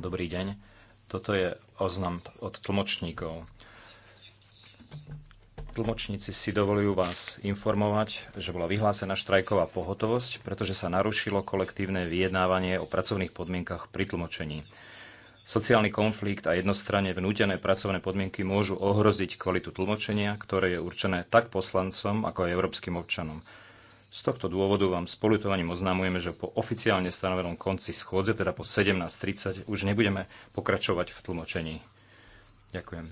Dobrý deň. Toto je oznam od tlmočníkov. Tlmočníci si dovolujú vás informovať, že bola vyhlásená štrajková pohotovosť, pretože sa narušilo kolektívne vyjednávanie o pracovných podmienkach pri tlmočení. Sociálny konflikt a jednostranne vnútené pracovné podmienky môžu ohroziť kvalitu tlmočenia, ktoré je určené tak poslancom, ako aj európskym občanom. Z tohto dôvodu vám s politovaním oznamujeme, že po oficiálne stanovenom konci schôdze, teda po 17.30, už nebudeme pokračovať v tlmočení. Ďakujem.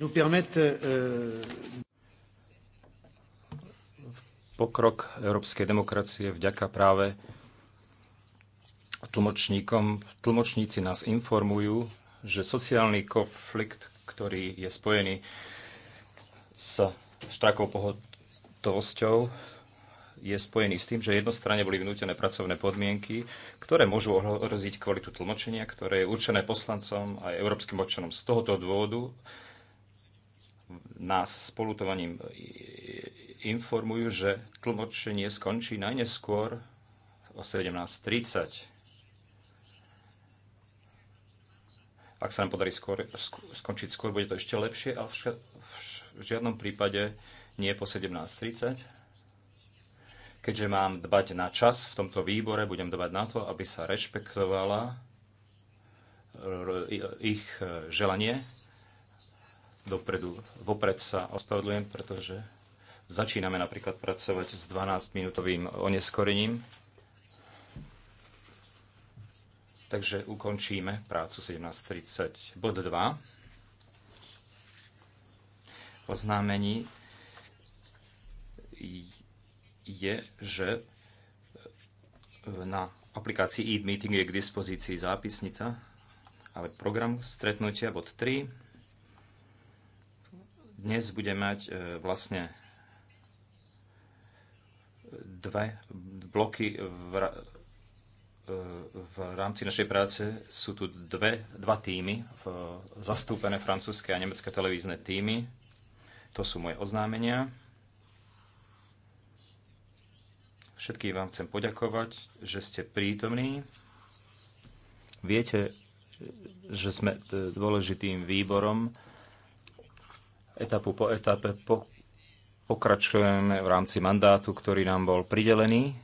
Euh, Pokrok európskej demokracie vďaka práve tlmočníkom. Tlmočníci nás informujú, že sociálny konflikt, ktorý je spojený s štrakou pohotovosťou, je spojený s tým, že jednostranne boli vynútené pracovné podmienky, ktoré môžu ohroziť kvalitu tlmočenia, ktoré je určené poslancom aj európskym občanom. Z tohoto dôvodu nás s polutovaním informujú, že tlmočenie skončí najneskôr o 17.30. Ak sa nám podarí skôr, skončiť skôr, bude to ešte lepšie, ale v, v žiadnom prípade nie po 17.30 Keďže mám dbať na čas v tomto výbore, budem dbať na to, aby sa rešpektovala ich e, želanie. Dopredu, vopred sa ospravedlňujem, pretože začíname napríklad pracovať s 12-minútovým oneskorením. Takže ukončíme prácu 17.30. Bod 2. Oznámení je, že e, na aplikácii Eat meeting je k dispozícii zápisnica, ale program stretnutia bod 3. Dnes bude mať e, vlastne dve bloky v, e, v rámci našej práce sú tu dve, dva týmy, v, zastúpené francúzske a nemecké televízne týmy. To sú moje oznámenia. Všetkým vám chcem poďakovať, že ste prítomní. Viete, že sme e, dôležitým výborom. Etapu po etape pokračujeme v rámci mandátu, ktorý nám bol pridelený.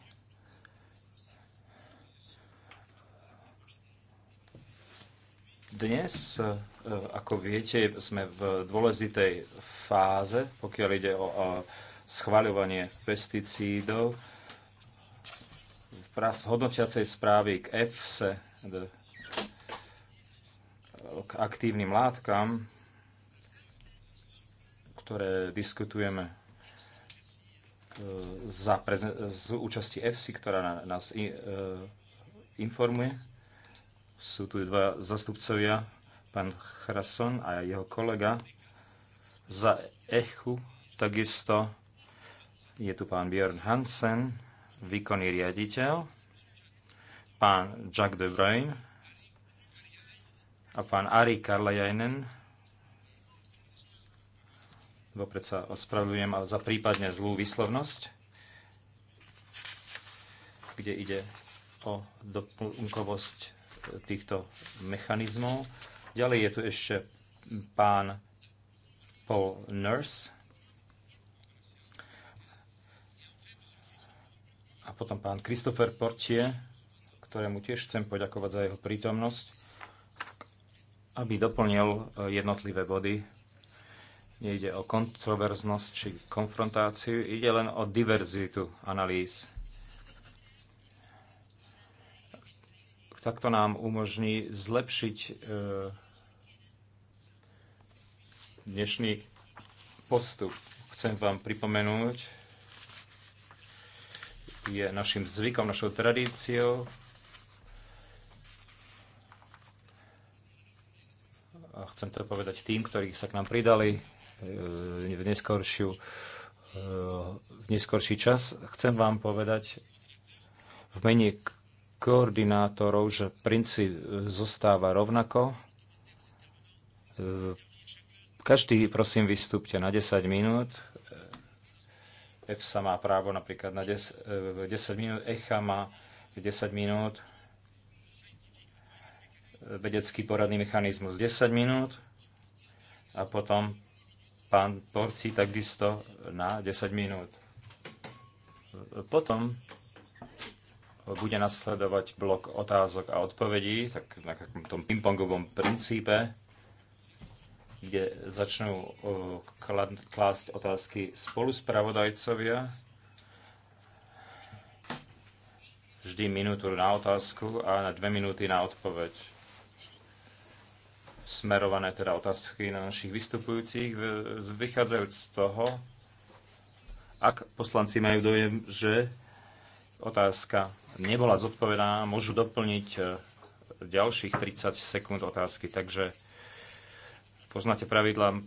Dnes, e, ako viete, sme v dôležitej fáze, pokiaľ ide o e, schvaľovanie pesticídov správ, hodnotiacej správy k EFSE, k aktívnym látkam, ktoré diskutujeme e, za z účasti EFSI, ktorá nás e, informuje. Sú tu dva zastupcovia, pán Chrason a jeho kolega za EHU takisto je tu pán Björn Hansen, výkonný riaditeľ, pán Jack de Bruyne a pán Ari Karlajajnen. Vopred sa ospravedlňujem za prípadne zlú výslovnosť, kde ide o doplnkovosť týchto mechanizmov. Ďalej je tu ešte pán Paul Nurse, a potom pán Christopher Portier, ktorému tiež chcem poďakovať za jeho prítomnosť, aby doplnil e, jednotlivé body. Nejde o kontroverznosť či konfrontáciu, ide len o diverzitu analýz. Takto nám umožní zlepšiť e, dnešný postup. Chcem vám pripomenúť, je našim zvykom, našou tradíciou. A chcem to teda povedať tým, ktorí sa k nám pridali e, v, neskoršiu, e, v neskorší čas. Chcem vám povedať v mene koordinátorov, že princíp e, zostáva rovnako. Každý, prosím, vystúpte na 10 minút. EFSA má právo napríklad na 10, 10 e, minút, ECHA má 10 minút, vedecký poradný mechanizmus 10 minút a potom pán Porci takisto na 10 minút. Potom bude nasledovať blok otázok a odpovedí, tak na takom tom pingpongovom princípe kde začnú eh, klásť otázky spoluspravodajcovia. Vždy minútu na otázku a na dve minúty na odpoveď. Smerované teda otázky na našich vystupujúcich, vychádzajú z toho, ak poslanci majú dojem, že otázka nebola zodpovedaná, môžu doplniť eh, ďalších 30 sekúnd otázky. Takže Poznáte pravidla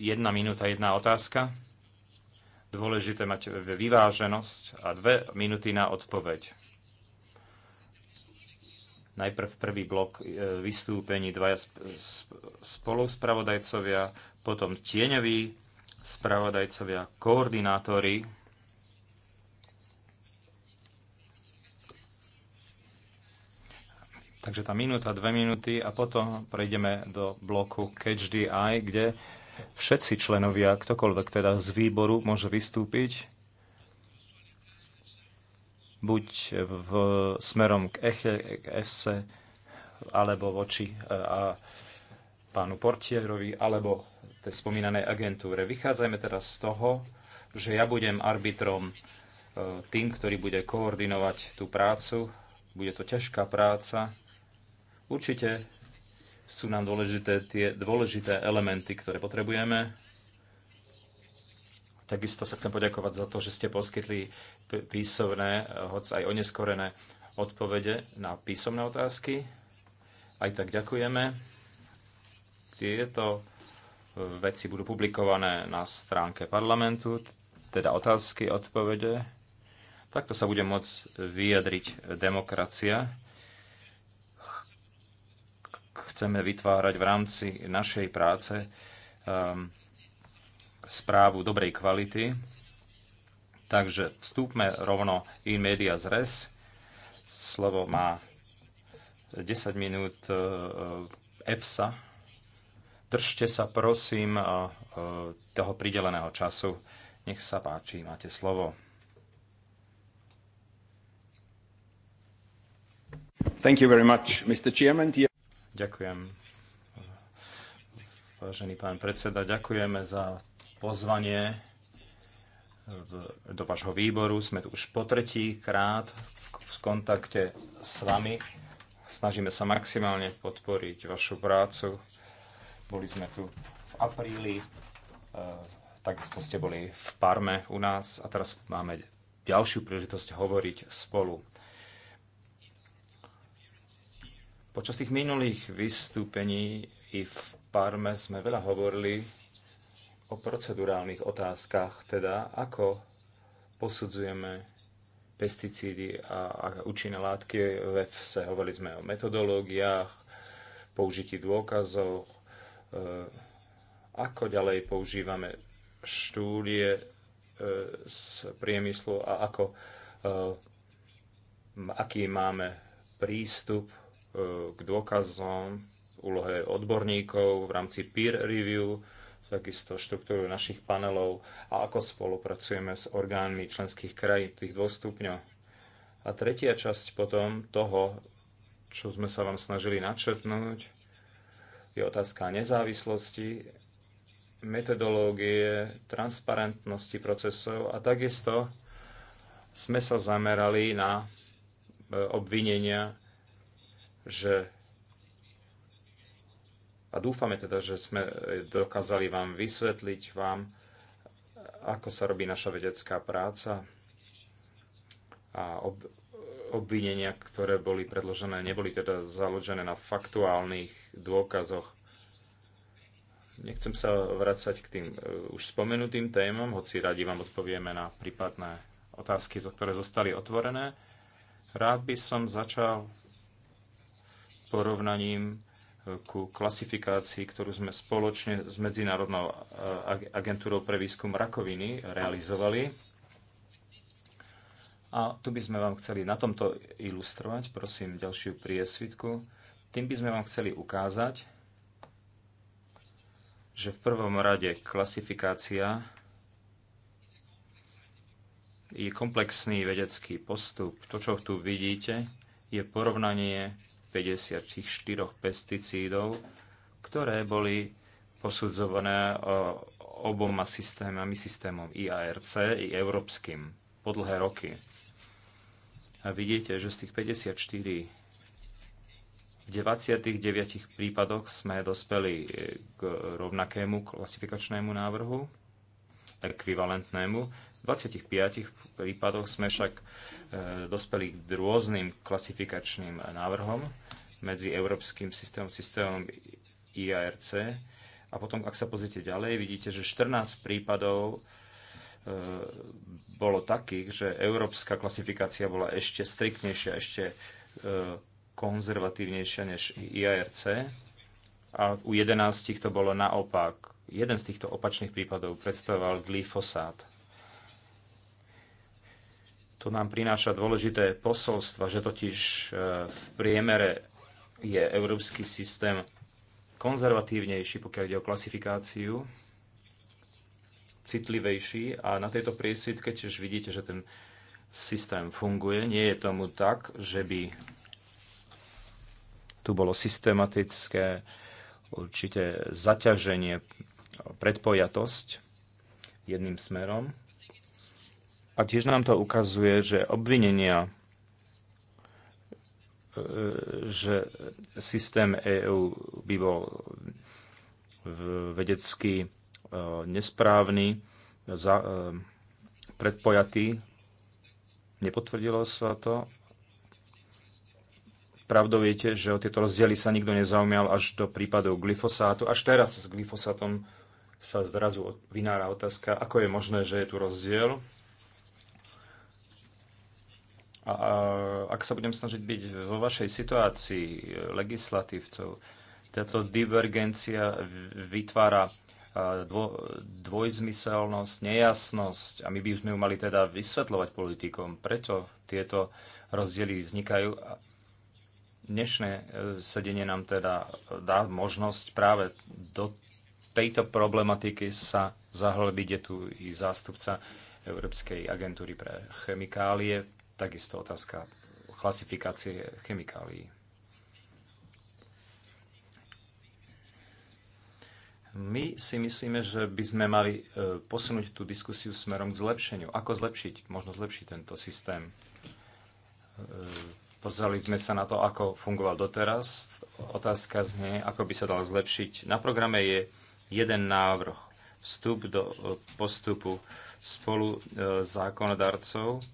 jedna minúta, jedna otázka. Dôležité mať vyváženosť a dve minúty na odpoveď. Najprv prvý blok e, vystúpení dvaja spoluspravodajcovia, potom tieňoví spravodajcovia, koordinátori Takže tá minúta, dve minúty a potom prejdeme do bloku Catch the Eye, kde všetci členovia, ktokoľvek teda z výboru môže vystúpiť buď v, smerom k Eche, k EFSE, alebo voči e, a, pánu Portierovi, alebo tej spomínanej agentúre. Vychádzajme teraz z toho, že ja budem arbitrom e, tým, ktorý bude koordinovať tú prácu. Bude to ťažká práca, Určite sú nám dôležité tie dôležité elementy, ktoré potrebujeme. Takisto sa chcem poďakovať za to, že ste poskytli písomné, hoc aj oneskorené odpovede na písomné otázky. Aj tak ďakujeme. Tieto veci budú publikované na stránke parlamentu, teda otázky, odpovede. Takto sa bude môcť vyjadriť demokracia chceme vytvárať v rámci našej práce um, správu dobrej kvality. Takže vstúpme rovno in media z res. Slovo má 10 minút EFSA. E, Držte sa prosím e, e, toho prideleného času. Nech sa páči, máte slovo. Thank you very much, Mr. Chairman. Ďakujem. Vážený pán predseda, ďakujeme za pozvanie do vášho výboru. Sme tu už po tretí krát v kontakte s vami. Snažíme sa maximálne podporiť vašu prácu. Boli sme tu v apríli, e, takisto ste boli v Parme u nás a teraz máme ďalšiu príležitosť hovoriť spolu. Počas tých minulých vystúpení i v Parme sme veľa hovorili o procedurálnych otázkach, teda ako posudzujeme pesticídy a, a účinné látky v FSE Hovorili sme o metodológiách, použití dôkazov, e, ako ďalej používame štúdie e, z priemyslu a ako, e, aký máme prístup k dôkazom, úlohe odborníkov v rámci peer review, takisto štruktúru našich panelov a ako spolupracujeme s orgánmi členských krajín tých dvoch stupňov. A tretia časť potom toho, čo sme sa vám snažili načetnúť, je otázka nezávislosti, metodológie, transparentnosti procesov a takisto sme sa zamerali na e, obvinenia že a dúfame teda, že sme eh, dokázali vám vysvetliť vám, ako sa robí naša vedecká práca a ob, obvinenia, ktoré boli predložené, neboli teda založené na faktuálnych dôkazoch. Nechcem sa vrácať k tým eh, už spomenutým témam, hoci radi vám odpovieme na prípadné otázky, ktoré zostali otvorené. Rád by som začal porovnaním e, ku klasifikácii, ktorú sme spoločne s Medzinárodnou e, agentúrou pre výskum rakoviny realizovali. A tu by sme vám chceli na tomto ilustrovať, prosím, ďalšiu priesvitku. Tým by sme vám chceli ukázať, že v prvom rade klasifikácia je komplexný vedecký postup. To, čo tu vidíte, je porovnanie 54 pesticídov, ktoré boli posudzované e, oboma systémami, systémom IARC i európskym po dlhé roky. A vidíte, že z tých 54 v 29 prípadoch sme dospeli e, k rovnakému klasifikačnému návrhu ekvivalentnému. V 25 prípadoch sme však e, dospeli k rôznym klasifikačným návrhom medzi európskym systémom, systémom IARC. A potom, ak sa pozrite ďalej, vidíte, že 14 prípadov e, bolo takých, že európska klasifikácia bola ešte striktnejšia, ešte e, konzervatívnejšia než IARC. A u 11 to bolo naopak Jeden z týchto opačných prípadov predstavoval glyfosát. To nám prináša dôležité posolstva, že totiž e, v priemere je európsky systém konzervatívnejší, pokiaľ ide o klasifikáciu, citlivejší a na tejto priesvitke tiež vidíte, že ten systém funguje. Nie je tomu tak, že by tu bolo systematické určité zaťaženie, predpojatosť jedným smerom. A tiež nám to ukazuje, že obvinenia, e, že systém EÚ by bol vedecky e, nesprávny, e, predpojatý, nepotvrdilo sa to Pravdou viete, že o tieto rozdiely sa nikto nezaujímal až do prípadov glyfosátu. Až teraz s glyfosátom sa zrazu vynára otázka, ako je možné, že je tu rozdiel. A, a ak sa budem snažiť byť vo vašej situácii legislatívcov, táto divergencia vytvára dvo, dvojzmyselnosť, nejasnosť a my by sme ju mali teda vysvetľovať politikom, prečo tieto rozdiely vznikajú Dnešné e, sedenie nám teda dá možnosť práve do tejto problematiky sa zahlbiť. Je tu i zástupca Európskej agentúry pre chemikálie, takisto otázka klasifikácie chemikálií. My si myslíme, že by sme mali e, posunúť tú diskusiu smerom k zlepšeniu. Ako zlepšiť, možno zlepšiť tento systém e, Pozreli sme sa na to, ako fungoval doteraz. Otázka znie, ako by sa dal zlepšiť. Na programe je jeden návrh. Vstup do e, postupu spolu e, zákonodarcov.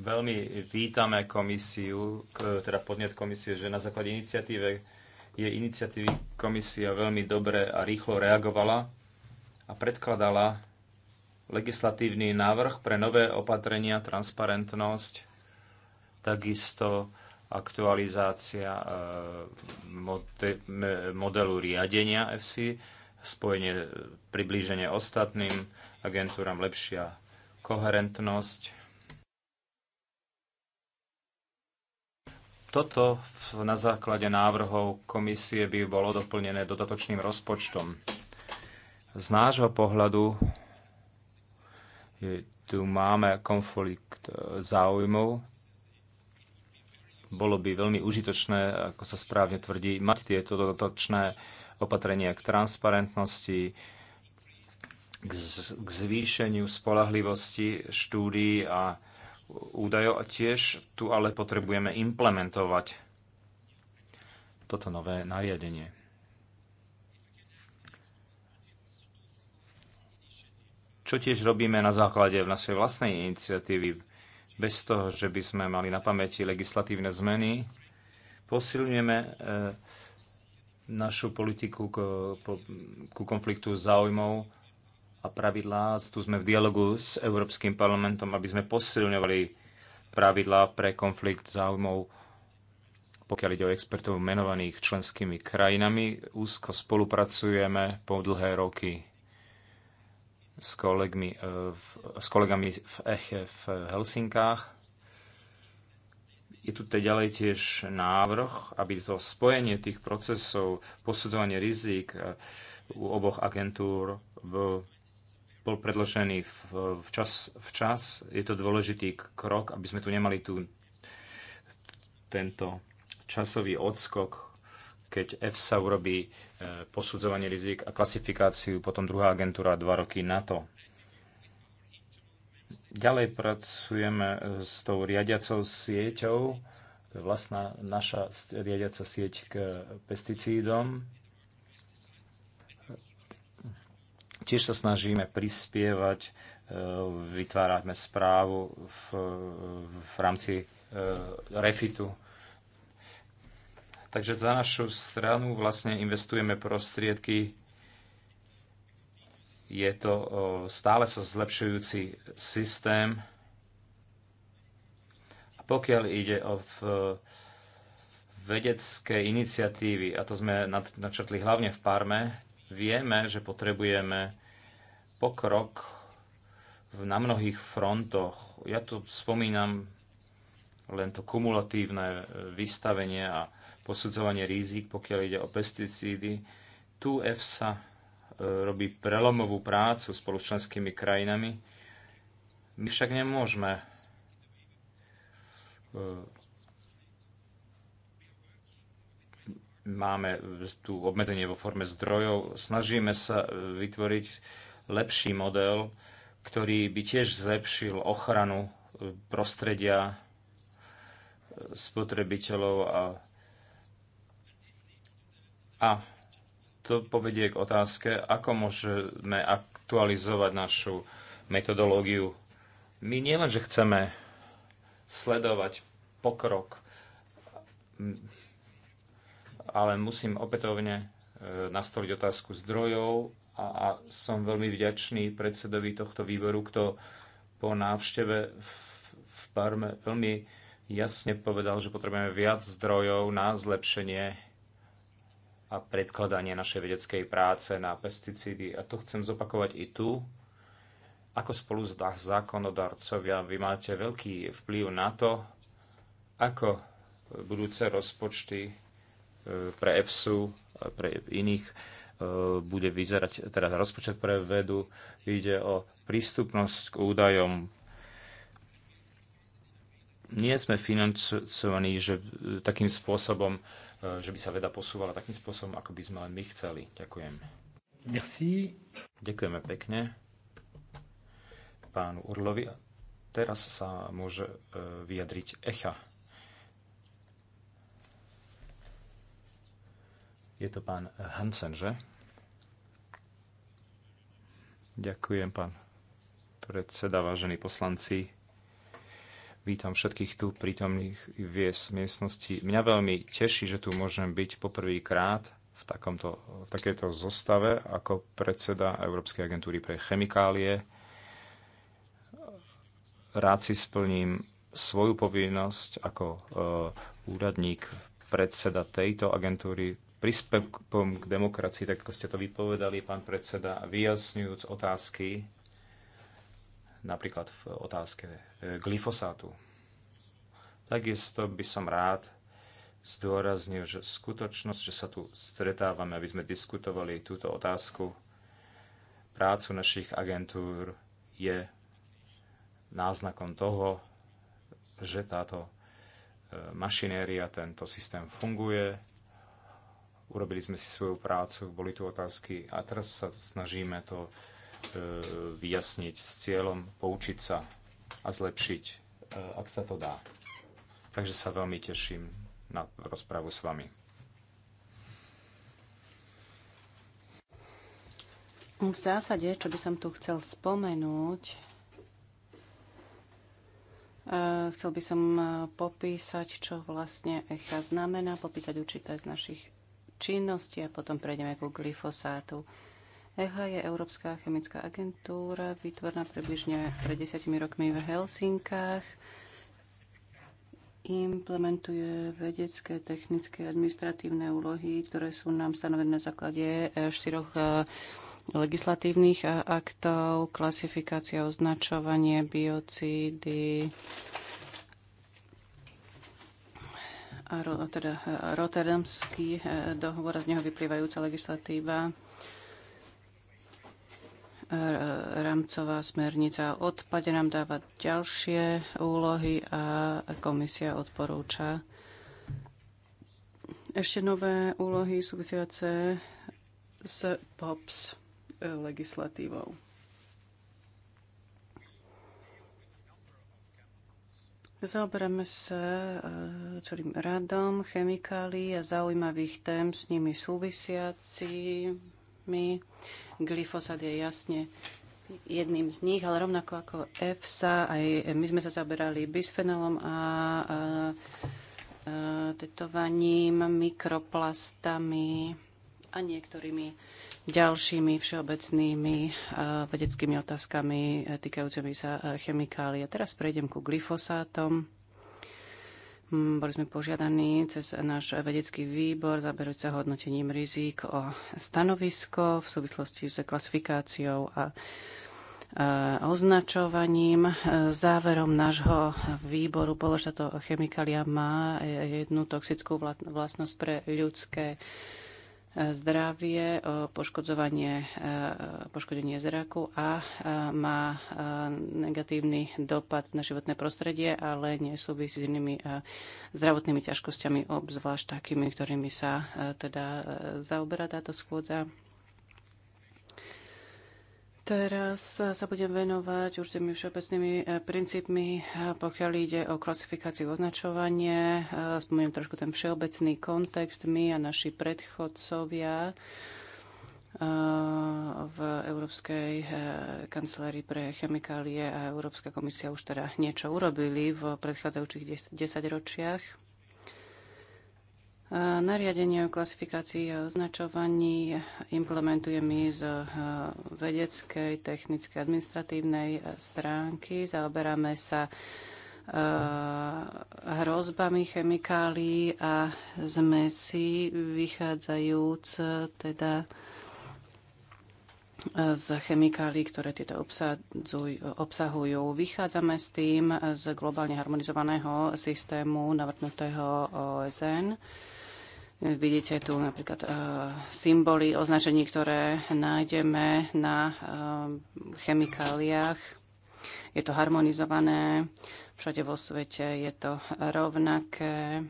Veľmi vítame komisiu, teda podnet komisie, že na základe iniciatíve je iniciatívy komisia veľmi dobre a rýchlo reagovala a predkladala legislatívny návrh pre nové opatrenia, transparentnosť, takisto aktualizácia e, modelu riadenia FC, spojenie, e, priblíženie ostatným agentúram, lepšia koherentnosť. Toto na základe návrhov komisie by bolo doplnené dodatočným rozpočtom. Z nášho pohľadu tu máme konflikt e, záujmov. Bolo by veľmi užitočné, ako sa správne tvrdí, mať tieto dodatočné opatrenia k transparentnosti, k, k zvýšeniu spolahlivosti štúdií a údajov. A tiež tu ale potrebujeme implementovať toto nové nariadenie. čo tiež robíme na základe v našej vlastnej iniciatívy, bez toho, že by sme mali na pamäti legislatívne zmeny. Posilňujeme e, našu politiku ku konfliktu záujmov a pravidlá. Tu sme v dialogu s Európskym parlamentom, aby sme posilňovali pravidlá pre konflikt záujmov, pokiaľ ide o expertov menovaných členskými krajinami. Úzko spolupracujeme po dlhé roky s, kolegmi, e, v, s kolegami v Eche v Helsinkách. Je tu ďalej tiež návrh, aby to spojenie tých procesov, posudzovanie rizik e, u oboch agentúr bol, bol predložený včas, včas. Je to dôležitý krok, aby sme tu nemali tu tento časový odskok keď EFSA urobí e, posudzovanie rizik a klasifikáciu, potom druhá agentúra dva roky na to. Ďalej pracujeme e, s tou riadiacou sieťou, to je vlastná naša riadiaca sieť k pesticídom. Tiež sa snažíme prispievať, e, vytvárame správu v, v rámci refitu Takže za našu stranu vlastne investujeme prostriedky. Je to stále sa zlepšujúci systém. A pokiaľ ide o vedecké iniciatívy, a to sme načrtli hlavne v Parme, vieme, že potrebujeme pokrok na mnohých frontoch. Ja tu spomínam len to kumulatívne e, vystavenie a posudzovanie rizik, pokiaľ ide o pesticídy. Tu EFSA e, robí prelomovú prácu spolu s členskými krajinami. My však nemôžeme e, máme tu obmedzenie vo forme zdrojov. Snažíme sa vytvoriť lepší model, ktorý by tiež zlepšil ochranu e, prostredia spotrebiteľov a a to povedie k otázke, ako môžeme aktualizovať našu metodológiu. My nielenže chceme sledovať pokrok, ale musím opätovne e, nastoliť otázku zdrojov a, a som veľmi vďačný predsedovi tohto výboru, kto po návšteve v, v Parme veľmi jasne povedal, že potrebujeme viac zdrojov na zlepšenie a predkladanie našej vedeckej práce na pesticídy. A to chcem zopakovať i tu. Ako spolu s zákonodarcovia vy máte veľký vplyv na to, ako budúce rozpočty e, pre EFSU, pre iných, e, bude vyzerať, teda rozpočet pre vedu, ide o prístupnosť k údajom. Nie sme financovaní že, e, takým spôsobom, Eh, že by sa veda posúvala takým spôsobom, ako by sme len my chceli. Ďakujem. Merci. Ďakujeme pekne pánu Urlovi. Teraz sa môže eh, vyjadriť Echa. Je to pán Hansen, že? Ďakujem, pán predseda, vážení poslanci. Vítam všetkých tu prítomných v miestnosti. Mňa veľmi teší, že tu môžem byť poprvýkrát v, takomto, v takejto zostave ako predseda Európskej agentúry pre chemikálie. Rád si splním svoju povinnosť ako e, úradník predseda tejto agentúry príspevkom k demokracii, tak ako ste to vypovedali, pán predseda, vyjasňujúc otázky napríklad v otázke e, glyfosátu. Takisto by som rád zdôraznil, že skutočnosť, že sa tu stretávame, aby sme diskutovali túto otázku, prácu našich agentúr je náznakom toho, že táto e, mašinéria, tento systém funguje. Urobili sme si svoju prácu, boli tu otázky a teraz sa snažíme to E, vyjasniť s cieľom poučiť sa a zlepšiť, e, ak sa to dá. Takže sa veľmi teším na rozprávu s vami. V zásade, čo by som tu chcel spomenúť, e, chcel by som popísať, čo vlastne echa znamená, popísať určité z našich činností a potom prejdeme ku glyfosátu. EHA je Európska chemická agentúra, vytvorná približne pred desiatimi rokmi v Helsinkách. Implementuje vedecké, technické, administratívne úlohy, ktoré sú nám stanovené na základe e, štyroch e, legislatívnych e, aktov, klasifikácia, označovanie, biocídy, a teda Rotterdamský dohovor, z neho vyplývajúca legislatíva Rámcová smernica o odpade nám dáva ďalšie úlohy a komisia odporúča ešte nové úlohy súvisiace s POPS legislatívou. Zaoberáme sa e, celým radom chemikálií a zaujímavých tém s nimi súvisiacimi. Glyfosát je jasne jedným z nich, ale rovnako ako EFSA, aj my sme sa zaberali bisfenolom a, a, a tetovaním, mikroplastami a niektorými ďalšími všeobecnými vedeckými otázkami týkajúcimi sa chemikálií. A teraz prejdem ku glyfosátom. Hm, boli sme požiadaní cez náš vedecký výbor zaberujúce hodnotením rizík o stanovisko v súvislosti s klasifikáciou a označovaním. Záverom nášho výboru bolo, to chemikália má jednu toxickú vlastnosť pre ľudské zdravie, poškodzovanie, e, poškodenie zraku a e, má e, negatívny dopad na životné prostredie, ale nie súvisí s inými zdravotnými ťažkosťami, obzvlášť takými, ktorými sa teda zaoberá táto schôdza. Teraz sa budem venovať určitými všeobecnými eh, princípmi, pokiaľ ide o klasifikáciu označovanie. Eh, Spomínam trošku ten všeobecný kontext. My a naši predchodcovia eh, v Európskej kancelárii pre chemikálie a Európska komisia už teda niečo urobili v predchádzajúcich desaťročiach. E, nariadenie o klasifikácii a označovaní implementuje my z e, vedeckej, technickej, administratívnej e, stránky. Zaoberáme sa hrozbami chemikálií a zmesí vychádzajúc teda z chemikálií, ktoré tieto obsahujú. Vychádzame s tým z globálne harmonizovaného systému navrhnutého OSN Vidíte tu napríklad e, symboly, označení, ktoré nájdeme na e, chemikáliách. Je to harmonizované, všade vo svete je to rovnaké.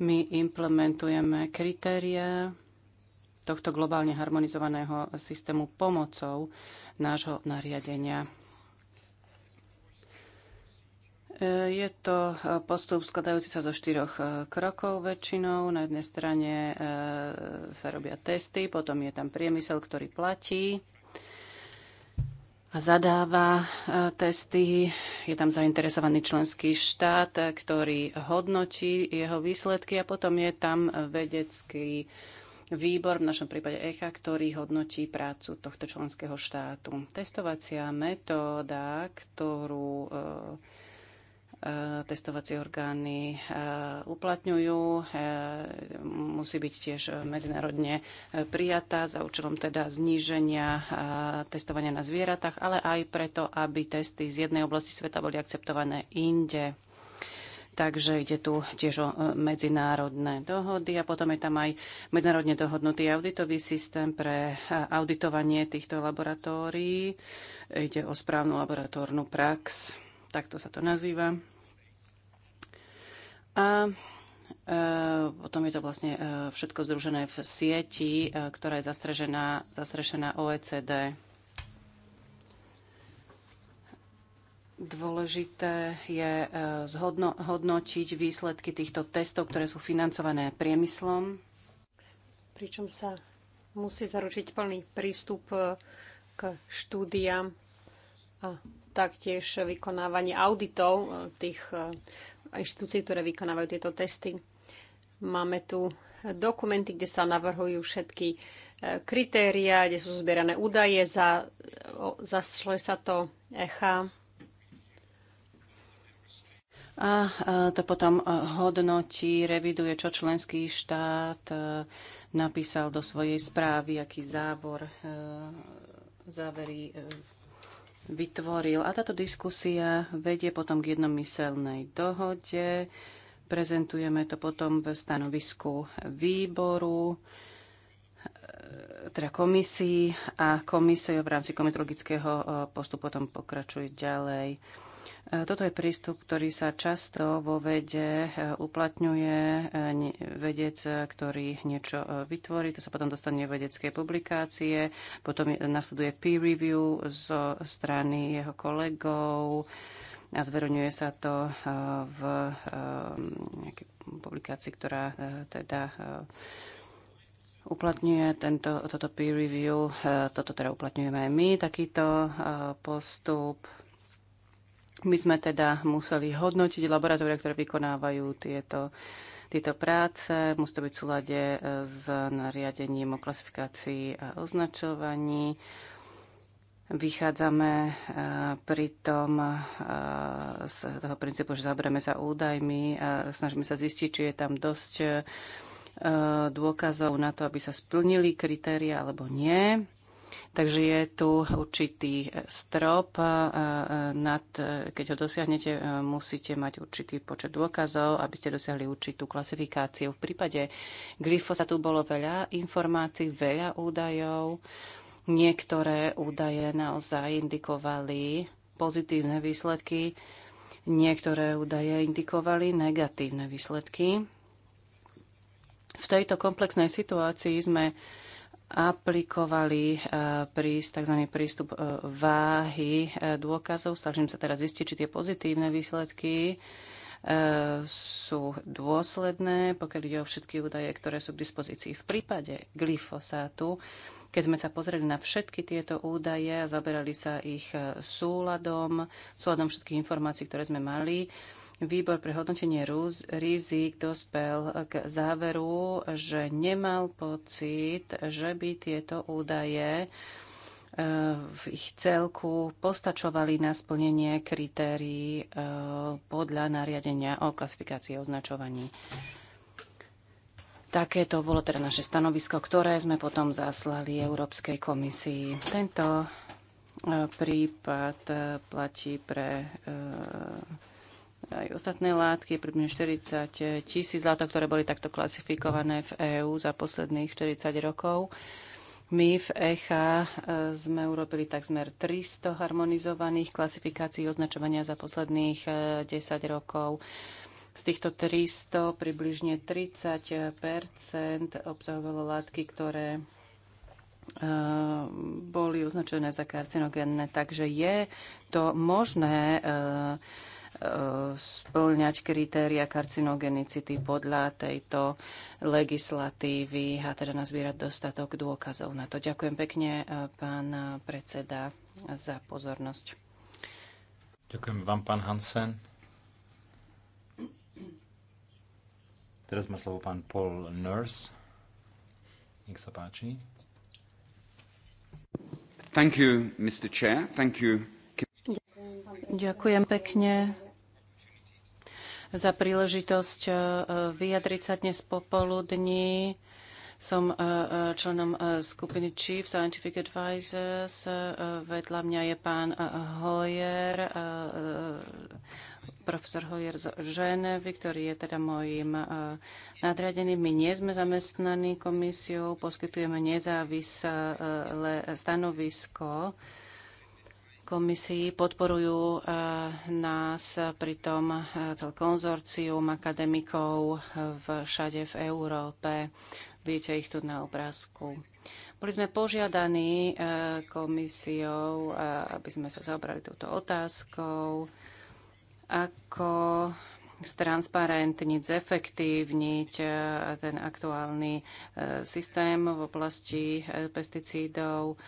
My implementujeme kritéria tohto globálne harmonizovaného systému pomocou nášho nariadenia. Je to postup skladajúci sa zo štyroch e, krokov väčšinou. Na jednej strane e, sa robia testy, potom je tam priemysel, ktorý platí a zadáva e, testy. Je tam zainteresovaný členský štát, ktorý hodnotí jeho výsledky a potom je tam vedecký výbor, v našom prípade ECHA, ktorý hodnotí prácu tohto členského štátu. Testovacia metóda, ktorú E, testovacie orgány e, uplatňujú. E, musí byť tiež medzinárodne prijatá za účelom teda zníženia testovania na zvieratách, ale aj preto, aby testy z jednej oblasti sveta boli akceptované inde. Takže ide tu tiež o medzinárodné dohody a potom je tam aj medzinárodne dohodnutý auditový systém pre auditovanie týchto laboratórií. Ide o správnu laboratórnu prax, takto sa to nazýva. A e, potom je to vlastne e, všetko združené v sieti, e, ktorá je zastrežená, zastrešená OECD. Dôležité je zhodno, hodnotiť výsledky týchto testov, ktoré sú financované priemyslom. Pričom sa musí zaručiť plný prístup k štúdiám a taktiež vykonávanie auditov tých inštitúcií, ktoré vykonávajú tieto testy. Máme tu dokumenty, kde sa navrhujú všetky e, kritéria, kde sú zbierané údaje, za, zašle sa to ECHA. A e, to potom e, hodnotí, reviduje, čo členský štát napísal do svojej správy, aký závor závery vytvoril. A táto diskusia vedie potom k jednomyselnej dohode. Prezentujeme to potom v stanovisku výboru e, teda komisii a komisie v rámci komitologického e, postupu potom pokračuje ďalej. E, toto je prístup, ktorý sa často vo vede e, uplatňuje. E, vedec, ktorý niečo vytvorí, to sa potom dostane vedeckej publikácie, potom nasleduje peer review zo strany jeho kolegov a zverejňuje sa to v nejakej publikácii, ktorá teda uplatňuje tento, toto peer review. Toto teda uplatňujeme aj my, takýto postup my sme teda museli hodnotiť laboratória, ktoré vykonávajú tieto, tieto práce. Musí to byť v súlade e, s nariadením o klasifikácii a označovaní. Vychádzame e, pritom e, z toho princípu, že zabereme sa údajmi a snažíme sa zistiť, či je tam dosť dôkazov na to, aby sa splnili kritéria alebo nie. Takže je tu určitý strop, e, e, nad, e, keď ho dosiahnete, musíte mať určitý počet dôkazov, aby ste dosiahli určitú klasifikáciu. V prípade glyfosatu bolo veľa informácií, veľa údajov. Niektoré údaje naozaj indikovali pozitívne výsledky, niektoré údaje indikovali negatívne výsledky. V tejto komplexnej situácii sme aplikovali e, prís, tzv. prístup e, váhy e, dôkazov. Snažím sa teraz zistiť, či tie pozitívne výsledky sú dôsledné, pokiaľ ide o všetky údaje, ktoré sú k dispozícii. V prípade glyfosátu, keď sme sa pozreli na všetky tieto údaje a zaberali sa ich súladom, súladom všetkých informácií, ktoré sme mali, Výbor pre hodnotenie rúz, rizik dospel k záveru, že nemal pocit, že by tieto údaje e, v ich celku postačovali na splnenie kritérií e, podľa nariadenia o klasifikácii a označovaní. Takéto bolo teda naše stanovisko, ktoré sme potom zaslali Európskej komisii. Tento e, prípad platí pre aj ostatné látky, približne 40 tisíc látok, ktoré boli takto klasifikované v EÚ za posledných 40 rokov. My v ECHA e, sme urobili takzmer 300 harmonizovaných klasifikácií označovania za posledných 10 e, rokov. Z týchto 300 približne 30 obsahovalo látky, ktoré e, boli označené za karcinogénne. Takže je to možné splňať kritéria karcinogenicity podľa tejto legislatívy a teda nazbierať dostatok dôkazov na to. Ďakujem pekne, e, pán predseda, za pozornosť. Ďakujem vám, pán Hansen. Teraz má slovo pán Paul Nurse. Nech sa páči. Thank you, Mr. Chair. Thank you. Ďakujem pekne, za príležitosť e, e, vyjadriť sa dnes popoludní. Som e, členom skupiny Chief Scientific Advisors. Vedľa mňa je pán Hoyer, profesor Hoyer z Ženevy, ktorý je teda mojim nadriadeným. My nie sme zamestnaní komisiou, poskytujeme nezávislé stanovisko komisii, podporujú eh, nás pritom eh, celé konzorcium akademikov eh, všade v Európe. Vidíte ich tu na obrázku. Boli sme požiadaní komisiou, aby sme sa zaobrali touto otázkou, ako stransparentniť, zefektívniť ten aktuálny systém v oblasti pesticídov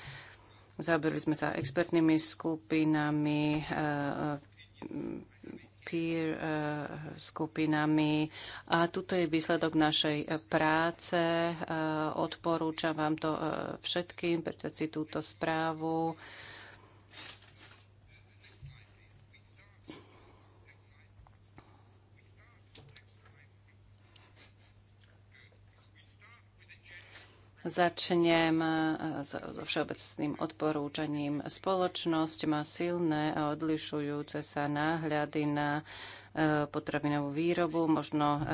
Zaoberali sme sa expertnými skupinami, eh, peer eh, skupinami a tuto je výsledok našej eh, práce. Odporúčam vám to všetkým, prečo si túto správu. Začnem e, e, so všeobecným odporúčaním. Spoločnosť má silné a odlišujúce sa náhľady na e, potravinovú výrobu. Možno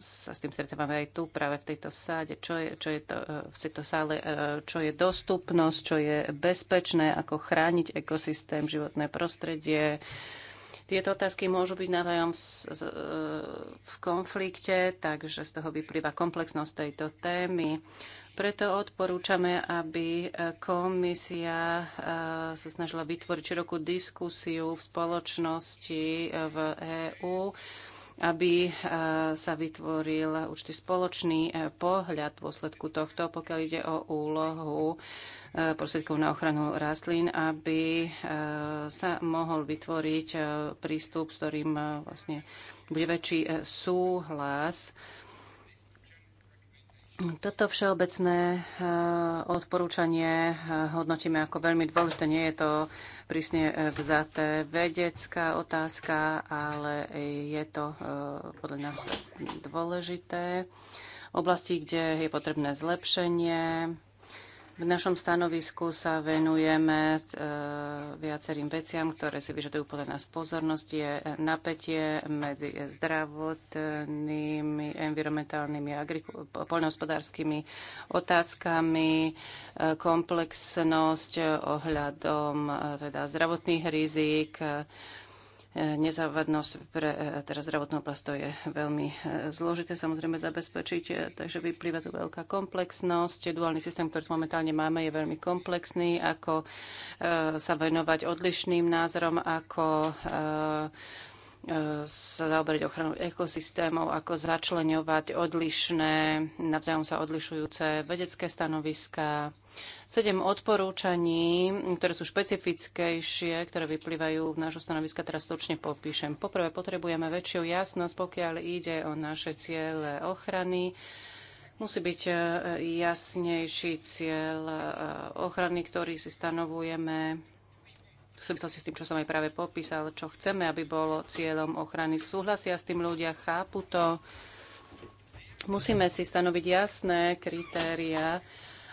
sa s tým stretávame aj tu, práve v tejto sáde, čo je, čo je to, v tejto sále, čo je dostupnosť, čo je bezpečné, ako chrániť ekosystém, životné prostredie, tieto otázky môžu byť navzájom v konflikte, takže z toho vyplýva komplexnosť tejto témy. Preto odporúčame, aby e, komisia e, sa snažila vytvoriť širokú diskusiu v spoločnosti e, v EÚ aby e, sa vytvoril určitý spoločný e, pohľad v dôsledku tohto, pokiaľ ide o úlohu e, prostriedkov na ochranu rastlín, aby sa mohol vytvoriť prístup, s ktorým vlastne bude väčší súhlas toto všeobecné eh, odporúčanie eh, hodnotíme ako veľmi dôležité. Nie je to prísne eh, vzaté vedecká otázka, ale je to podľa nás dôležité. Oblasti, kde je potrebné zlepšenie, v našom stanovisku sa venujeme e, viacerým veciam, ktoré si vyžadujú podľa nás pozornosť. Je napätie medzi zdravotnými, environmentálnymi a poľnohospodárskymi otázkami, e, komplexnosť ohľadom e, teda zdravotných rizík, E, nezávadnosť pre e, teraz zdravotnú oblasť to je veľmi e, zložité samozrejme zabezpečiť, takže vyplýva tu veľká komplexnosť. Duálny systém, ktorý momentálne máme, je veľmi komplexný, ako sa venovať odlišným názorom, ako E, sa zaoberiť ochranou ekosystémov, ako začleňovať odlišné, navzájom sa odlišujúce vedecké stanoviská. Sedem odporúčaní, ktoré sú špecifickejšie, ktoré vyplývajú v nášho stanoviska, teraz stručne popíšem. Poprvé potrebujeme väčšiu jasnosť, pokiaľ ide o naše ciele ochrany. Musí byť e, jasnejší cieľ e, ochrany, ktorý si stanovujeme v súvislosti s tým, čo som aj práve popísal, čo chceme, aby bolo cieľom ochrany. Súhlasia s tým ľudia, chápu to. Musíme si stanoviť jasné kritéria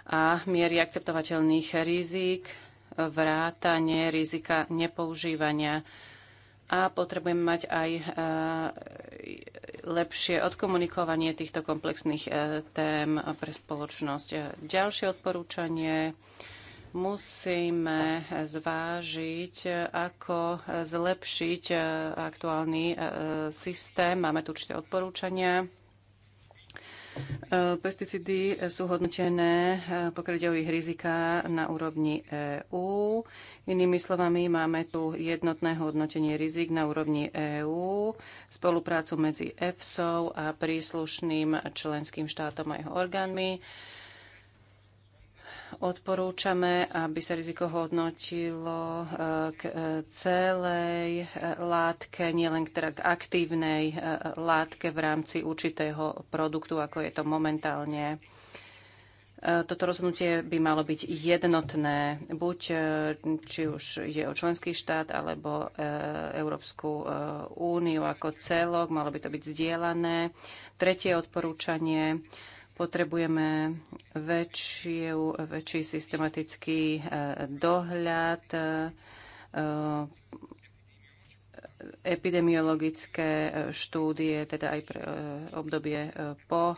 a miery akceptovateľných rizik, vrátanie rizika nepoužívania a potrebujeme mať aj e, lepšie odkomunikovanie týchto komplexných e, tém pre spoločnosť. Ďalšie odporúčanie musíme zvážiť, ako zlepšiť aktuálny e, systém. Máme tu určité odporúčania. E, pesticídy sú hodnotené, e, pokiaľ ide o ich rizika, na úrovni EÚ. Inými slovami, máme tu jednotné hodnotenie rizik na úrovni EÚ, spoluprácu medzi EFSO a príslušným členským štátom a jeho orgánmi. Odporúčame, aby sa riziko hodnotilo eh, k eh, celej eh, látke, nielen k, teda aktívnej látke v rámci určitého produktu, ako je to momentálne. Toto rozhodnutie by malo byť jednotné, buď či už je o členský štát alebo Európsku úniu ako celok, malo by to byť zdieľané. Tretie odporúčanie Potrebujeme väčšiu, väčší systematický eh, dohľad, eh, epidemiologické eh, štúdie, teda aj pre obdobie po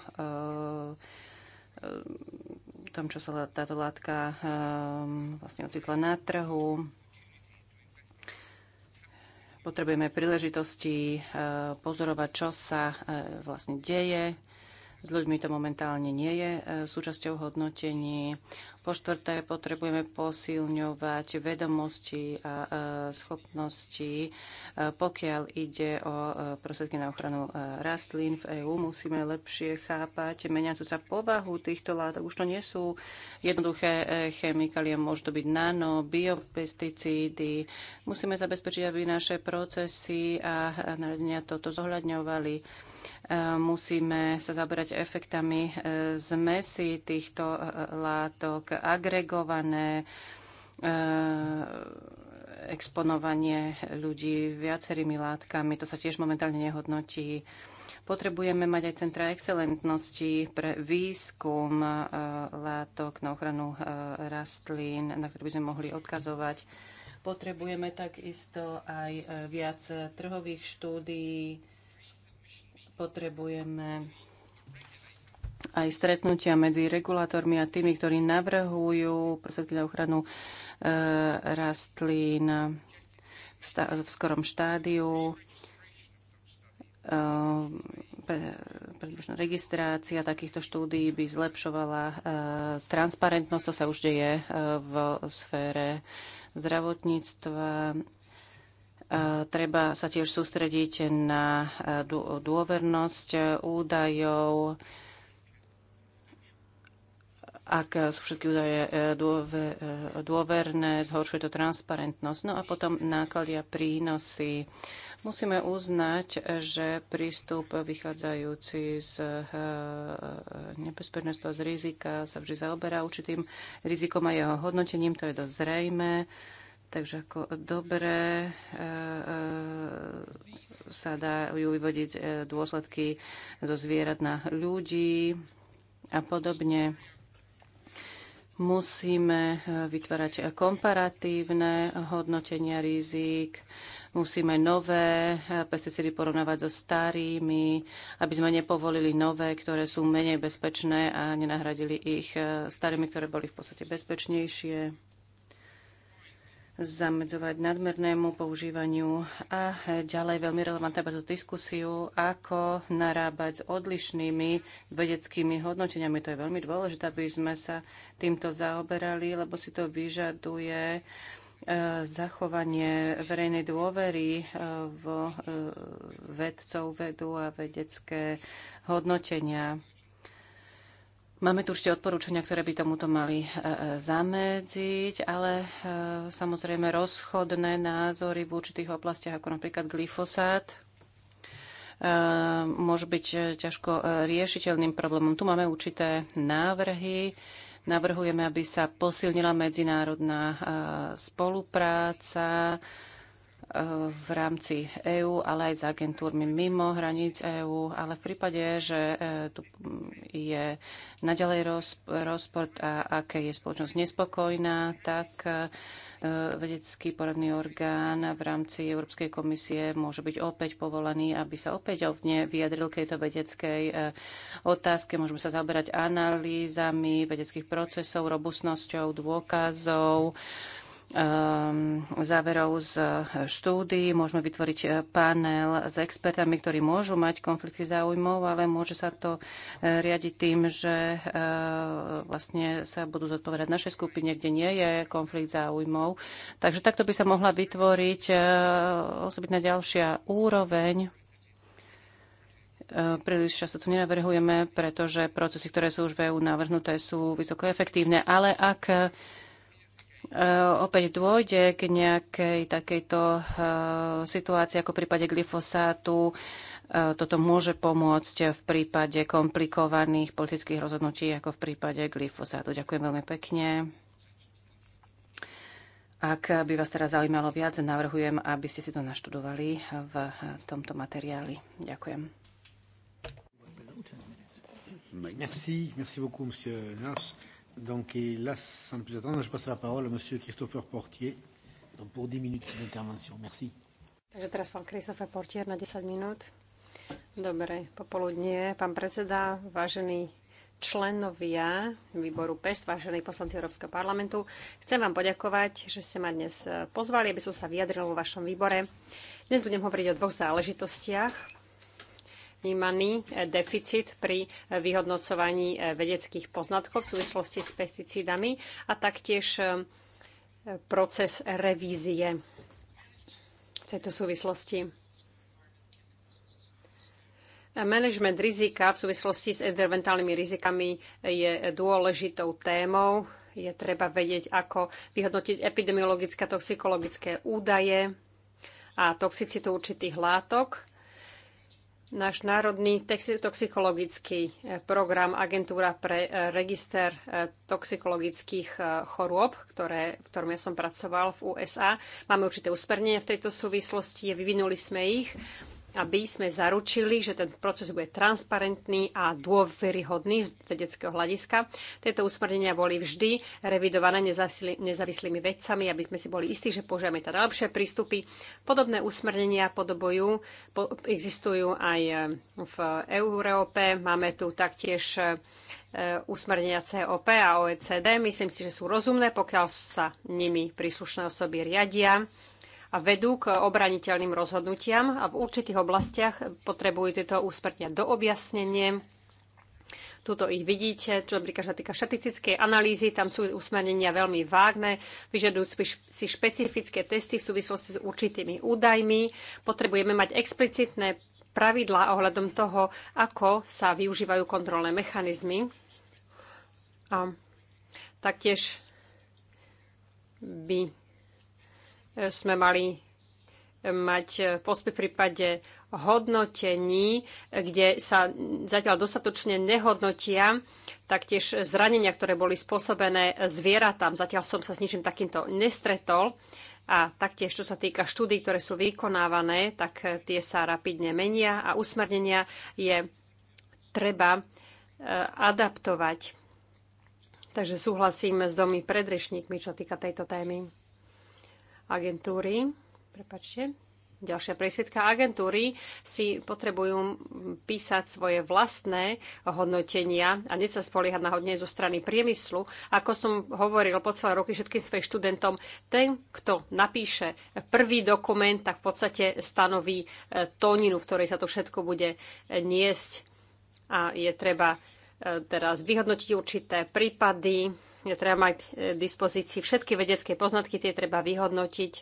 tom, čo sa táto látka vlastne ocitla na trhu. Potrebujeme príležitosti pozorovať, čo sa vlastne deje s ľuďmi to momentálne nie je e, súčasťou hodnotení. Po štvrté, potrebujeme posilňovať vedomosti a e, schopnosti. E, pokiaľ ide o e, prostriedky na ochranu rastlín v EÚ, musíme lepšie chápať meniacu sa povahu týchto látok. Už to nie sú jednoduché chemikálie, môžu to byť nano, biopesticídy. Musíme zabezpečiť, aby naše procesy a narazenia toto zohľadňovali musíme sa zaberať efektami zmesi týchto látok tak agregované eh, exponovanie ľudí viacerými látkami. To sa tiež momentálne nehodnotí. Potrebujeme mať aj centra excelentnosti pre výskum eh, látok na ochranu eh, rastlín, na ktoré by sme mohli odkazovať. Potrebujeme takisto aj viac trhových štúdií. Potrebujeme aj stretnutia medzi regulátormi a tými, ktorí navrhujú prostriedky na ochranu e, rastlín v, v skorom štádiu, e, predbežná registrácia takýchto štúdií by zlepšovala e, transparentnosť, to sa už deje e, v sfére zdravotníctva. Treba sa tiež sústrediť na dôvernosť údajov, ak sú všetky údaje e, e, dôverné, zhoršuje to transparentnosť. No a potom náklady a prínosy. Musíme uznať, že prístup vychádzajúci z e, nebezpečenstva, z rizika sa vždy zaoberá určitým rizikom a jeho hodnotením, to je dosť zrejme. Takže ako dobre sa dajú vyvodiť dôsledky zo zvierat na ľudí a podobne. Musíme e, vytvárať e, komparatívne hodnotenia rizik, musíme nové e, pesticídy porovnávať so starými, aby sme nepovolili nové, ktoré sú menej bezpečné a nenahradili ich starými, ktoré boli v podstate bezpečnejšie zamedzovať nadmernému používaniu a ďalej veľmi relevantné pre tú diskusiu, ako narábať s odlišnými vedeckými hodnoteniami. To je veľmi dôležité, aby sme sa týmto zaoberali, lebo si to vyžaduje e, zachovanie verejnej dôvery e, v e, vedcov vedu a vedecké hodnotenia. Máme tu určite odporúčania, ktoré by tomuto mali e, e, zamedziť, ale e, samozrejme rozchodné názory v určitých oblastiach, ako napríklad glyfosát, môže byť ťažko riešiteľným problémom. Tu máme určité návrhy. Navrhujeme, aby sa posilnila medzinárodná spolupráca v rámci EÚ, ale aj s agentúrmi mimo hraníc EÚ. Ale v prípade, že e, tu je naďalej rozpor a aké je spoločnosť nespokojná, tak e, vedecký poradný orgán v rámci Európskej komisie môže byť opäť povolaný, aby sa opäť ovne vyjadril k tejto vedeckej e, otázke. Môžeme sa zaoberať analýzami vedeckých procesov, robustnosťou, dôkazov, Ehm, záverov z eh, štúdií, môžeme vytvoriť eh, panel s expertami, ktorí môžu mať konflikty záujmov, ale môže sa to eh, riadiť tým, že vlastne sa budú zodpovedať našej skupine, kde nie je konflikt záujmov. Takže takto by sa mohla vytvoriť osobitná ďalšia úroveň príliš často tu nenavrhujeme, pretože procesy, ktoré sú už v EU navrhnuté, sú vysoko efektívne. Ale ak Eh, opäť dôjde k nejakej takejto eh, situácii ako v prípade glyfosátu. Eh, toto môže pomôcť v prípade komplikovaných politických rozhodnutí ako v prípade glyfosátu. Ďakujem veľmi pekne. Ak by vás teraz zaujímalo viac, navrhujem, aby ste si to naštudovali v tomto materiáli. Ďakujem. Merci, merci beaucoup, monsieur Donc, et là, sans plus attendre, je passe la parole à Monsieur Christopher Portier donc pour 10 minutes d'intervention. Merci. Takže teraz pán Christopher Portier na 10 minút. Dobre, popoludnie. Pán predseda, vážení členovia výboru PEST, vážení poslanci Európskeho parlamentu, chcem vám poďakovať, že ste ma dnes pozvali, aby som sa vyjadril vo vašom výbore. Dnes budem hovoriť o dvoch záležitostiach vnímaný eh, deficit pri eh, vyhodnocovaní eh, vedeckých poznatkov v súvislosti s pesticídami a taktiež proces revízie v tejto súvislosti. Management rizika v súvislosti s environmentálnymi rizikami je dôležitou témou. Je treba vedieť, ako vyhodnotiť epidemiologické a toxikologické údaje a toxicitu určitých látok náš národný toxikologický eh, program Agentúra pre eh, register eh, toxikologických chorôb, ktoré, v ktorom ja som pracoval v USA. Máme určité uspernenie v tejto súvislosti, vyvinuli sme ich aby sme zaručili, že ten proces bude transparentný a dôveryhodný z vedeckého hľadiska. Tieto usmernenia boli vždy revidované nezávislými vedcami, aby sme si boli istí, že používame tie teda najlepšie prístupy. Podobné usmernenia podobujú, po, existujú aj eh, v Európe. Máme tu taktiež eh, usmernenia COP a OECD. Myslím si, že sú rozumné, pokiaľ sa nimi príslušné osoby riadia a vedú k obraniteľným rozhodnutiam a v určitých oblastiach potrebujú tieto úsmrtia do objasnenie. Tuto ich vidíte, čo napríklad sa týka štatistickej analýzy, tam sú usmernenia veľmi vágne, vyžadujú si špecifické testy v súvislosti s určitými údajmi. Potrebujeme mať explicitné pravidlá ohľadom toho, ako sa využívajú kontrolné mechanizmy. A taktiež by sme mali mať pospech v prípade hodnotení, kde sa zatiaľ dostatočne nehodnotia taktiež zranenia, ktoré boli spôsobené zvieratám. Zatiaľ som sa s ničím takýmto nestretol. A taktiež, čo sa týka štúdí, ktoré sú vykonávané, tak tie sa rapidne menia a usmernenia je treba e, adaptovať. Takže súhlasím s domy predrešníkmi, čo týka tejto témy agentúry, prepačte, ďalšia presvedka, agentúry si potrebujú písať svoje vlastné hodnotenia a nie sa spoliehať na hodne zo strany priemyslu. Ako som hovoril po celé roky všetkým svojim študentom, ten, kto napíše prvý dokument, tak v podstate stanoví eh, tóninu, v ktorej sa to všetko bude eh, niesť a je treba teraz vyhodnotiť určité prípady, je treba mať k e, dispozícii všetky vedecké poznatky, tie treba vyhodnotiť.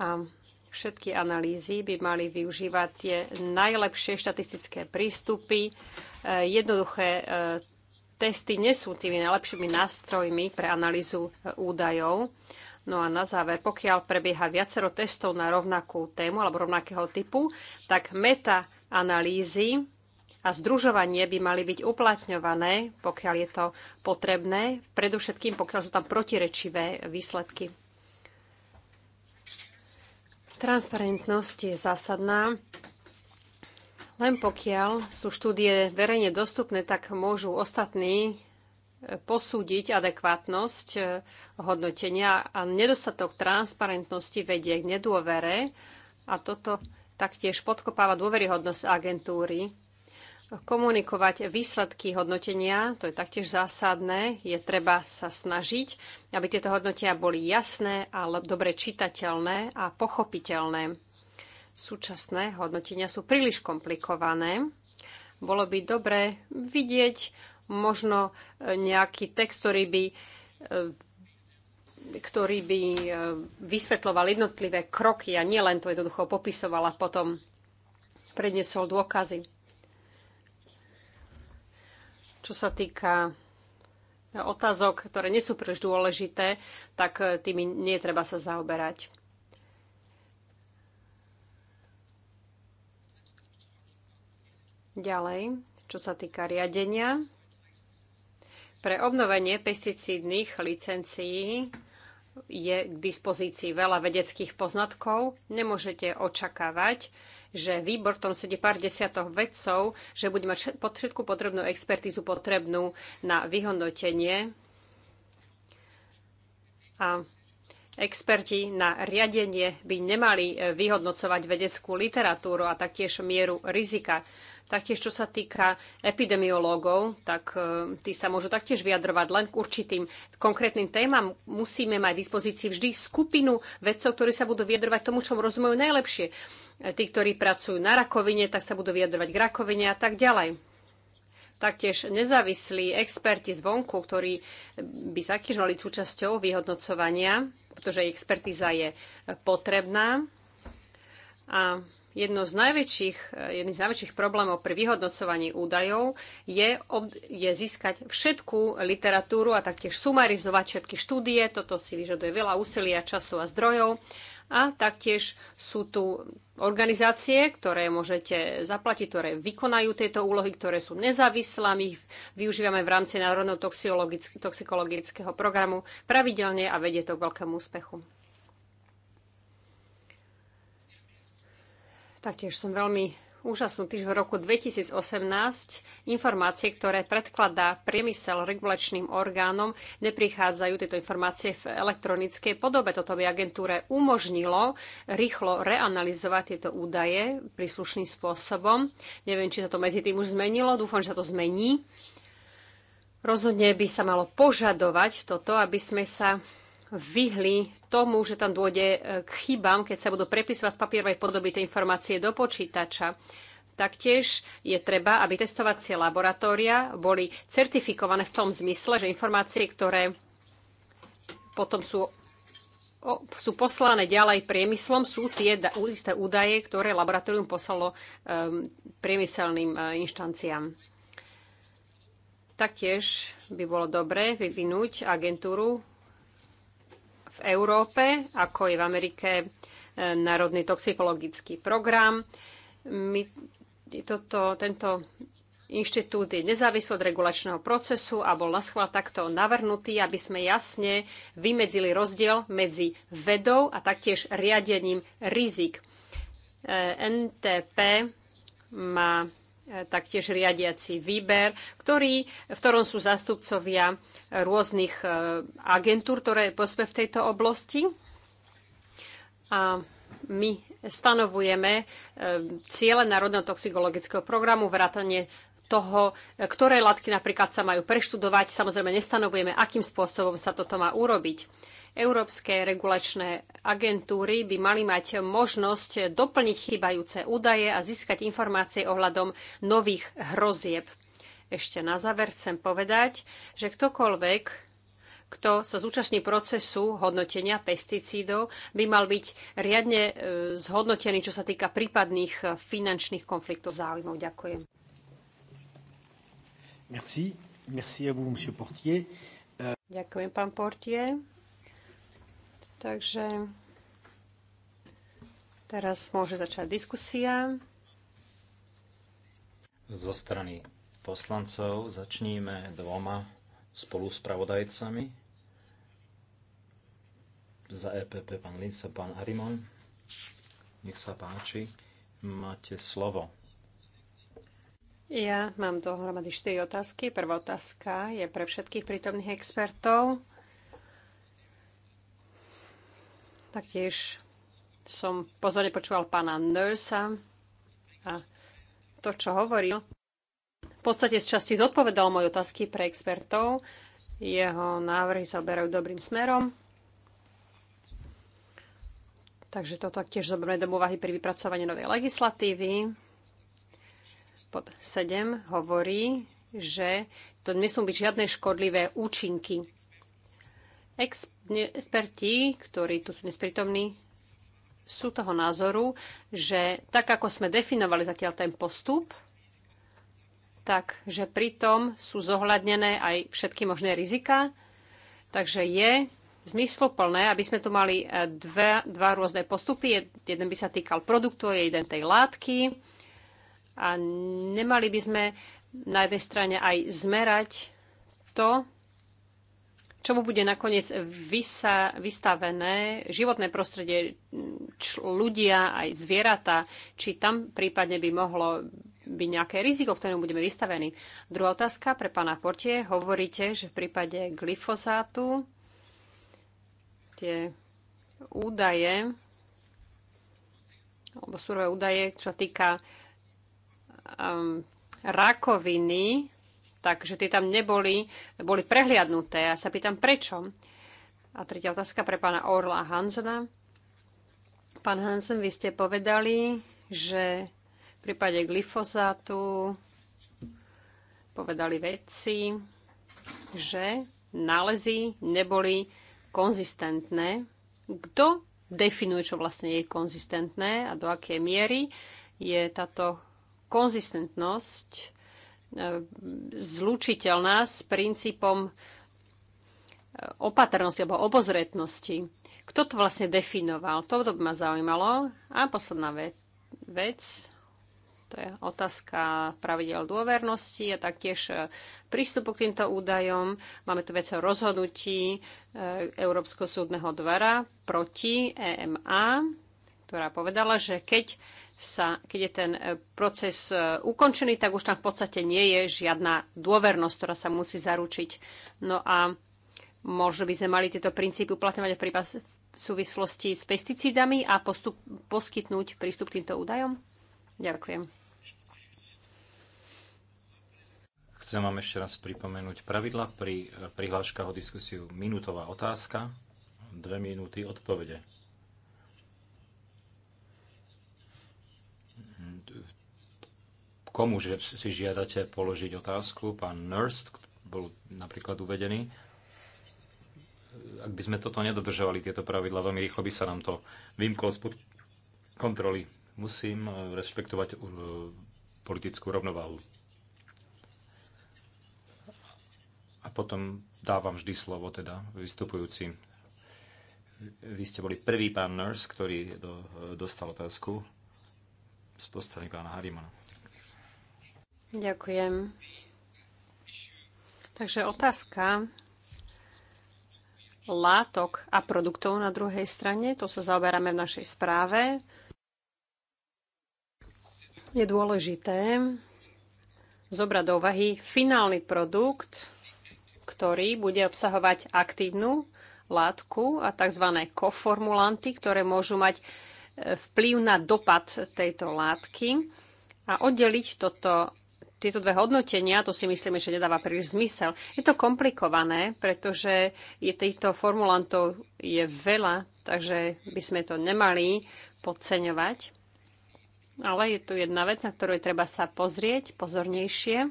A všetky analýzy by mali využívať tie najlepšie štatistické prístupy. E, jednoduché e, testy nie sú tými najlepšími nástrojmi pre analýzu údajov. No a na záver, pokiaľ prebieha viacero testov na rovnakú tému alebo rovnakého typu, tak meta analýzy a združovanie by mali byť uplatňované, pokiaľ je to potrebné, predovšetkým pokiaľ sú tam protirečivé výsledky. Transparentnosť je zásadná. Len pokiaľ sú štúdie verejne dostupné, tak môžu ostatní e, posúdiť adekvátnosť e, hodnotenia a nedostatok transparentnosti vedie k nedôvere a toto taktiež podkopáva dôveryhodnosť agentúry komunikovať výsledky hodnotenia, to je taktiež zásadné, je treba sa snažiť, aby tieto hodnotia boli jasné a dobre čitateľné a pochopiteľné. Súčasné hodnotenia sú príliš komplikované. Bolo by dobre vidieť možno e, nejaký text, ktorý by e, ktorý by e, vysvetloval jednotlivé kroky a nielen to jednoducho popisoval a potom prednesol dôkazy. Čo sa týka otázok, ktoré nie sú príliš dôležité, tak tými nie treba sa zaoberať. Ďalej, čo sa týka riadenia, pre obnovenie pesticídnych licencií je k dispozícii veľa vedeckých poznatkov. Nemôžete očakávať, že výbor v tom sedí pár desiatok vedcov, že bude mať všetku potrebnú expertízu potrebnú na vyhodnotenie. A experti na riadenie by nemali e, vyhodnocovať vedeckú literatúru a taktiež mieru rizika. Taktiež, čo sa týka epidemiológov, tak e, tí sa môžu taktiež vyjadrovať len k určitým konkrétnym témam. Musíme mať v dispozícii vždy skupinu vedcov, ktorí sa budú vyjadrovať tomu, čo rozumejú najlepšie. E, tí, ktorí pracujú na rakovine, tak sa budú vyjadrovať k rakovine a tak ďalej. Taktiež nezávislí experti zvonku, ktorí by sa tiež mali súčasťou vyhodnocovania, pretože expertíza je potrebná. A jedno z najväčších, eh, jedným z najväčších problémov pri vyhodnocovaní údajov je, ob, je získať všetkú literatúru a taktiež sumarizovať všetky štúdie. Toto si vyžaduje veľa úsilia, času a zdrojov. A taktiež sú tu organizácie, ktoré môžete zaplatiť, ktoré vykonajú tieto úlohy, ktoré sú nezávislé. My ich využívame v rámci Národného toxikologického programu pravidelne a vedie to k veľkému úspechu. Taktiež som veľmi úžasnutý, že v roku 2018 informácie, ktoré predkladá priemysel regulačným orgánom, neprichádzajú tieto informácie v elektronickej podobe. Toto by agentúre umožnilo rýchlo reanalizovať tieto údaje príslušným spôsobom. Neviem, či sa to medzi tým už zmenilo, dúfam, že sa to zmení. Rozhodne by sa malo požadovať toto, aby sme sa vyhli tomu, že tam dôjde e, k chybám, keď sa budú prepisovať z papierovej podoby tie informácie do počítača. Taktiež je treba, aby testovacie laboratória boli certifikované v tom zmysle, že informácie, ktoré potom sú, sú poslané ďalej priemyslom, sú tie isté údaje, ktoré laboratórium poslalo um, priemyselným uh, inštanciám. Taktiež by bolo dobré vyvinúť agentúru v Európe, ako je v Amerike e, Národný toxikologický program. My, toto, tento inštitút je nezávislý od regulačného procesu a bol naschvál takto navrhnutý, aby sme jasne vymedzili rozdiel medzi vedou a taktiež riadením rizik. E, NTP má E, taktiež riadiaci výber, ktorý, v ktorom sú zastupcovia rôznych e, agentúr, ktoré pospe v tejto oblasti. A my stanovujeme e, ciele Národného toxikologického programu, vrátanie toho, ktoré látky napríklad sa majú preštudovať. Samozrejme, nestanovujeme, akým spôsobom sa toto má urobiť. Európske regulačné agentúry by mali mať možnosť doplniť chýbajúce údaje a získať informácie ohľadom nových hrozieb. Ešte na záver chcem povedať, že ktokoľvek, kto sa zúčastní procesu hodnotenia pesticídov, by mal byť riadne e, zhodnotený, čo sa týka prípadných finančných konfliktov záujmov. Ďakujem. Merci. Merci à vous, monsieur Portier. Ďakujem, pán Portier. Takže teraz môže začať diskusia. Zo strany poslancov začníme dvoma spoluspravodajcami. Za EPP pán a pán Arimon. Nech sa páči, máte slovo. Ja mám dohromady 4 otázky. Prvá otázka je pre všetkých prítomných expertov. Taktiež som pozorne počúval pána Nursa a to, čo hovoril, v podstate z časti zodpovedal moje otázky pre expertov. Jeho návrhy sa oberajú dobrým smerom. Takže toto tiež zoberme do úvahy pri vypracovaní novej legislatívy. Pod 7 hovorí, že to nesú byť žiadne škodlivé účinky. Ex experti, ktorí tu sú dnes prítomní, sú toho názoru, že tak, ako sme definovali zatiaľ ten postup, tak, že pritom sú zohľadnené aj všetky možné rizika. Takže je zmysluplné, aby sme tu mali e, dva, dva rôzne postupy. Jeden by sa týkal produktu, jeden tej látky. A nemali by sme na jednej strane aj zmerať to, čomu bude nakoniec vysa, vystavené životné prostredie č, ľudia aj zvieratá, či tam prípadne by mohlo byť nejaké riziko, v ktorom budeme vystavení. Druhá otázka pre pána Portie. Hovoríte, že v prípade glyfosátu tie údaje, alebo súrové údaje, čo týka um, rakoviny, takže tie tam neboli, boli prehliadnuté. Ja sa pýtam, prečo? A tretia otázka pre pána Orla Hansena. Pán Hansen, vy ste povedali, že v prípade glyfozátu povedali vedci, že nálezy neboli konzistentné. Kto definuje, čo vlastne je konzistentné a do akej miery je táto konzistentnosť zlučiteľná s princípom e, opatrnosti alebo obozretnosti. Kto to vlastne definoval? To by ma zaujímalo. A posledná vec, to je otázka pravidel dôvernosti a taktiež e, prístupu k týmto údajom. Máme tu vec o rozhodnutí e, Európskeho súdneho dvora proti EMA ktorá povedala, že keď, sa, keď je ten eh, proces eh, ukončený, tak už tam v podstate nie je žiadna dôvernosť, ktorá sa musí zaručiť. No a možno by sme mali tieto princípy uplatňovať v, prípade, v súvislosti s pesticídami a postup, poskytnúť prístup k týmto údajom? Ďakujem. Chcem vám ešte raz pripomenúť pravidla pri eh, prihláškach o diskusiu. Minútová otázka, dve minúty odpovede komu že si žiadate položiť otázku. Pán Nurst bol napríklad uvedený. Ak by sme toto nedodržovali, tieto pravidla, veľmi rýchlo by sa nám to vymklo spod kontroly. Musím e, rešpektovať e, politickú rovnováhu. A potom dávam vždy slovo teda vystupujúcim. Vy ste boli prvý pán Nurse, ktorý do, e, dostal otázku z postrany pána Harimana. Ďakujem. Takže otázka látok a produktov na druhej strane, to sa zaoberáme v našej správe. Je dôležité zobrať do ovahy finálny produkt, ktorý bude obsahovať aktívnu látku a tzv. koformulanty, ktoré môžu mať e, vplyv na dopad tejto látky a oddeliť toto tieto dve hodnotenia, to si myslíme, že nedáva príliš zmysel. Je to komplikované, pretože je týchto formulantov je veľa, takže by sme to nemali podceňovať. Ale je tu jedna vec, na ktorú je treba sa pozrieť pozornejšie.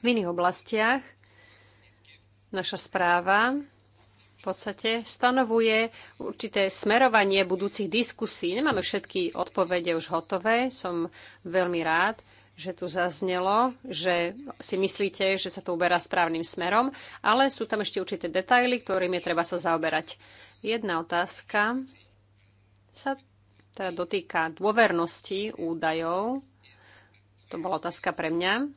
V iných oblastiach naša správa v podstate stanovuje určité smerovanie budúcich diskusí. Nemáme všetky odpovede už hotové, som veľmi rád, že tu zaznelo, že si myslíte, že sa to uberá správnym smerom, ale sú tam ešte určité detaily, ktorým je treba sa zaoberať. Jedna otázka sa teda dotýka dôvernosti údajov. To bola otázka pre mňa.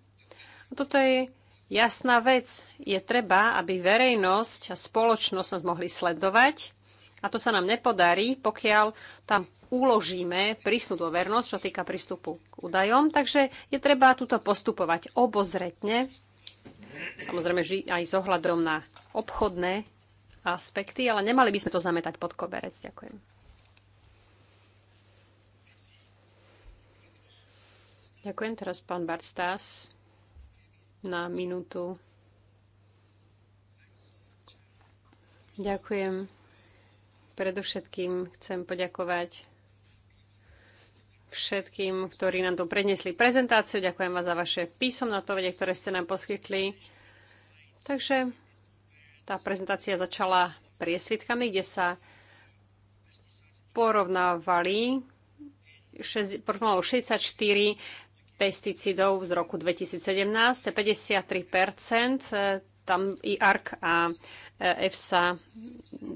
A toto je jasná vec. Je treba, aby verejnosť a spoločnosť nás mohli sledovať a to sa nám nepodarí, pokiaľ tam uložíme prísnu dôvernosť, čo týka prístupu k údajom. Takže je treba túto postupovať obozretne, samozrejme aj s ohľadom na obchodné aspekty, ale nemali by sme to zametať pod koberec. Ďakujem. Ďakujem teraz pán Barstas na minútu. Ďakujem. Predovšetkým chcem poďakovať všetkým, ktorí nám tu prednesli prezentáciu. Ďakujem vás za vaše písomné odpovede, ktoré ste nám poskytli. Takže tá prezentácia začala priesvitkami, kde sa porovnávali 64 pesticídov z roku 2017, 53 tam i ARK a EFSA e, e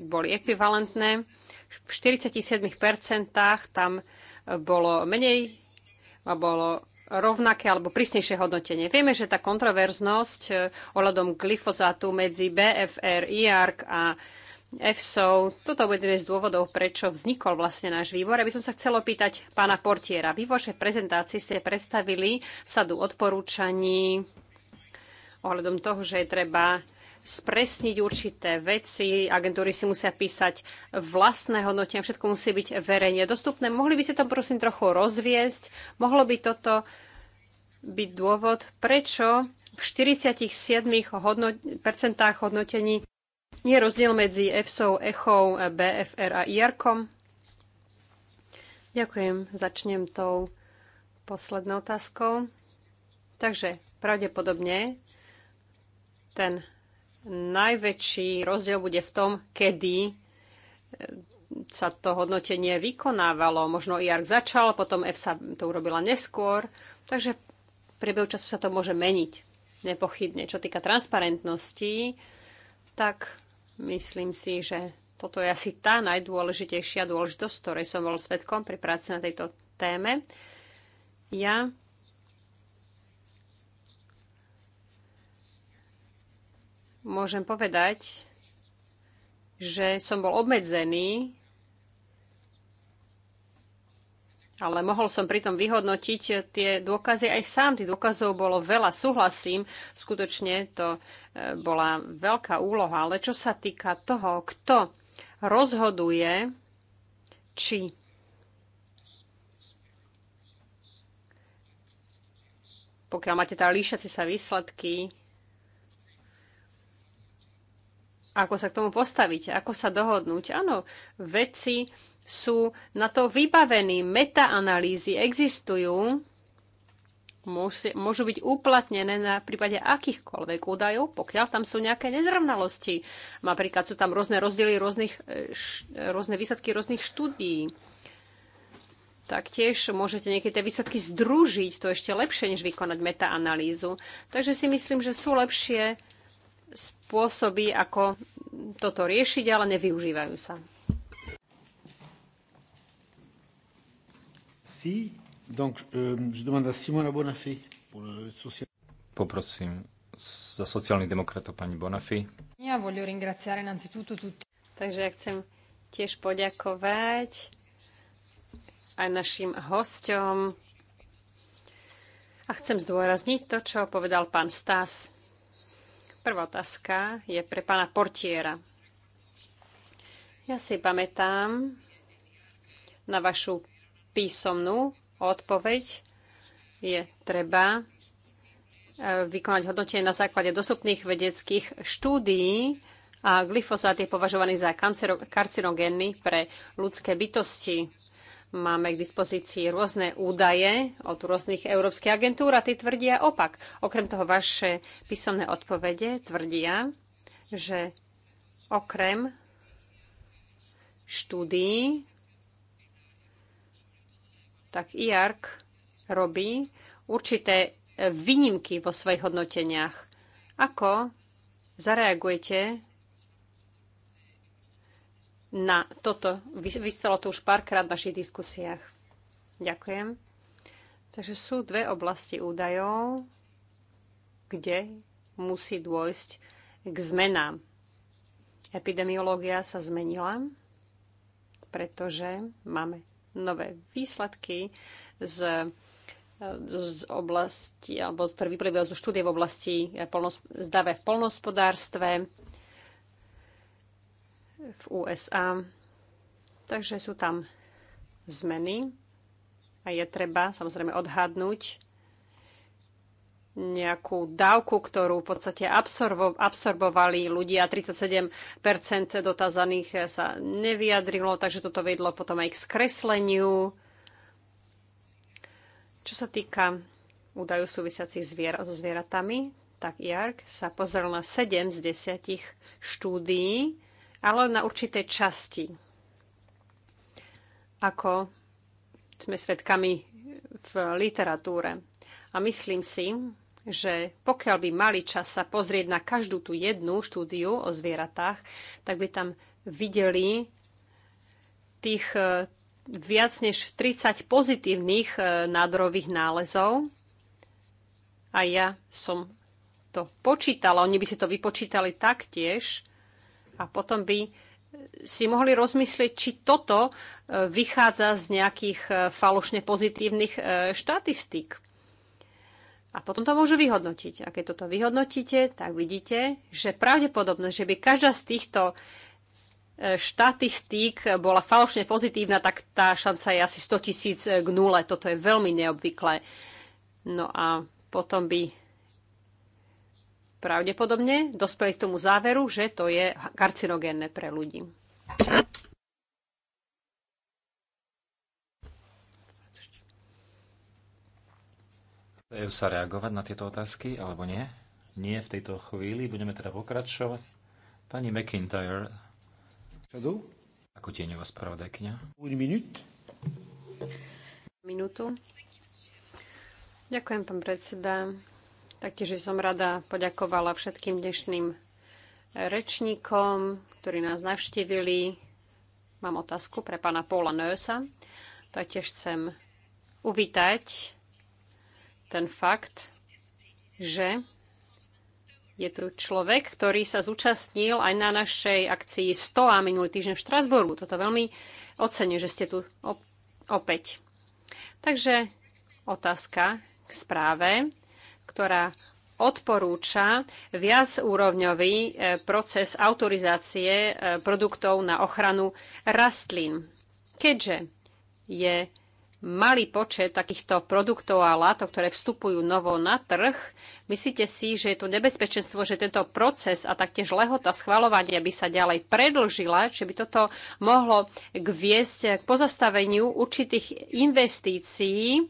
boli ekvivalentné. V 47% tam e, bolo menej, bolo rovnaké alebo prísnejšie hodnotenie. Vieme, že tá kontroverznosť ohľadom glyfozátu medzi BFR, IARC a EFSO, toto bude jeden z dôvodov, prečo vznikol vlastne náš výbor. Aby som sa chcela opýtať pána Portiera. Vy v vašej prezentácii ste predstavili sadu odporúčaní ohľadom toho, že je treba spresniť určité veci, agentúry si musia písať vlastné hodnotenia, všetko musí byť verejne dostupné. Mohli by ste to prosím trochu rozviesť? Mohlo by toto byť dôvod, prečo v 47% hodnotení nie je rozdiel medzi EFSO, ECHO, BFR a IRCOM? Ďakujem. Začnem tou poslednou otázkou. Takže pravdepodobne ten najväčší rozdiel bude v tom, kedy e, sa to hodnotenie vykonávalo. Možno IARC začal, potom EFSA to urobila neskôr, takže v priebehu času sa to môže meniť nepochybne. Čo týka transparentnosti, tak myslím si, že toto je asi tá najdôležitejšia dôležitosť, ktorej som bol svetkom pri práci na tejto téme. Ja môžem povedať, že som bol obmedzený, ale mohol som pritom vyhodnotiť tie dôkazy aj sám. Tých dôkazov bolo veľa, súhlasím, skutočne to e, bola veľká úloha. Ale čo sa týka toho, kto rozhoduje, či pokiaľ máte tá líšacie sa výsledky, ako sa k tomu postaviť, ako sa dohodnúť. Áno, vedci sú na to vybavení, metaanalýzy existujú, môžu byť uplatnené na prípade akýchkoľvek údajov, pokiaľ tam sú nejaké nezrovnalosti. Napríklad sú tam rôzne rozdiely, rôznych, e, rôzne výsledky rôznych štúdií. Taktiež môžete niekedy tie výsledky združiť, to je ešte lepšie, než vykonať metaanalýzu. Takže si myslím, že sú lepšie spôsoby, ako toto riešiť, ale nevyužívajú sa. Si, donc, euh, je demande à Simona Bonafé Poprosím za sociálnych demokratov pani Bonafé. Ja voglio ringraziare innanzitutto tutti. Takže ja chcem tiež poďakovať aj našim hosťom. A chcem zdôrazniť to, čo povedal pán Stas. Prvá otázka je pre pána Portiera. Ja si pamätám na vašu písomnú odpoveď. Je treba e, vykonať hodnotenie na základe dostupných vedeckých štúdií a glyfosát je považovaný za karcinogénny pre ľudské bytosti. Máme k dispozícii rôzne údaje od rôznych európskych agentúr a tí tvrdia opak. Okrem toho vaše písomné odpovede tvrdia, že okrem štúdií tak IARC robí určité výnimky vo svojich hodnoteniach. Ako zareagujete na toto. Vyselo to už párkrát v našich diskusiách. Ďakujem. Takže sú dve oblasti údajov, kde musí dôjsť k zmenám. Epidemiológia sa zmenila, pretože máme nové výsledky z z oblasti, alebo ktoré vyplývajú zo štúdie v oblasti zdave v polnospodárstve v USA. Takže sú tam zmeny a je treba samozrejme odhadnúť nejakú dávku, ktorú v podstate absorbo, absorbovali ľudia. 37% dotázaných sa nevyjadrilo, takže toto vedlo potom aj k skresleniu. Čo sa týka údajov súvisiacich zvier- so zvieratami, tak IARC sa pozrel na 7 z 10 štúdií, ale na určité časti. Ako sme svedkami v literatúre. A myslím si, že pokiaľ by mali čas sa pozrieť na každú tú jednu štúdiu o zvieratách, tak by tam videli tých e, viac než 30 pozitívnych e, nádorových nálezov. A ja som to počítala, oni by si to vypočítali taktiež. A potom by si mohli rozmyslieť, či toto e, vychádza z nejakých e, falošne pozitívnych e, štatistík. A potom to môžu vyhodnotiť. A keď toto vyhodnotíte, tak vidíte, že pravdepodobnosť, že by každá z týchto štatistík bola falošne pozitívna, tak tá šanca je asi 100 tisíc k nule. Toto je veľmi neobvyklé. No a potom by pravdepodobne dospeli k tomu záveru, že to je karcinogénne pre ľudí. Dajú sa reagovať na tieto otázky, alebo nie? Nie v tejto chvíli. Budeme teda pokračovať. Pani McIntyre. Shadow? Ako tieňová spravodajkňa? Minútu. Ďakujem, pán predseda. Taktiež som rada poďakovala všetkým dnešným rečníkom, ktorí nás navštívili. Mám otázku pre pána Paula Nösa. Taktiež chcem uvítať ten fakt, že je tu človek, ktorý sa zúčastnil aj na našej akcii 100 a minulý týždeň v Štrasburgu. Toto veľmi ocenuje, že ste tu opäť. Takže otázka k správe ktorá odporúča viacúrovňový e, proces autorizácie e, produktov na ochranu rastlín. Keďže je malý počet takýchto produktov a látok, ktoré vstupujú novo na trh. Myslíte si, že je tu nebezpečenstvo, že tento proces a taktiež lehota schvalovania by sa ďalej predlžila, či by toto mohlo viesť k pozastaveniu určitých investícií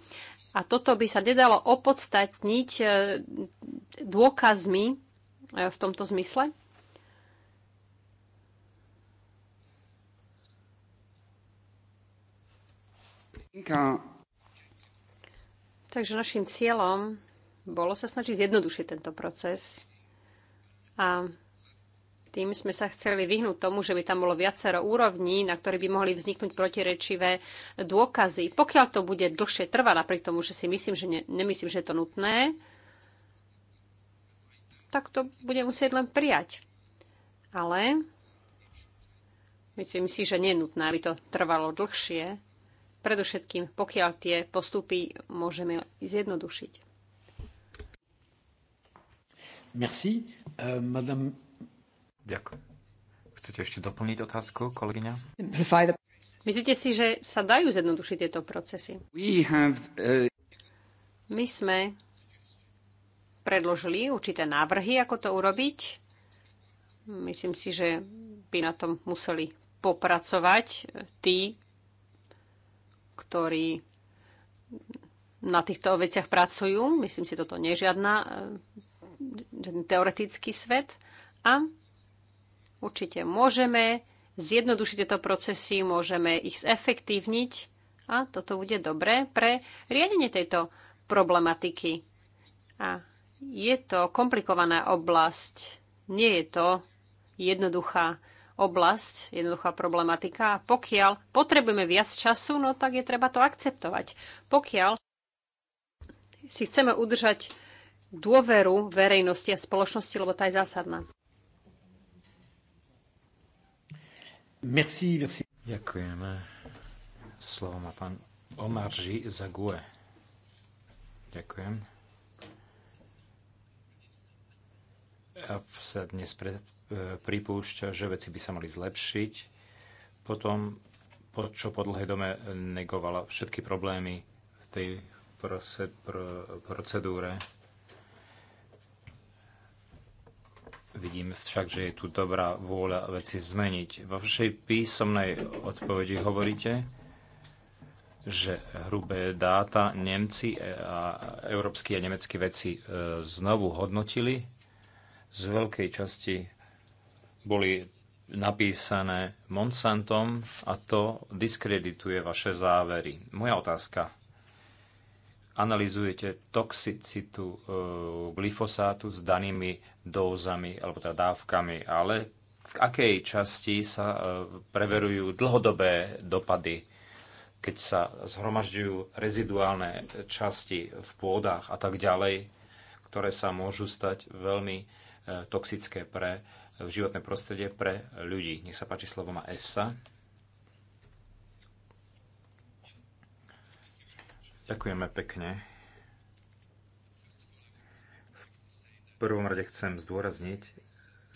a toto by sa nedalo opodstatniť e, dôkazmi e, v tomto zmysle? Takže našim cieľom bolo sa snažiť zjednodušiť tento proces a tým sme sa chceli vyhnúť tomu, že by tam bolo viacero úrovní, na ktoré by mohli vzniknúť protirečivé dôkazy. Pokiaľ to bude dlhšie trvať, napriek tomu, že si myslím, že ne, nemyslím, že je to nutné, tak to bude musieť len prijať. Ale myslím si, že nie je nutné, aby to trvalo dlhšie, predovšetkým pokiaľ tie postupy môžeme zjednodušiť. Merci. Uh, Madame Ďakujem. Chcete ešte doplniť otázku, kolegyňa? Myslíte si, že sa dajú zjednodušiť tieto procesy? Uh, My sme predložili určité návrhy, ako to urobiť. Myslím si, že by na tom museli popracovať eh, tí, ktorí na týchto veciach pracujú. Myslím si, toto nie je žiadna, eh, teoretický svet. A Určite môžeme zjednodušiť tieto procesy, môžeme ich zefektívniť a toto bude dobré pre riadenie tejto problematiky. A je to komplikovaná oblasť, nie je to jednoduchá oblasť, jednoduchá problematika. A pokiaľ potrebujeme viac času, no tak je treba to akceptovať. Pokiaľ si chceme udržať dôveru verejnosti a spoločnosti, lebo tá je zásadná. Merci, merci. Slovo má pán Omarži Zague. Ďakujem. A sa dnes e, pripúšťa, že veci by sa mali zlepšiť. Potom, po, čo po dlhej dome negovala všetky problémy v tej procedúre, Vidím však, že je tu dobrá vôľa veci zmeniť. Vo vašej písomnej odpovedi hovoríte, že hrubé dáta Nemci a európsky a nemeckí veci e, znovu hodnotili. Z veľkej časti boli napísané Monsantom a to diskredituje vaše závery. Moja otázka. Analizujete toxicitu e, glyfosátu s danými dózami alebo teda dávkami, ale v akej časti sa e, preverujú dlhodobé dopady, keď sa zhromažďujú reziduálne časti v pôdach a tak ďalej, ktoré sa môžu stať veľmi e, toxické pre e, životné prostredie pre ľudí. Nech sa páči slovo má EFSA. Ďakujeme pekne. prvom rade chcem zdôrazniť,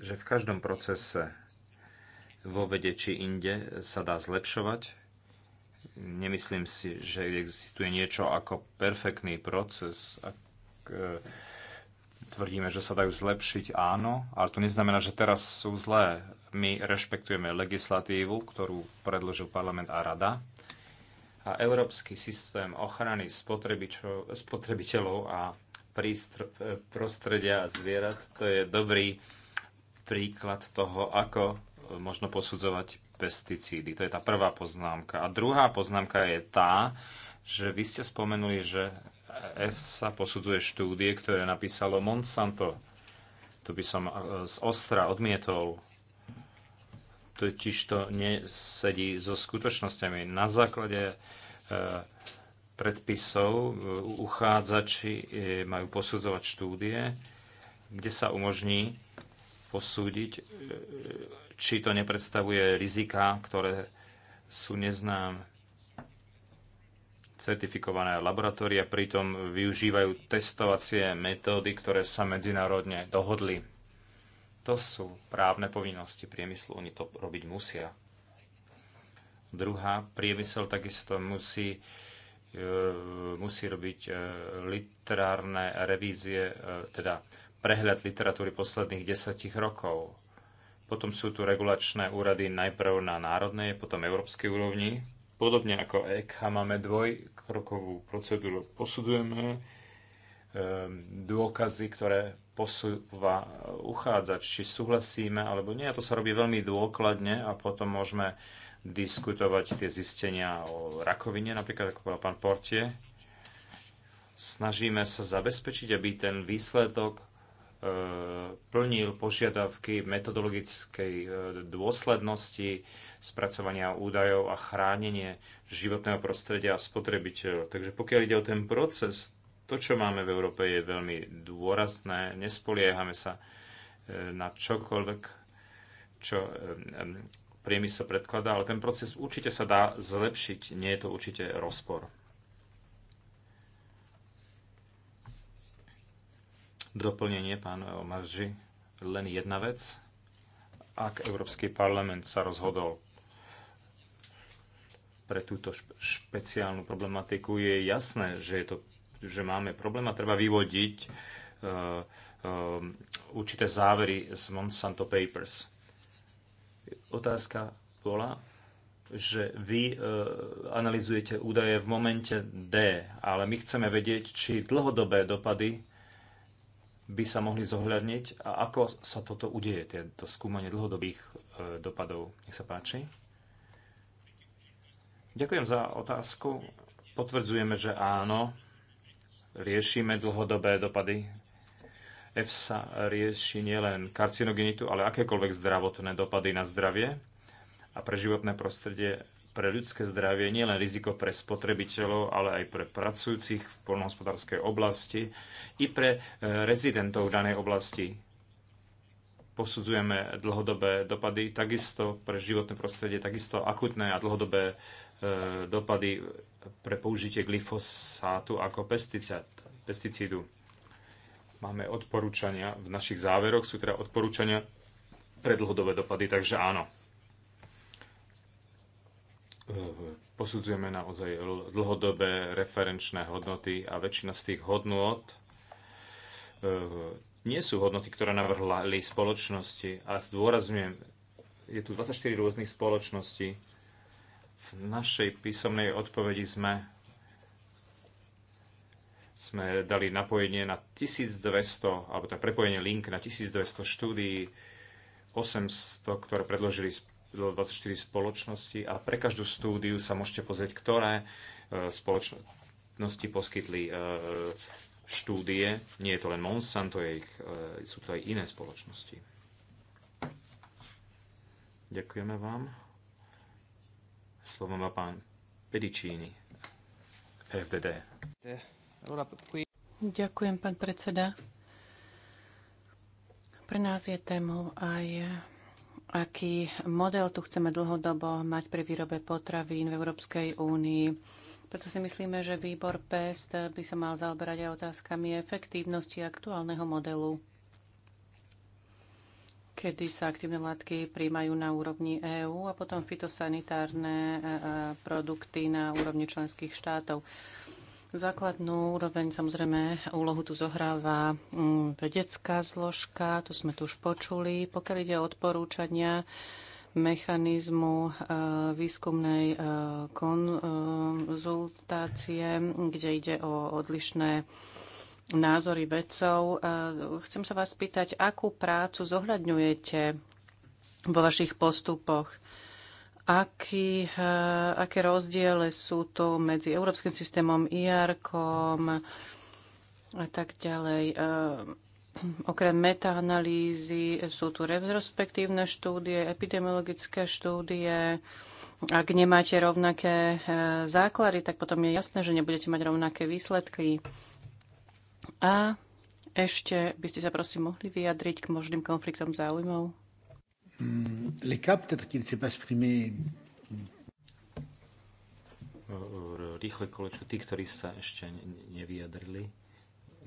že v každom procese vo vede či inde sa dá zlepšovať. Nemyslím si, že existuje niečo ako perfektný proces. Ak e, tvrdíme, že sa dajú zlepšiť, áno, ale to neznamená, že teraz sú zlé. My rešpektujeme legislatívu, ktorú predložil parlament a rada a európsky systém ochrany spotrebičov, spotrebiteľov a E, prostredia a zvierat. To je dobrý príklad toho, ako e, možno posudzovať pesticídy. To je tá prvá poznámka. A druhá poznámka je tá, že vy ste spomenuli, že EFSA posudzuje štúdie, ktoré napísalo Monsanto. Tu by som e, z ostra odmietol. Totiž to nesedí so skutočnosťami. Na základe predpisov e, uchádzači e, majú posudzovať štúdie, kde sa umožní posúdiť, e, či to nepredstavuje rizika, ktoré sú neznám. Certifikované laboratória pritom využívajú testovacie metódy, ktoré sa medzinárodne dohodli. To sú právne povinnosti priemyslu, oni to robiť musia. Druhá, priemysel takisto musí E, musí robiť e, literárne revízie, e, teda prehľad literatúry posledných desetich rokov. Potom sú tu regulačné úrady najprv na národnej, potom európskej úrovni. Podobne ako ECHA máme dvojkrokovú procedúru. Posudzujeme dôkazy, ktoré posúva uchádzač, či súhlasíme alebo nie. A to sa robí veľmi dôkladne a potom môžeme diskutovať tie zistenia o rakovine, napríklad ako povedal pán Portie. Snažíme sa zabezpečiť, aby ten výsledok e, plnil požiadavky metodologickej e, dôslednosti, spracovania údajov a chránenie životného prostredia a spotrebiteľov. Takže pokiaľ ide o ten proces, to, čo máme v Európe, je veľmi dôrazné. Nespoliehame sa e, na čokoľvek, čo priemysel predkladá, ale ten proces určite sa dá zlepšiť, nie je to určite rozpor. Doplnenie, pán Omarži, len jedna vec. Ak Európsky parlament sa rozhodol pre túto špeciálnu problematiku, je jasné, že, je to, že máme problém a treba vyvodiť uh, uh, určité závery z Monsanto Papers Otázka bola, že vy e, analizujete údaje v momente D, ale my chceme vedieť, či dlhodobé dopady by sa mohli zohľadniť a ako sa toto udeje, to skúmanie dlhodobých e, dopadov. Nech sa páči. Ďakujem za otázku. Potvrdzujeme, že áno, riešime dlhodobé dopady EFSA rieši nielen karcinogenitu, ale akékoľvek zdravotné dopady na zdravie a pre životné prostredie, pre ľudské zdravie, nielen riziko pre spotrebiteľov, ale aj pre pracujúcich v polnohospodárskej oblasti i pre e, rezidentov danej oblasti. Posudzujeme dlhodobé dopady, takisto pre životné prostredie, takisto akutné a dlhodobé e, dopady pre použitie glyfosátu ako pesticídu Máme odporúčania, v našich záveroch sú teda odporúčania pre dlhodobé dopady, takže áno. E, posudzujeme naozaj dlhodobé referenčné hodnoty a väčšina z tých hodnot e, nie sú hodnoty, ktoré navrhli spoločnosti. A zdôrazňujem, je tu 24 rôznych spoločností. V našej písomnej odpovedi sme sme dali napojenie na 1200, alebo to prepojenie link na 1200 štúdií, 800, ktoré predložili 24 spoločnosti a pre každú štúdiu sa môžete pozrieť, ktoré e, spoločnosti poskytli e, štúdie. Nie je to len Monsanto, je ich, e, sú to aj iné spoločnosti. Ďakujeme vám. Slovo má pán Pedicini, FDD. Yeah. Ďakujem, pán predseda. Pre nás je tému aj aký model tu chceme dlhodobo mať pri výrobe potravín v Európskej únii. Preto si myslíme, že výbor PEST by sa mal zaoberať aj otázkami efektívnosti aktuálneho modelu, kedy sa aktívne látky príjmajú na úrovni EÚ a potom fitosanitárne e, e, produkty na úrovni členských štátov. Základnú úroveň samozrejme úlohu tu zohráva mm, vedecká zložka, to sme tu už počuli. Pokiaľ ide o odporúčania mechanizmu e, výskumnej e, konzultácie, kde ide o odlišné názory vedcov. E, chcem sa vás spýtať, akú prácu zohľadňujete vo vašich postupoch? aký, eh, aké rozdiele sú tu medzi európskym systémom, IR-kom a tak ďalej. Eh, okrem metaanalýzy sú tu retrospektívne štúdie, epidemiologické štúdie. Ak nemáte rovnaké eh, základy, tak potom je jasné, že nebudete mať rovnaké výsledky. A ešte by ste sa prosím mohli vyjadriť k možným konfliktom záujmov les cas, peut-être qu'il ne s'est pas exprimé rýchle kolečko tí, ktorí sa ešte nevyjadrili.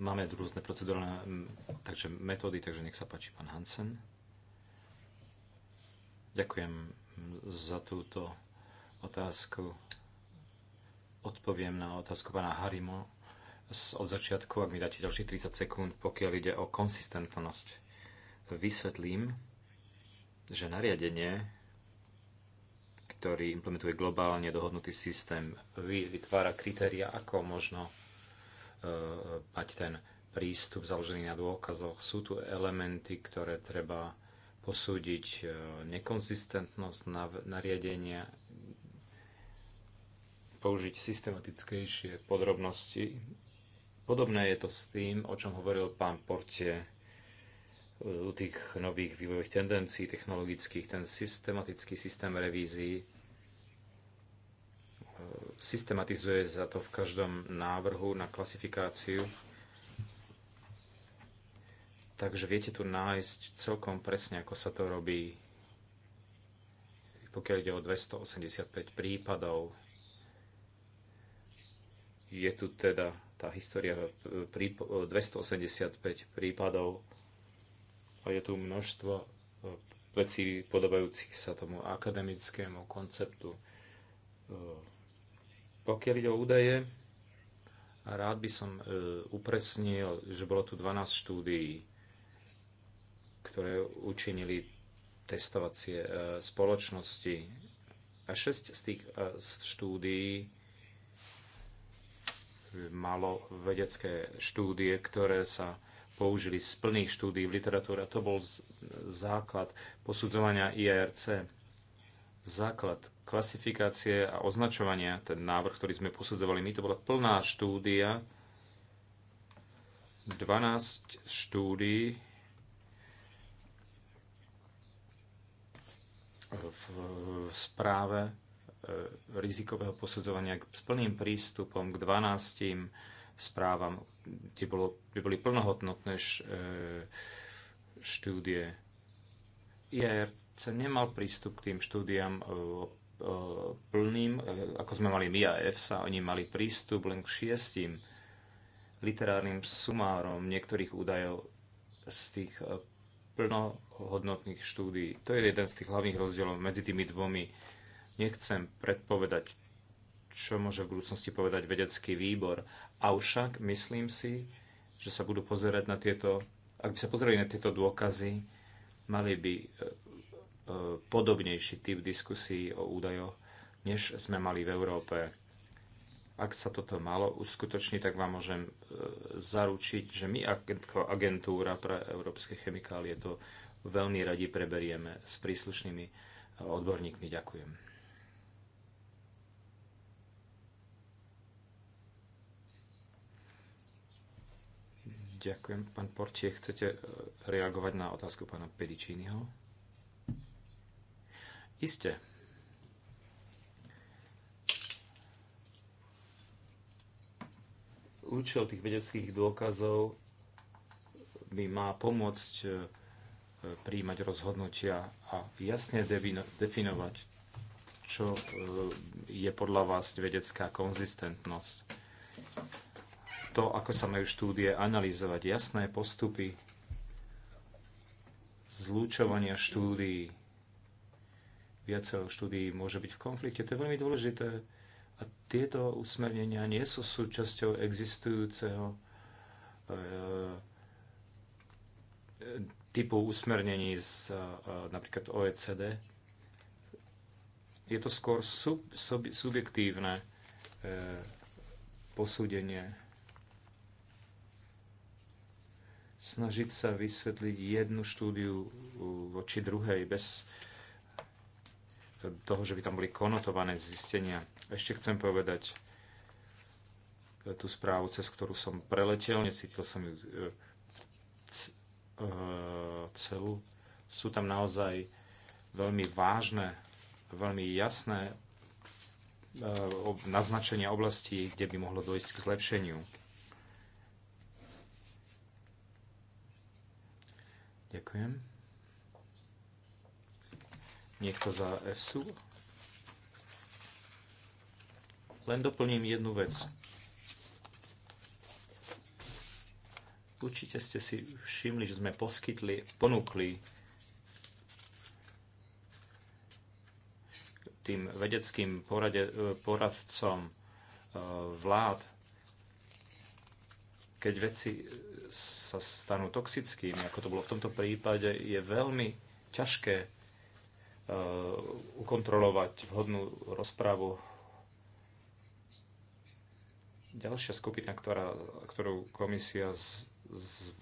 Máme rôzne procedurálne hm, takže metódy, takže nech sa páči pán Hansen. Ďakujem hm, za túto otázku. Odpoviem na otázku pána Harimo od začiatku, ak mi dáte ďalších 30 sekúnd, pokiaľ ide o konsistentnosť. Vysvetlím že nariadenie, ktorý implementuje globálne dohodnutý systém, vytvára kritéria, ako možno e, mať ten prístup založený na dôkazoch. Sú tu elementy, ktoré treba posúdiť, e, nekonzistentnosť nariadenia, použiť systematickejšie podrobnosti. Podobné je to s tým, o čom hovoril pán Portie u tých nových vývojových tendencií technologických, ten systematický systém revízií e, systematizuje sa to v každom návrhu na klasifikáciu. Takže viete tu nájsť celkom presne, ako sa to robí, pokiaľ ide o 285 prípadov. Je tu teda tá história 285 e, e, prípadov a je tu množstvo e, vecí podobajúcich sa tomu akademickému konceptu. E, pokiaľ ide o údaje, rád by som e, upresnil, že bolo tu 12 štúdií, ktoré učinili testovacie spoločnosti. A 6 z tých štúdií malo vedecké štúdie, ktoré sa použili z plných štúdí v literatúre. To bol základ posudzovania IRC. Základ klasifikácie a označovania, ten návrh, ktorý sme posudzovali my, to bola plná štúdia, 12 štúdií v správe e, rizikového posudzovania s plným prístupom k 12 správam, kde, bolo, kde boli plnohodnotné š, e, štúdie. IARC nemal prístup k tým štúdiám e, e, plným, e, ako sme mali my a EFSA, oni mali prístup len k šiestim literárnym sumárom niektorých údajov z tých e, plnohodnotných štúdií. To je jeden z tých hlavných rozdielov medzi tými dvomi. Nechcem predpovedať čo môže v budúcnosti povedať vedecký výbor. Avšak myslím si, že sa budú pozerať na tieto, ak by sa pozerali na tieto dôkazy, mali by e, e, podobnejší typ diskusí o údajoch, než sme mali v Európe. Ak sa toto malo uskutočniť, tak vám môžem e, zaručiť, že my ako agentúra pre európske chemikálie to veľmi radi preberieme s príslušnými odborníkmi. Ďakujem. Ďakujem. Pán Portie, chcete e, reagovať na otázku pána Pedičínyho? Isté. Účel tých vedeckých dôkazov by má pomôcť e, e, príjmať rozhodnutia a jasne definovať, čo je podľa vás vedecká konzistentnosť to, ako sa majú štúdie analyzovať, jasné postupy zlúčovania štúdií. Viacero štúdií môže byť v konflikte, to je veľmi dôležité. A tieto usmernenia nie sú súčasťou existujúceho e, typu usmernení z e, napríklad OECD. Je to skôr sub, sub, subjektívne e, posúdenie. snažiť sa vysvetliť jednu štúdiu uh, voči druhej bez toho, že by tam boli konotované zistenia. Ešte chcem povedať e, tú správu, cez ktorú som preletel, necítil som ju e, e, celú. Sú tam naozaj veľmi vážne, veľmi jasné naznačenia oblasti, kde by mohlo dojsť k zlepšeniu. Ďakujem. Niekto za EFSU? Len doplním jednu vec. Určite ste si všimli, že sme poskytli, ponúkli tým vedeckým porade, poradcom eh, vlád, keď veci sa stanú toxickými, ako to bolo v tomto prípade, je veľmi ťažké e, ukontrolovať vhodnú rozprávu. Ďalšia skupina, ktorá, ktorú komisia z,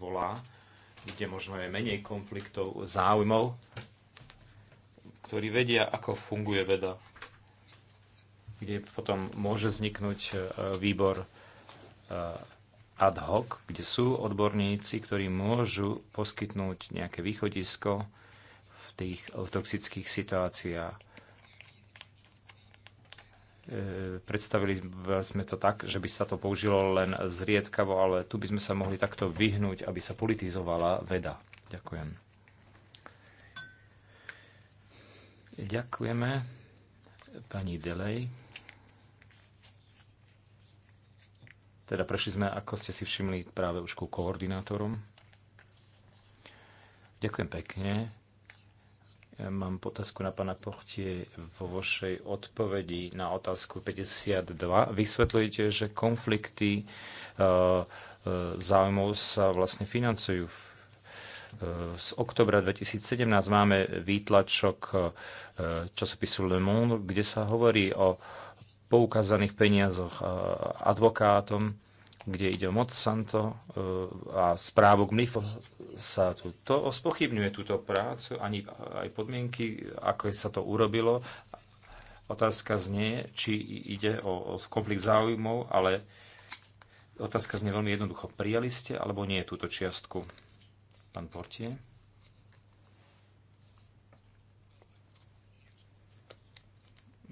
zvolá, kde možno je menej konfliktov záujmov, ktorí vedia, ako funguje veda, kde potom môže vzniknúť e, výbor e, ad hoc, kde sú odborníci, ktorí môžu poskytnúť nejaké východisko v tých toxických situáciách. E, predstavili sme to tak, že by sa to použilo len zriedkavo, ale tu by sme sa mohli takto vyhnúť, aby sa politizovala veda. Ďakujem. Ďakujeme pani Delej. Teda prešli sme, ako ste si všimli, práve už ku koordinátorom. Ďakujem pekne. Ja mám otázku na pána Pochtie. Vo vašej odpovedi na otázku 52 vysvetľujete, že konflikty e, e, záujmov sa vlastne financujú v e, z oktobra 2017 máme výtlačok časopisu Le Monde, kde sa hovorí o poukázaných peniazoch e, advokátom, kde ide o Monsanto e, a správu sa tu To spochybňuje túto prácu, ani aj podmienky, ako sa to urobilo. Otázka znie, či ide o, o konflikt záujmov, ale otázka znie veľmi jednoducho. Prijali ste alebo nie túto čiastku? Pán Portier.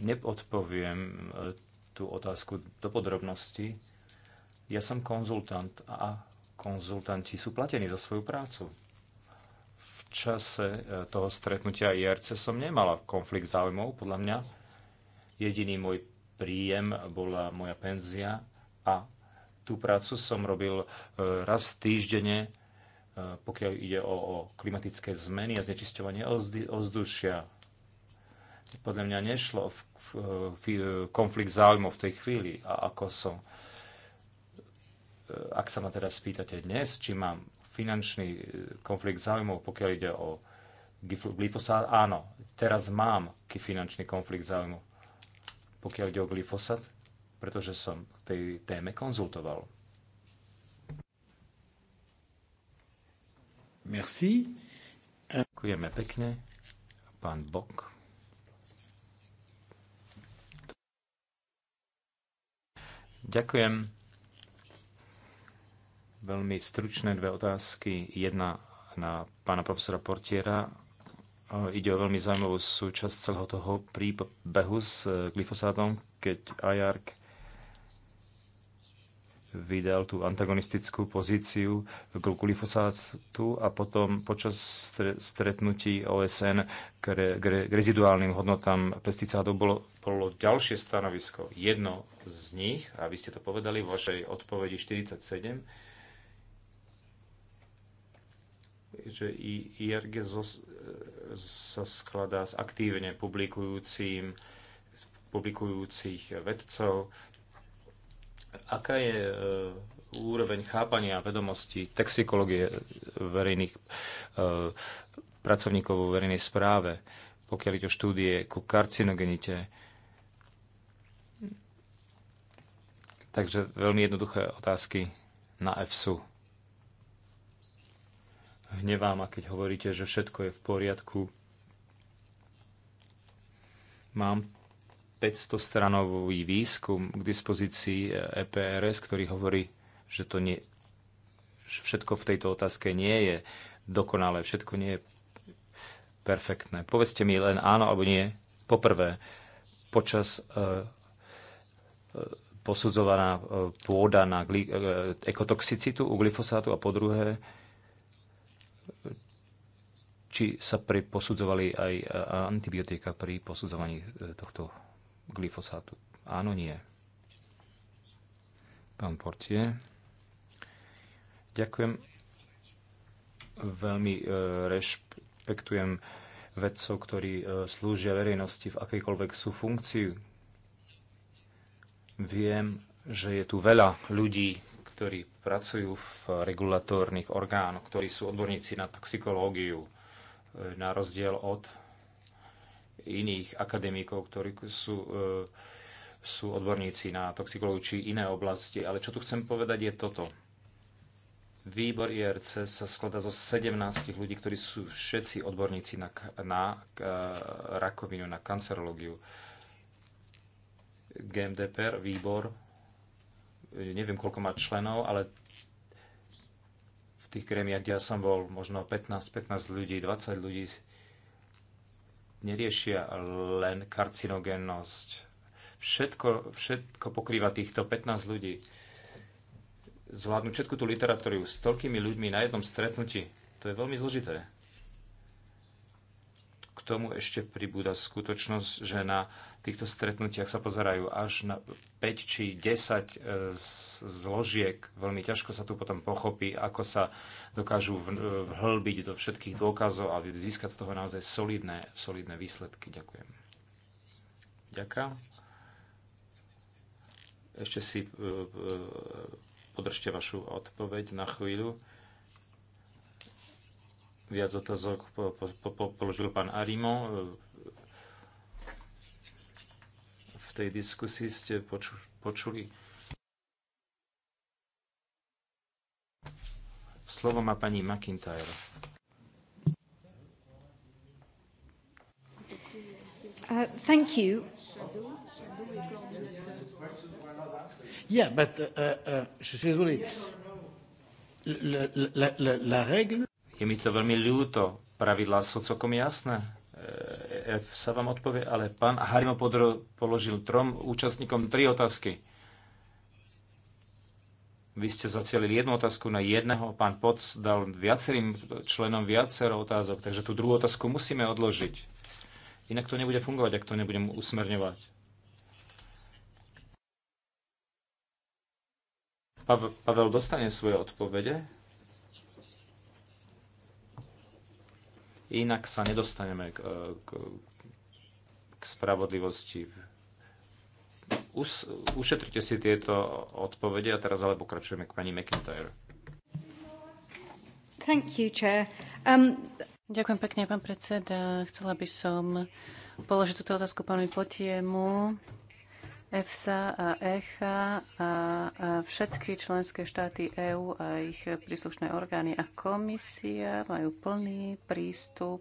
neodpoviem e, tú otázku do podrobnosti. Ja som konzultant a konzultanti sú platení za svoju prácu. V čase e, toho stretnutia IRC som nemala konflikt záujmov, podľa mňa. Jediný môj príjem bola moja penzia a tú prácu som robil e, raz týždenne, pokiaľ ide o, o klimatické zmeny a znečisťovanie ovzdušia podľa mňa nešlo v eh, konflikt záujmov v tej chvíli. A ako som, eh, ak sa ma teraz spýtate dnes, či mám finančný eh, konflikt záujmov, pokiaľ ide o glyfosát, áno, teraz mám finančný konflikt záujmov, pokiaľ ide o glyfosát, pretože som tej téme konzultoval. Merci. Ďakujeme pekne. Pán Bok. Ďakujem. Veľmi stručné dve otázky. Jedna na pána profesora Portiera. Ide o veľmi zaujímavú súčasť celého toho príbehu s glyfosátom, keď IARC vydal tú antagonistickú pozíciu glyfosátu a potom počas stretnutí OSN k, re, k, re, k reziduálnym hodnotám pesticádov bolo, bolo ďalšie stanovisko. Jedno z nich, a vy ste to povedali v vašej odpovedi 47, že IRG sa skladá s aktívne publikujúcim, publikujúcich vedcov, Aká je e, úroveň chápania a vedomostí toxikológie verejných e, pracovníkov vo verejnej správe, pokiaľ ide o štúdie ku karcinogenite, Takže veľmi jednoduché otázky na EFSU. Hnevám, a keď hovoríte, že všetko je v poriadku. Mám 500-stranový výskum k dispozícii EPRS, e ktorý hovorí, že to nie, že všetko v tejto otázke nie je dokonalé, všetko nie je perfektné. Povedzte mi len áno alebo nie. Poprvé, počas e, e, posudzovaná pôda na ekotoxicitu u glyfosátu a po druhé, či sa pri posudzovali aj antibiotika pri posudzovaní tohto glyfosátu? Áno, nie. Pán Portie. Ďakujem. Veľmi e, rešpektujem vedcov, ktorí e, slúžia verejnosti v akejkoľvek sú funkcii. Viem, že je tu veľa ľudí, ktorí pracujú v regulatórnych orgánoch, ktorí sú odborníci na toxikológiu, e, na rozdiel od iných akademikov, ktorí sú, e, sú odborníci na toxikológiu či iné oblasti. Ale čo tu chcem povedať je toto. Výbor IRC sa skladá zo 17 ľudí, ktorí sú všetci odborníci na, na e, rakovinu, na kancerológiu. GMDPR, výbor, neviem, koľko má členov, ale v tých kremiach, kde ja som bol, možno 15, 15 ľudí, 20 ľudí, neriešia len karcinogénnosť. Všetko, všetko pokrýva týchto 15 ľudí. Zvládnuť všetku tú literatúru s toľkými ľuďmi na jednom stretnutí, to je veľmi zložité. K tomu ešte pribúda skutočnosť, že na týchto stretnutiach sa pozerajú až na 5 či 10 e, zložiek. Veľmi ťažko sa tu potom pochopí, ako sa dokážu e, vhlbiť do všetkých dôkazov a získať z toho naozaj solidné, solidné výsledky. Ďakujem. Ďakujem. Ešte si e, podržte vašu odpoveď na chvíľu. Viac otázok po, po, po, položil pán Arimo tej diskusii ste poču, počuli. Slovo má pani McIntyre. Uh, thank you. Yeah, but uh, uh, uh je suis désolé. La, la, la, la règle... Je mi to veľmi ľúto. Pravidlá sú celkom jasné. F e, e, sa vám odpovie, ale pán Harimo podro, položil trom účastníkom tri otázky. Vy ste zacielili jednu otázku na jedného, pán Poc dal viacerým členom viacero otázok, takže tú druhú otázku musíme odložiť. Inak to nebude fungovať, ak to nebudem usmerňovať. Pavel dostane svoje odpovede. Inak sa nedostaneme k, k, k spravodlivosti. Us, ušetrite si tieto odpovede a teraz ale pokračujeme k pani McIntyre. Thank you, chair. Um... Ďakujem pekne, pán predseda. Chcela by som položiť túto otázku pánovi Potiemu. EFSA a ECHA a, všetky členské štáty EÚ a ich príslušné orgány a komisia majú plný prístup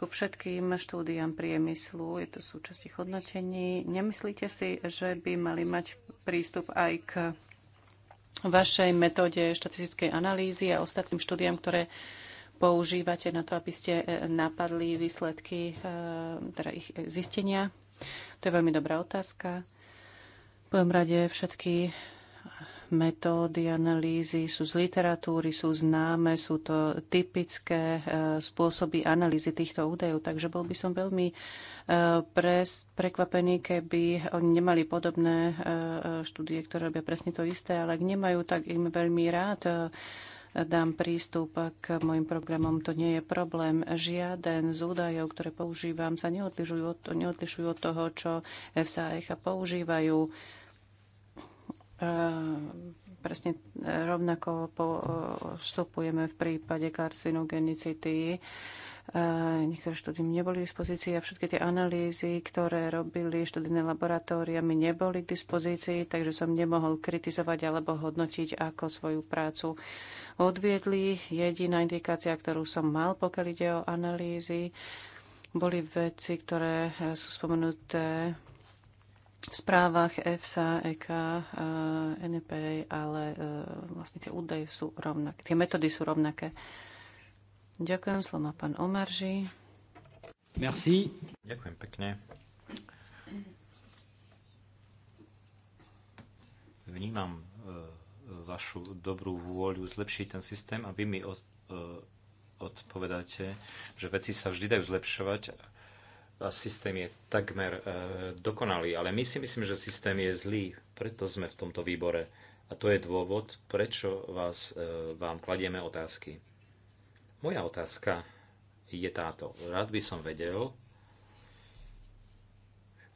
ku všetkým štúdiám priemyslu. Je to súčasť ich hodnotení. Nemyslíte si, že by mali mať prístup aj k vašej metóde štatistickej analýzy a ostatným štúdiám, ktoré používate na to, aby ste e, napadli výsledky, e, teda ich e, zistenia? To je veľmi dobrá otázka. V prvom rade všetky metódy analýzy sú z literatúry, sú známe, sú to typické e, spôsoby analýzy týchto údajov, takže bol by som veľmi e, prekvapený, keby oni nemali podobné e, štúdie, ktoré robia presne to isté, ale ak nemajú, tak im veľmi rád dám prístup k mojim programom. To nie je problém. Žiaden z údajov, ktoré používam, sa neodlišujú od, neodlišujú od toho, čo FSA a ECHA používajú. Eh, presne eh, rovnako postupujeme v prípade karcinogenicity. Eh, niektoré štúdie neboli k dispozícii a všetky tie analýzy, ktoré robili študijné laboratória, mi neboli k dispozícii, takže som nemohol kritizovať alebo hodnotiť ako svoju prácu odviedli. Jediná indikácia, ktorú som mal, pokiaľ ide o analýzy, boli veci, ktoré eh, sú spomenuté v správach EFSA, EK, eh, NEP, ale eh, vlastne tie údaje sú rovnaké, tie metódy sú rovnaké. Ďakujem, slovo má pán Omarži. Merci. Ďakujem pekne. Vnímam vašu dobrú vôľu zlepšiť ten systém a vy mi od, e, odpovedáte, že veci sa vždy dajú zlepšovať a systém je takmer e, dokonalý. Ale my si myslím, že systém je zlý, preto sme v tomto výbore. A to je dôvod, prečo vás, e, vám kladieme otázky. Moja otázka je táto. Rád by som vedel,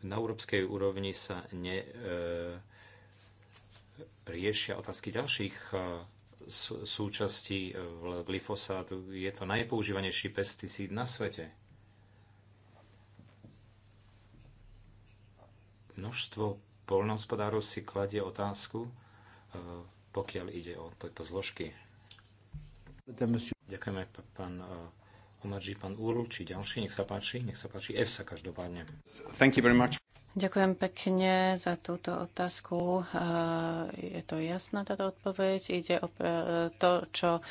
na európskej úrovni sa ne, e, riešia otázky ďalších eh, súčastí eh, glyfosátu. Je to najpoužívanejší pesticíd na svete. Množstvo polnohospodárov si kladie otázku, eh, pokiaľ ide o tieto zložky. Ďakujeme, pán Omarži, pán Úrl, či ďalší, nech sa páči, nech sa páči, EFSA každopádne. Thank you very much. Ďakujem pekne za túto otázku. Eh, je to jasná táto odpoveď. Ide o eh, to, čo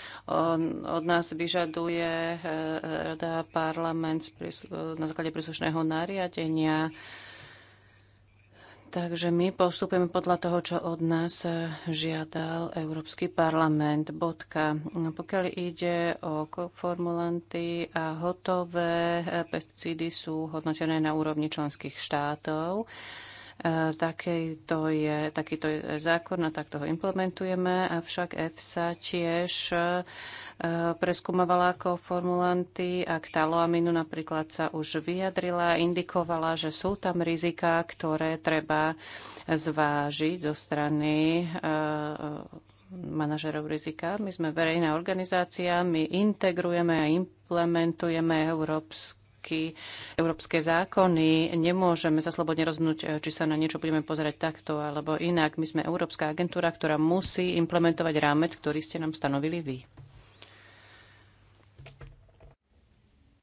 od nás vyžaduje eh, Rada parlament na základe príslušného nariadenia. Takže my postupujeme podľa toho, čo od nás eh, žiadal Európsky parlament. Bodka. Pokiaľ ide o formulanty a hotové eh, pesticídy sú hodnotené na úrovni členských štátov Eh, takýto je, takýto je zákon a takto ho implementujeme. Avšak EFSA tiež eh, preskúmavala ako formulanty a k taloaminu napríklad sa už vyjadrila, indikovala, že sú tam riziká, ktoré treba zvážiť zo strany eh, manažerov rizika. My sme verejná organizácia, my integrujeme a implementujeme európske všetky európske zákony. Nemôžeme sa slobodne rozhodnúť, e, či sa na niečo budeme pozerať takto alebo inak. My sme Európska agentúra, ktorá musí implementovať rámec, ktorý ste nám stanovili vy.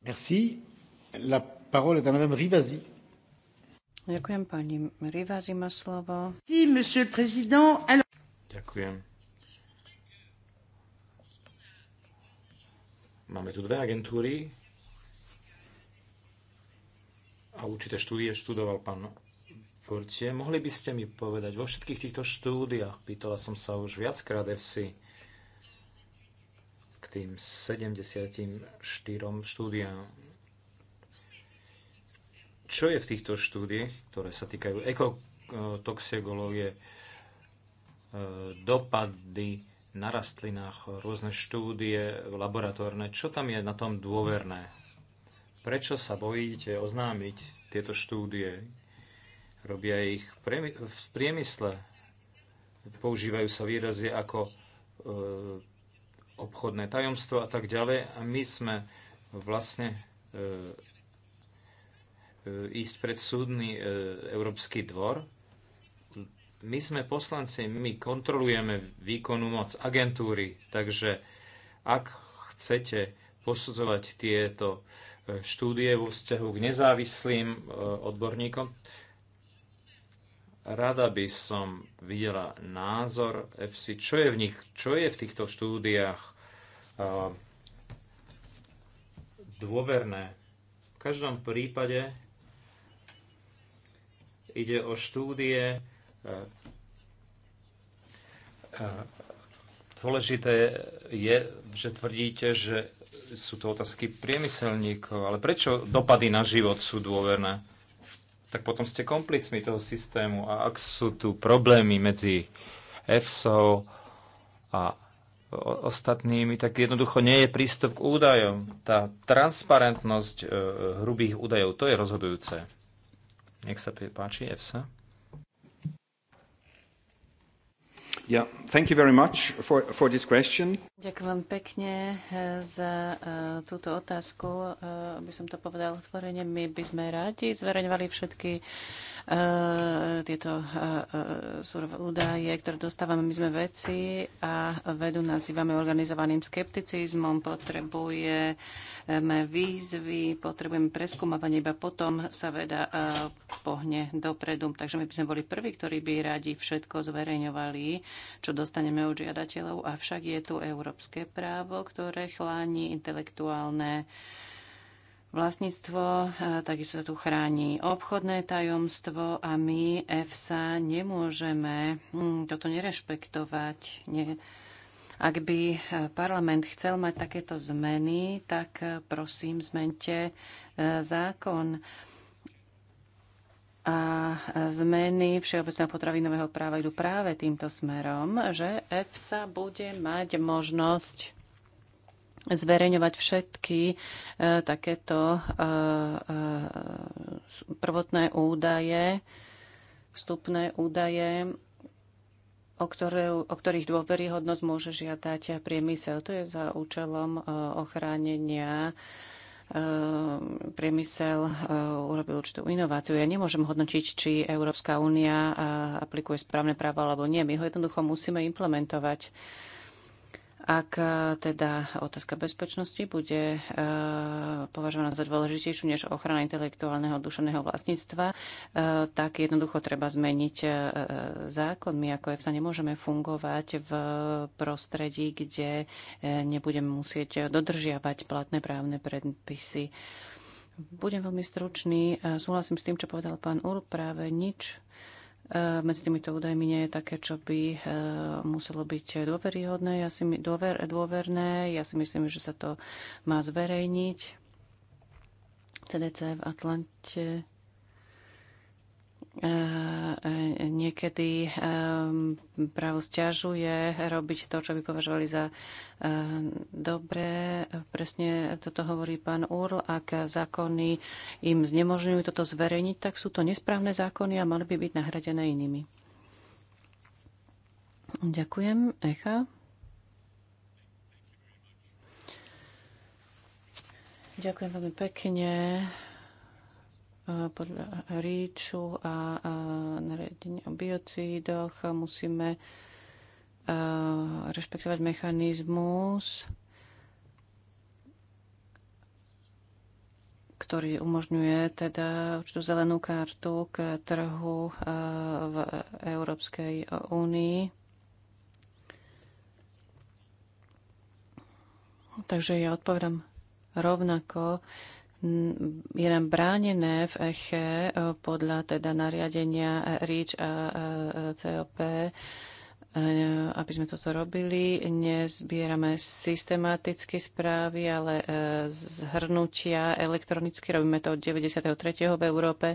Merci. La parole est à Madame Rivasi. Ďakujem, pani Rivasi má slovo. Si, monsieur le président. Alors... Ďakujem. Máme tu dve agentúry, a určité štúdie študoval pán Furtie. Mohli by ste mi povedať, vo všetkých týchto štúdiách, pýtala som sa už viackrát FC, k tým 74 štúdiám, čo je v týchto štúdiách, ktoré sa týkajú ekotoxiegológie, e, dopady na rastlinách, rôzne štúdie laboratórne, čo tam je na tom dôverné? Prečo sa bojíte oznámiť tieto štúdie? Robia ich v priemysle. Používajú sa výrazy ako e, obchodné tajomstvo a tak ďalej. A my sme vlastne e, e, ísť pred súdny Európsky dvor. My sme poslanci, my kontrolujeme výkonu moc agentúry, takže ak chcete posudzovať tieto štúdie vo vzťahu k nezávislým e, odborníkom. Rada by som videla názor FC, čo je v nich, čo je v týchto štúdiách e, dôverné. V každom prípade ide o štúdie e, Dôležité je, že tvrdíte, že sú to otázky priemyselníkov, ale prečo dopady na život sú dôverné? Tak potom ste komplicmi toho systému a ak sú tu problémy medzi EFSO a ostatnými, tak jednoducho nie je prístup k údajom. Tá transparentnosť e, hrubých údajov, to je rozhodujúce. Nech sa páči, EFSA. Yeah, thank you very much for, for this question. Ďakujem vám pekne eh, za eh, túto otázku. Eh, aby som to povedal otvorene, my by sme radi zverejňovali všetky tieto údaje, ktoré dostávame. My sme veci a vedu nazývame organizovaným skepticizmom. Potrebujeme výzvy, potrebujeme preskúmavanie, iba potom sa veda pohne dopredu. Takže my by sme boli prví, ktorí by radi všetko zverejňovali, čo dostaneme od žiadateľov. Avšak je tu Európa európske právo, ktoré chláni intelektuálne vlastníctvo, takisto sa tu chráni obchodné tajomstvo a my, EFSA, nemôžeme mm, toto nerešpektovať. Nie. Ak by e, parlament chcel mať takéto zmeny, tak e, prosím, zmente e, zákon. A zmeny Všeobecného potravinového práva idú práve týmto smerom, že EFSA bude mať možnosť zverejňovať všetky e, takéto e, e, prvotné údaje, vstupné údaje, o, ktoré, o ktorých dôveryhodnosť môže žiadať priemysel. To je za účelom e, ochránenia Ehm, priemysel eh, urobil určitú inováciu. Ja nemôžem hodnotiť, či Európska únia eh, aplikuje správne právo alebo nie. My ho jednoducho musíme implementovať ak e, teda otázka bezpečnosti bude e, považovaná za dôležitejšiu než ochrana intelektuálneho dušeného vlastníctva, e, tak jednoducho treba zmeniť zákon. My ako EFSA nemôžeme fungovať v prostredí, kde nebudeme musieť dodržiavať platné právne predpisy. Budem veľmi stručný. Súhlasím s tým, čo povedal pán Ur, práve nič Eh, medzi týmito údajmi nie je také, čo by eh, muselo byť dôveryhodné, ja si, dôver, dôverné. Ja si myslím, že sa to má zverejniť. CDC v Atlante Eh, niekedy eh, právo stiažuje robiť to, čo by považovali za eh, dobré. Presne toto hovorí pán Url. Ak zákony im znemožňujú toto zverejniť, tak sú to nesprávne zákony a mali by byť nahradené inými. Ďakujem. Echa. Ďakujem veľmi pekne. E, podľa ríču a, a nariadenia o biocídoch musíme a, e, rešpektovať mechanizmus, ktorý umožňuje teda určitú zelenú kartu k trhu a, e, v Európskej únii. Takže ja odpovedám rovnako je nám bránené v eche e, podľa teda nariadenia e, REACH a e, COP, aby sme toto robili. Nezbierame systematicky správy, ale zhrnutia elektronicky. Robíme to od 93. v Európe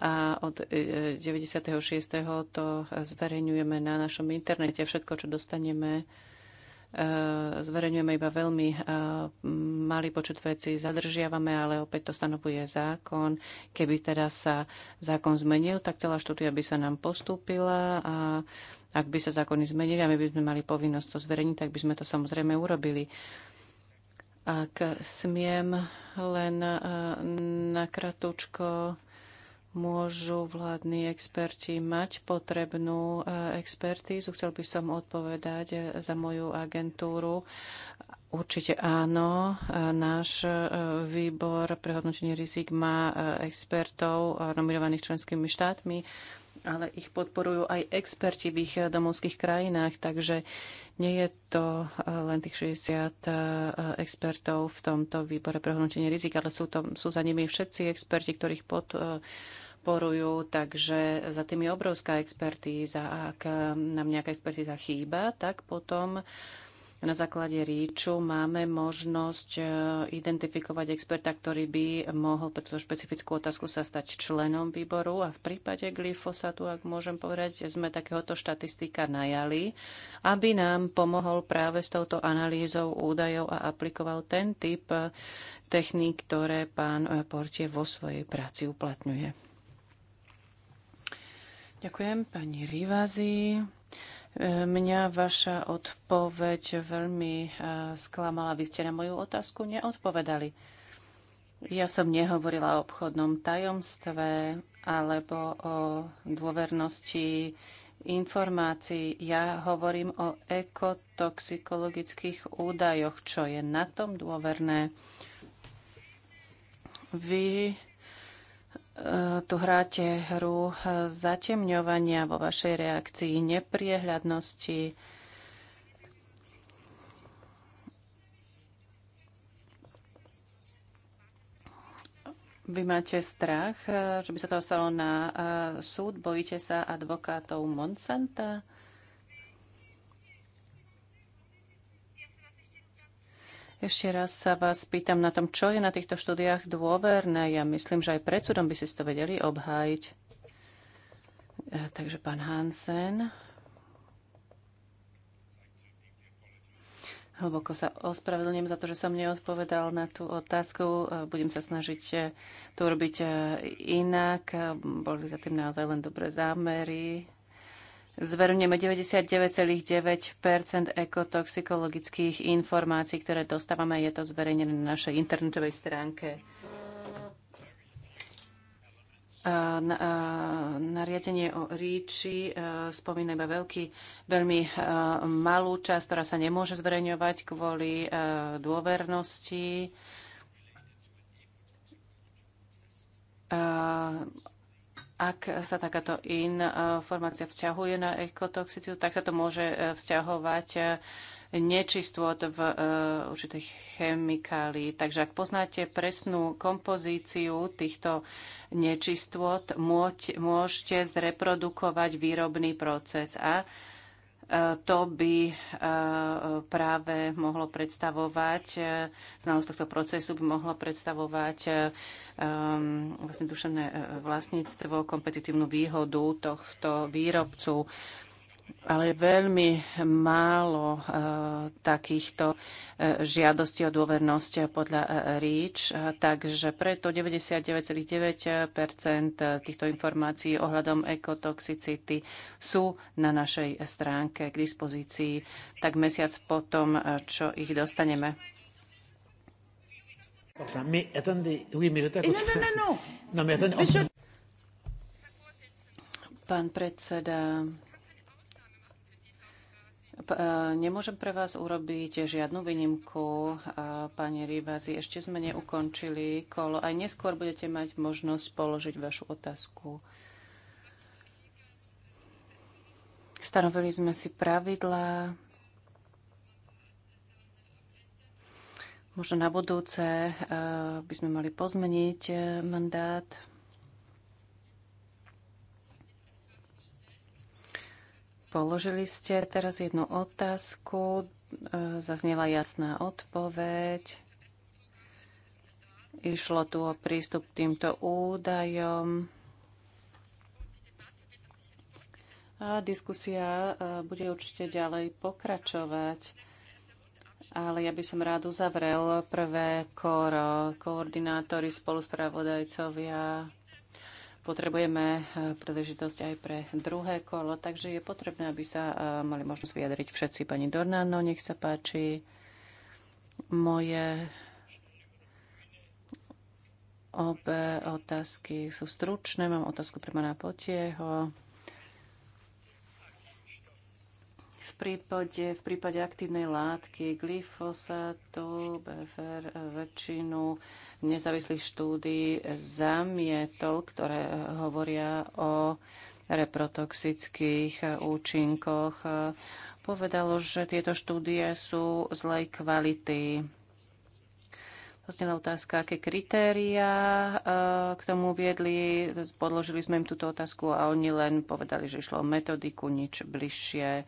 a od 96. to zverejňujeme na našom internete. Všetko, čo dostaneme Eh, zverejňujeme iba veľmi eh, malý počet vecí, zadržiavame, ale opäť to stanovuje zákon. Keby teda sa zákon zmenil, tak celá štúdia by sa nám postúpila a ak by sa zákony zmenili a my by sme mali povinnosť to zverejniť, tak by sme to samozrejme urobili. Ak smiem len eh, na kratučko môžu vládni experti mať potrebnú e, expertízu? Chcel by som odpovedať e, za moju agentúru. Určite áno. E, náš výbor pre hodnotenie rizik má expertov nominovaných členskými štátmi ale ich podporujú aj experti v ich domovských krajinách, takže nie je to eh, len tých 60 eh, expertov v tomto výbore pre hodnotenie rizik, ale sú, to, sú za nimi všetci experti, ktorých eh, podporujú, takže za tým je obrovská expertíza. ak nám nejaká expertíza chýba, tak potom uh, na základe ríču máme možnosť e, identifikovať experta, ktorý by mohol pre túto špecifickú otázku sa stať členom výboru a v prípade glyfosátu, ak môžem povedať, sme takéhoto štatistika najali, aby nám pomohol práve s touto analýzou údajov a aplikoval ten typ e, techník, ktoré pán e, Portie vo svojej práci uplatňuje. Ďakujem pani Rivazi. Mňa vaša odpoveď veľmi e, sklamala. Vy ste na moju otázku neodpovedali. Ja som nehovorila o obchodnom tajomstve alebo o dôvernosti informácií. Ja hovorím o ekotoxikologických údajoch, čo je na tom dôverné. Vy tu hráte hru zatemňovania vo vašej reakcii, nepriehľadnosti. Vy máte strach, že by sa to stalo na eh, súd? Bojíte sa advokátov Monsanta? Ešte raz sa vás pýtam na tom, čo je na týchto štúdiách dôverné. Ja myslím, že aj pred súdom by si to vedeli obhájiť. E, takže pán Hansen. Hlboko sa ospravedlňujem za to, že som neodpovedal na tú otázku. E, budem sa snažiť e, to urobiť inak. Boli za tým naozaj len dobré zámery zverujeme 99,9 ekotoxikologických informácií, ktoré dostávame. Je to zverejnené na našej internetovej stránke. Nariadenie na, na o ríči e, spomína iba veľký, veľmi e, malú časť, ktorá sa nemôže zverejňovať kvôli e, dôvernosti ak sa takáto informácia eh, vzťahuje na ekotoxicitu, tak sa to môže eh, vzťahovať eh, nečistot v určitých chemikálii. Takže ak poznáte presnú kompozíciu týchto nečistot, môžete zreprodukovať výrobný proces a to by e, práve mohlo predstavovať, e, znalosť tohto procesu by mohlo predstavovať e, vlastne duševné vlastníctvo, kompetitívnu výhodu tohto výrobcu ale je veľmi málo e, takýchto žiadosti e, žiadostí o dôvernosť podľa e, REACH, takže preto 99,9 týchto informácií ohľadom ekotoxicity sú na našej stránke k dispozícii tak mesiac potom, čo ich dostaneme. Pán eh, no, no, no, oh. predseda, E, nemôžem pre vás urobiť žiadnu výnimku, e, pani Rývazi. Ešte sme neukončili kolo. Aj neskôr budete mať možnosť položiť vašu otázku. Stanovili sme si pravidlá. Možno na budúce e, by sme mali pozmeniť mandát. Položili ste teraz jednu otázku, e, zaznela jasná odpoveď. Išlo tu o prístup k týmto údajom. A diskusia e, bude určite ďalej pokračovať. Ale ja by som rád uzavrel prvé koro, koordinátori, spoluspravodajcovia, potrebujeme eh, príležitosť aj pre druhé kolo, takže je potrebné, aby sa eh, mali možnosť vyjadriť všetci. Pani Dornáno, nech sa páči. Moje obe otázky sú stručné. Mám otázku pre pana Potieho. prípade, v prípade aktívnej látky glyfosátu BFR väčšinu nezávislých štúdí zamietol, ktoré hovoria o reprotoxických účinkoch. Povedalo, že tieto štúdie sú zlej kvality. Zaznela otázka, aké kritéria e, k tomu viedli. Podložili sme im túto otázku a oni len povedali, že išlo o metodiku, nič bližšie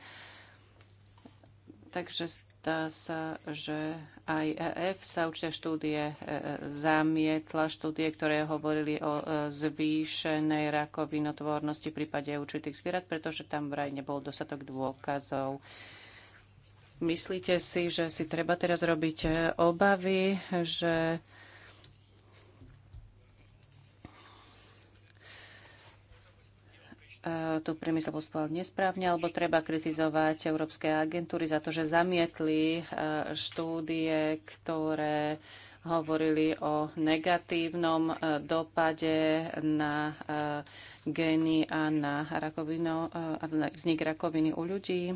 Takže zdá sa, že aj EF sa určite štúdie e, e, zamietla, štúdie, ktoré hovorili o e, zvýšenej rakovinotvornosti v prípade určitých zvierat, pretože tam vraj nebol dostatok dôkazov. Myslíte si, že si treba teraz robiť obavy, že E, tu priemysel postupoval nesprávne, alebo treba kritizovať európske agentúry za to, že zamietli e, štúdie, ktoré hovorili o negatívnom e, dopade na geny a na, rakovinu, na vznik rakoviny u ľudí.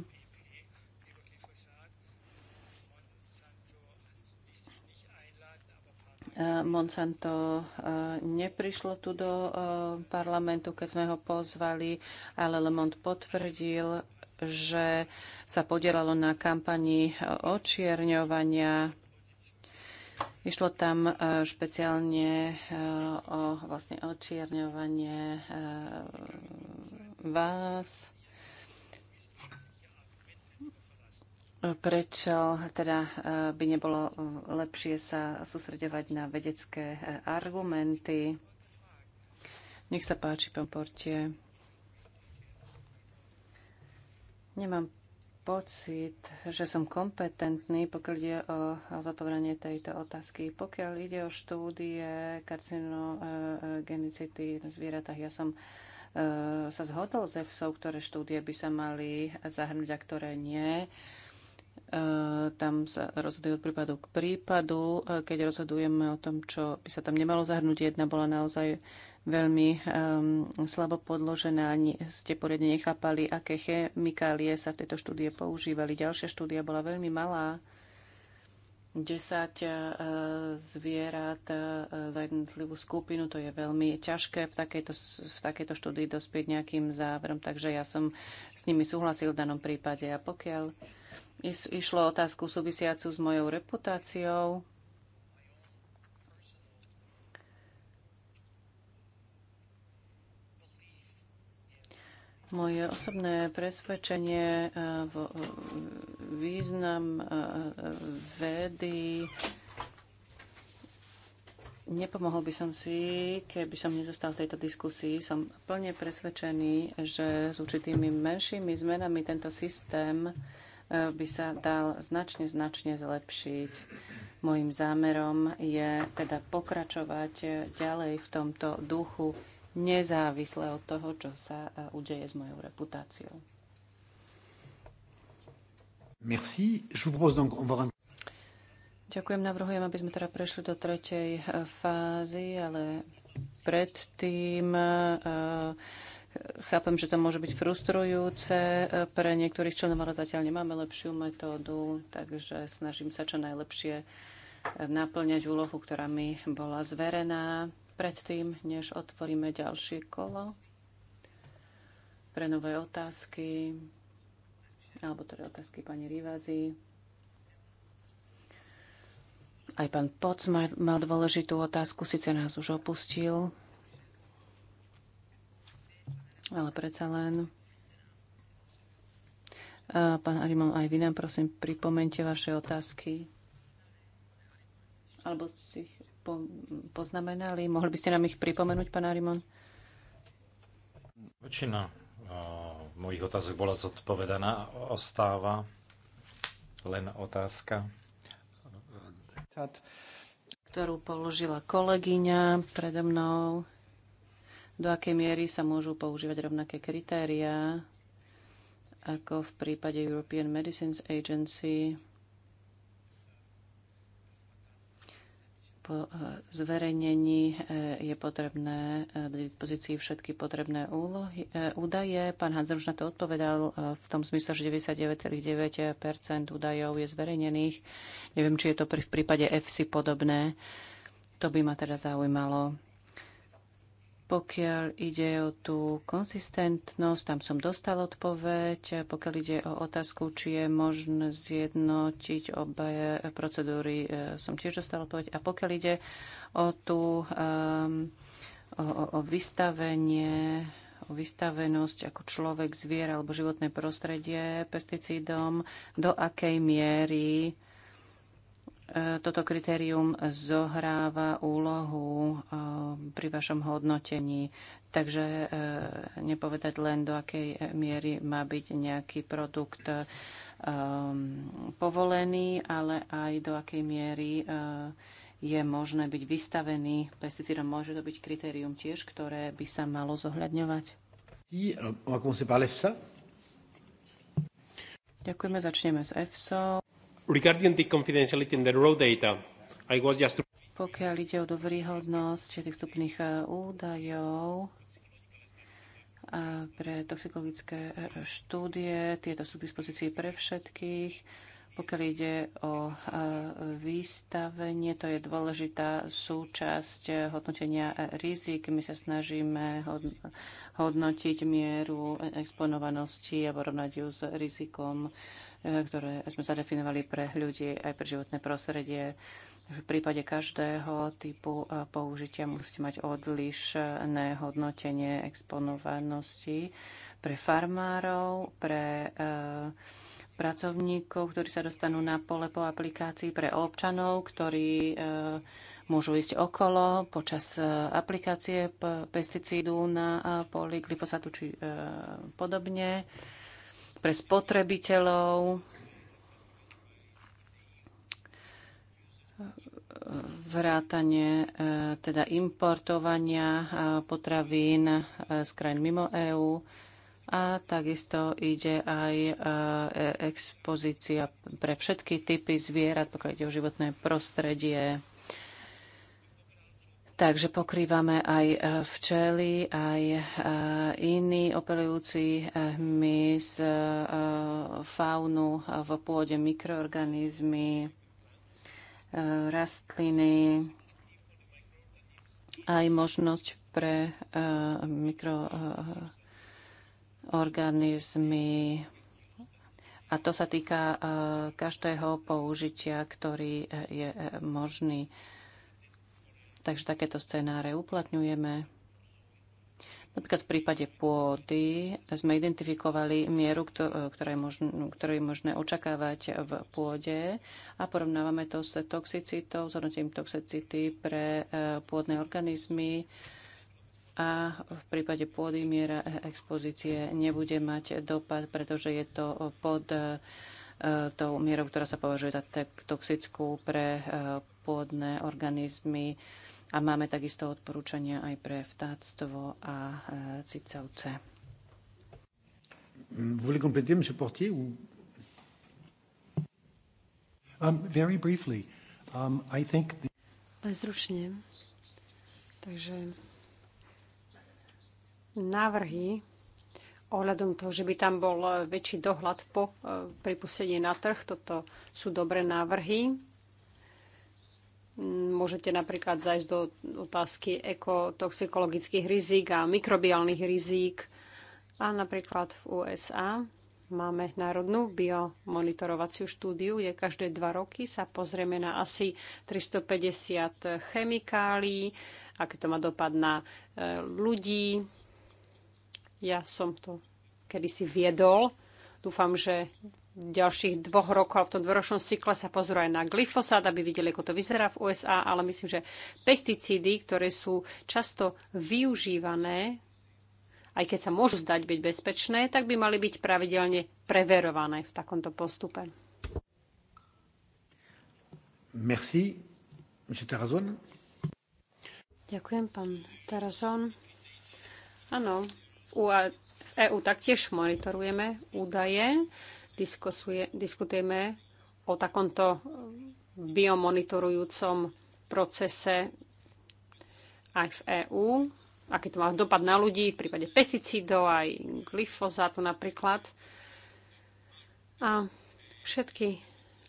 Eh, Monsanto eh, neprišlo tu do eh, parlamentu, keď sme ho pozvali, ale Lemont potvrdil, že sa podielalo na kampani očierňovania. Išlo tam špeciálne o vlastne očierňovanie vás Prečo teda e, by nebolo e, lepšie sa sústredovať na vedecké e, argumenty? Nech sa páči, pán Portie. Nemám pocit, že som kompetentný, pokiaľ ide o zodpovedanie tejto otázky. Pokiaľ ide o štúdie karcinogenicity na zvieratách, ja som sa zhodol s EFSou, ktoré štúdie by sa mali zahrnúť a ktoré nie. Eh, tam sa rozhoduje od prípadu k prípadu. Eh, keď rozhodujeme o tom, čo by sa tam nemalo zahrnúť, jedna bola naozaj veľmi um, slabo podložená. Ani ste poriadne nechápali, aké chemikálie sa v tejto štúdie používali. Ďalšia štúdia bola veľmi malá. 10 eh, zvierat za jednotlivú skupinu, to je veľmi ťažké v takejto, v takejto štúdii dospieť nejakým záverom, takže ja som s nimi súhlasil v danom prípade. A pokiaľ Išlo o otázku súvisiacu s mojou reputáciou. Moje osobné presvedčenie eh, v eh, význam eh, vedy Nepomohol by som si, keby som nezostal v tejto diskusii. Som plne presvedčený, že s určitými menšími zmenami tento systém by sa dal značne, značne zlepšiť. Mojím zámerom je teda pokračovať ďalej v tomto duchu, nezávisle od toho, čo sa e, udeje s mojou reputáciou. Merci. Je vous donc, on va... Ďakujem, navrhujem, aby sme teda prešli do tretej e, fázy, ale predtým uh, Chápem, že to môže byť frustrujúce e, pre niektorých členov, ale zatiaľ nemáme lepšiu metódu, takže snažím sa čo najlepšie e, naplňať úlohu, ktorá mi bola zverená predtým, než otvoríme ďalšie kolo pre nové otázky, alebo teda otázky pani Rivazy. Aj pán Poc mal dôležitú otázku, síce nás už opustil ale predsa len. Pán Arimov, aj vy nám prosím pripomente vaše otázky. Alebo si ich poznamenali. Mohli by ste nám ich pripomenúť, pán Arimon? Väčšina mojich otázok bola zodpovedaná. Ostáva len otázka. Ktorú položila kolegyňa predo mnou do akej miery sa môžu používať rovnaké kritériá ako v prípade European Medicines Agency po eh, zverejnení eh, je potrebné eh, do dispozícii všetky potrebné úlohy, údaje. Pán Hanzer už na to odpovedal v tom smysle, že 99,9 údajov je zverejnených. Neviem, či je to v prípade FC podobné. To by ma teda zaujímalo. Pokiaľ ide o tú konzistentnosť, tam som dostal odpoveď. Pokiaľ ide o otázku, či je možné zjednotiť obe procedúry, e, som tiež dostal odpoveď. A pokiaľ ide o tú um, o, o, o vystavenie o vystavenosť ako človek, zviera alebo životné prostredie pesticídom, do akej miery toto kritérium zohráva úlohu eh, pri vašom hodnotení. Takže eh, nepovedať len, do akej miery má byť nejaký produkt eh, povolený, ale aj do akej miery je možné byť vystavený pesticídom. Môže to byť kritérium tiež, ktoré by sa malo zohľadňovať? Ďakujeme, začneme s EFSO. Regarding the confidentiality and the raw data, I was just... Pokiaľ ide o dovryhodnosť tých vstupných eh, údajov eh, pre toxikologické eh, štúdie, tieto sú k dispozícii pre všetkých. Pokiaľ ide o výstavenie, to je dôležitá súčasť hodnotenia rizik. My sa snažíme hodnotiť mieru exponovanosti a porovnať ju s rizikom E, ktoré sme zadefinovali pre ľudí aj pre životné prostredie. V prípade každého typu e, použitia musíte mať odlišné hodnotenie exponovanosti pre farmárov, pre e, pracovníkov, ktorí sa dostanú na pole po aplikácii, pre občanov, ktorí e, môžu ísť okolo počas e, aplikácie pesticídu na poli glyfosátu či e, podobne pre spotrebiteľov, vrátanie e, teda importovania e, potravín e, z krajín mimo EÚ a takisto ide aj expozícia pre všetky typy zvierat, pokiaľ ide o životné prostredie, Takže pokrývame aj e, včely, aj e, iný opelujúci e, hmyz, faunu v pôde, mikroorganizmy, rastliny, aj možnosť pre mikroorganizmy. A to sa týka každého použitia, ktorý je možný. Takže takéto scenáre uplatňujeme. Napríklad v prípade pôdy sme identifikovali mieru, e, ktorá je možné, ktorú je možné očakávať v pôde a porovnávame to s toxicitou, s hodnotím toxicity pre e, pôdne organizmy a v prípade pôdy miera e, expozície nebude mať dopad, pretože je to pod tou mierou, ktorá sa považuje za toxickú pre pôdne organizmy. A máme takisto odporúčania aj pre vtáctvo a e, cicavce. Mm, Vôli compléter, M. Portier? Ou... Um, very briefly, um, I think the... Len zručne. Takže návrhy ohľadom toho, že by tam bol väčší dohľad po e, pripustení na trh. Toto sú dobré návrhy. Môžete napríklad zajsť do otázky ekotoxikologických rizík a mikrobiálnych rizík. A napríklad v USA máme národnú biomonitorovaciu štúdiu, je každé dva roky, sa pozrieme na asi 350 chemikálií, aké to má dopad na e, ľudí. Ja som to kedysi viedol. Dúfam, že ďalších dvoch rokov, ale v tom dvoročnom cykle sa pozrú aj na glyfosát, aby videli, ako to vyzerá v USA, ale myslím, že pesticídy, ktoré sú často využívané, aj keď sa môžu zdať byť bezpečné, tak by mali byť pravidelne preverované v takomto postupe. Merci. Monsieur Tarazon. Ďakujem, pán Tarazon. Áno, v EU e taktiež monitorujeme údaje diskutujeme o takomto biomonitorujúcom procese aj v EÚ, aký to má dopad na ľudí v prípade pesticídov, aj glyfozátu napríklad. A všetky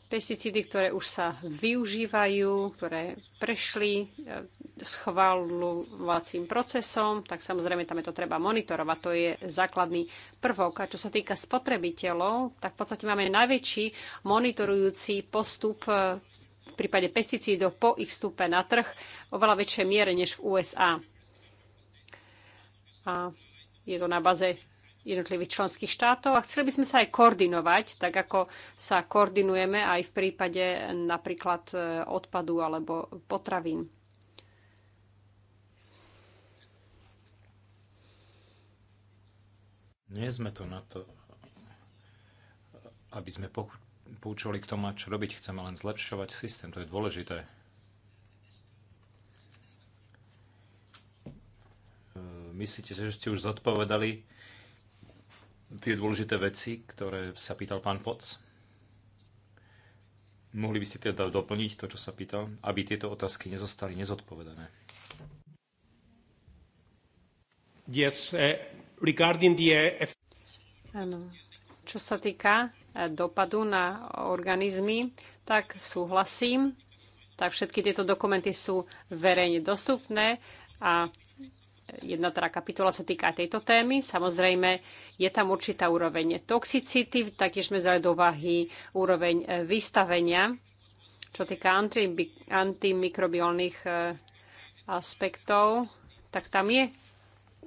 pesticídy, ktoré už sa využívajú, ktoré prešli e, schváľovacím procesom, tak samozrejme tam je to treba monitorovať. To je základný prvok. A čo sa týka spotrebiteľov, tak v podstate máme najväčší monitorujúci postup e, v prípade pesticídov po ich vstupe na trh oveľa väčšej miere než v USA. A je to na baze jednotlivých členských štátov a chceli by sme sa aj koordinovať, tak ako sa koordinujeme aj v prípade napríklad e, odpadu alebo potravín. Nie sme tu na to, aby sme poučovali k tomu, čo robiť. Chceme len zlepšovať systém, to je dôležité. E, myslíte, si, že ste už zodpovedali tie dôležité veci, ktoré sa pýtal pán Poc. Mohli by ste teda doplniť to, čo sa pýtal, aby tieto otázky nezostali nezodpovedané. Yes, uh, regarding the... ano. Eh, čo sa týka eh, dopadu na organizmy, tak súhlasím. Tak všetky tieto dokumenty sú verejne dostupné a jedna teda kapitola sa týka tejto témy. Samozrejme, je tam určitá úroveň toxicity, taktiež sme zali do váhy úroveň e, vystavenia, čo týka antimikrobiálnych e, aspektov, tak tam je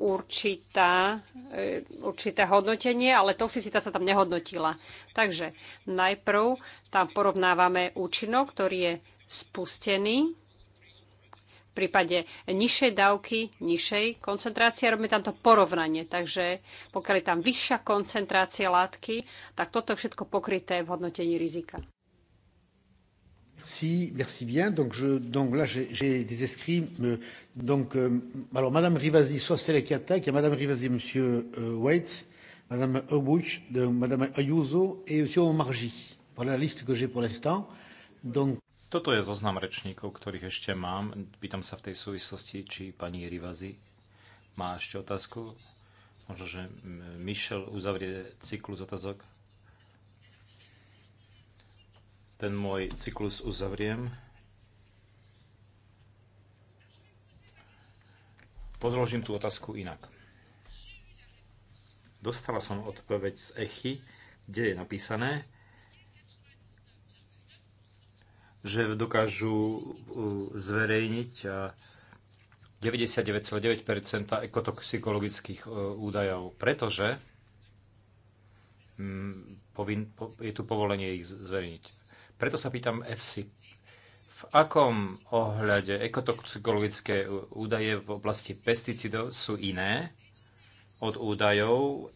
určitá, e, určité hodnotenie, ale toxicita sa tam nehodnotila. Takže najprv tam porovnávame účinok, ktorý je spustený v prípade nižšej dávky, nižšej koncentrácie, robíme tam to porovnanie. Takže pokiaľ je tam vyššia koncentrácia látky, tak toto je všetko pokryté v hodnotení rizika. Merci, merci bien. Donc, je, donc là, j'ai des escrimes. Euh, donc, euh, alors, Madame Rivasi, soit c'est la qui attaque, il y a Madame Rivasi, Monsieur euh, Waits, Madame Obuch, Madame Ayuso et Monsieur Omarji. Voilà la liste que j'ai pour l'instant. Donc, toto je zoznam rečníkov, ktorých ešte mám. Pýtam sa v tej súvislosti, či pani Rivazi má ešte otázku. Možno, že Michel uzavrie cyklus otázok. Ten môj cyklus uzavriem. Podložím tú otázku inak. Dostala som odpoveď z Echy, kde je napísané, že dokážu uh, zverejniť 99,9 ekotoxikologických uh, údajov, pretože mm, je tu povolenie ich zverejniť. Preto sa pýtam EFSI, v akom ohľade ekotoxikologické uh, údaje v oblasti pesticidov sú iné od údajov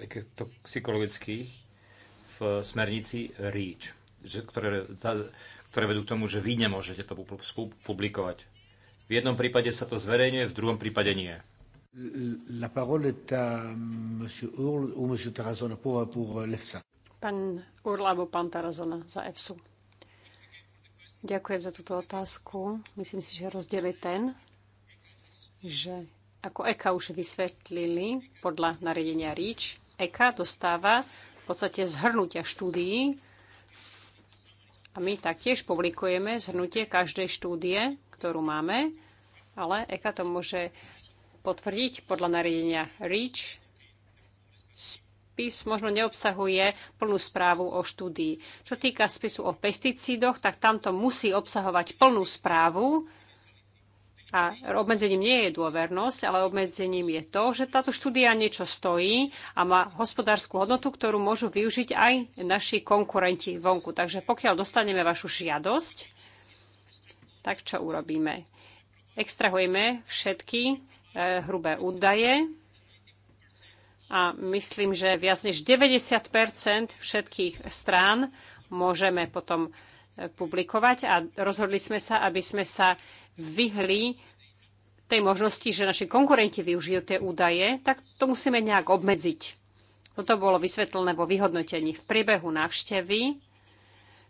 ekotoxikologických v smernici REACH? že, ktoré, za, ktoré vedú k tomu, že vy nemôžete to publikovať. V jednom prípade sa to zverejňuje, v druhom prípade nie. La parole est à monsieur Url ou monsieur Tarazona pour, pour euh, l'EFSA. Pán Url alebo pán Tarazona za EFSU. Ďakujem za túto otázku. Myslím si, že rozdiel je ten, že ako EKA už vysvetlili podľa nariadenia REACH, EKA dostáva v podstate zhrnutia štúdií, a my taktiež publikujeme zhrnutie každej štúdie, ktorú máme, ale EKA to môže potvrdiť podľa nariadenia REACH. Spis možno neobsahuje plnú správu o štúdii. Čo týka spisu o pesticídoch, tak tamto musí obsahovať plnú správu, a obmedzením nie je dôvernosť, ale obmedzením je to, že táto štúdia niečo stojí a má hospodárskú hodnotu, ktorú môžu využiť aj naši konkurenti vonku. Takže pokiaľ dostaneme vašu žiadosť, tak čo urobíme? Extrahujeme všetky e, hrubé údaje a myslím, že viac než 90 všetkých strán môžeme potom eh, publikovať a rozhodli sme sa, aby sme sa vyhli tej možnosti, že naši konkurenti využijú tie údaje, tak to musíme nejak obmedziť. Toto bolo vysvetlené vo vyhodnotení. V priebehu návštevy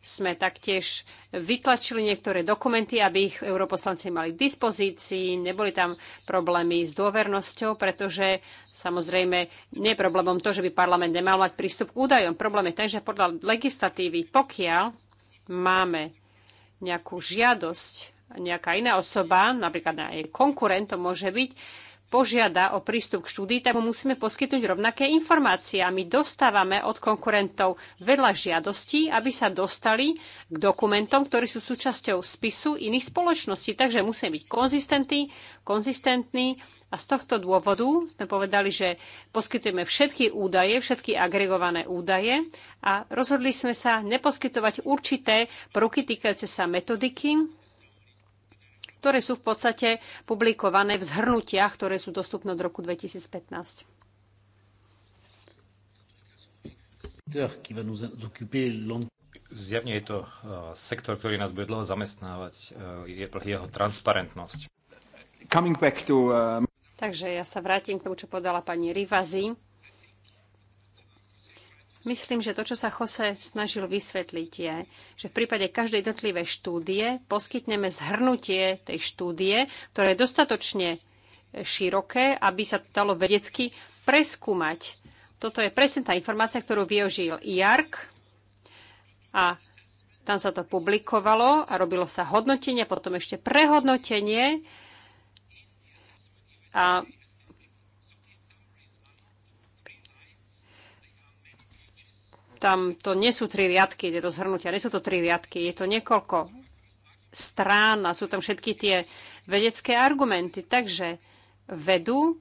sme taktiež vytlačili niektoré dokumenty, aby ich europoslanci mali k dispozícii. Neboli tam problémy s dôvernosťou, pretože samozrejme nie je problémom to, že by parlament nemal mať prístup k údajom. Problém je ten, že podľa legislatívy, pokiaľ máme nejakú žiadosť nejaká iná osoba, napríklad aj konkurent to môže byť, požiada o prístup k štúdii, tak mu musíme poskytnúť rovnaké informácie. A my dostávame od konkurentov veľa žiadostí, aby sa dostali k dokumentom, ktorí sú súčasťou spisu iných spoločností. Takže musíme byť konzistentní, konzistentní a z tohto dôvodu sme povedali, že poskytujeme všetky údaje, všetky agregované údaje a rozhodli sme sa neposkytovať určité prvky týkajúce sa metodiky, ktoré sú v podstate publikované v zhrnutiach, ktoré sú dostupné od roku 2015. Zjavne je to e, sektor, ktorý nás bude dlho zamestnávať, e, je jeho transparentnosť. To, e, Takže ja sa vrátim k tomu, čo podala pani Rivazi Myslím, že to, čo sa Jose snažil vysvetliť, je, že v prípade každej jednotlivej štúdie poskytneme zhrnutie tej štúdie, ktoré je dostatočne široké, aby sa to dalo vedecky preskúmať. Toto je presne tá informácia, ktorú využil IARC a tam sa to publikovalo a robilo sa hodnotenie, potom ešte prehodnotenie a tam to nie sú tri riadky, je to zhrnutia, nie sú to tri riadky, je to niekoľko strán a sú tam všetky tie vedecké argumenty. Takže vedu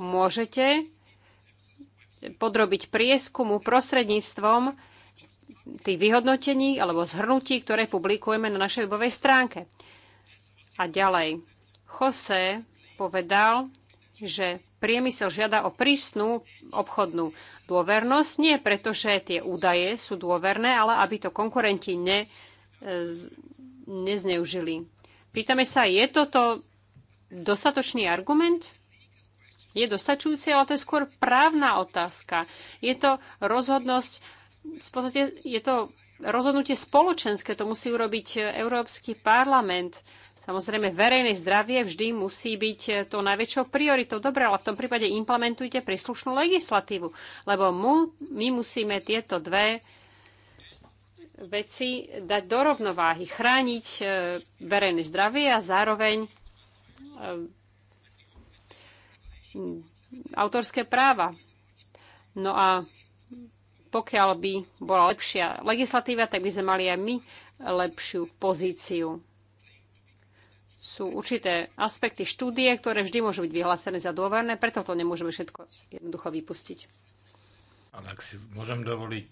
môžete podrobiť prieskumu prostredníctvom tých vyhodnotení alebo zhrnutí, ktoré publikujeme na našej webovej stránke. A ďalej. Jose povedal, že priemysel žiada o prísnu obchodnú dôvernosť, nie preto, že tie údaje sú dôverné, ale aby to konkurenti ne, e, nezneužili. Pýtame sa, je toto dostatočný argument? Je dostačujúci, ale to je skôr právna otázka. Je to rozhodnosť, je to rozhodnutie spoločenské, to musí urobiť Európsky parlament. Samozrejme, verejné zdravie vždy musí byť eh, tou najväčšou prioritou. Dobre, ale v tom prípade implementujte príslušnú legislatívu, lebo mu, my musíme tieto dve veci dať do rovnováhy. Chrániť eh, verejné zdravie a zároveň eh, autorské práva. No a pokiaľ by bola lepšia legislatíva, tak by sme mali aj my lepšiu pozíciu sú určité aspekty štúdie, ktoré vždy môžu byť vyhlásené za dôverné, preto to nemôžeme všetko jednoducho vypustiť. Ale ak si môžem dovoliť,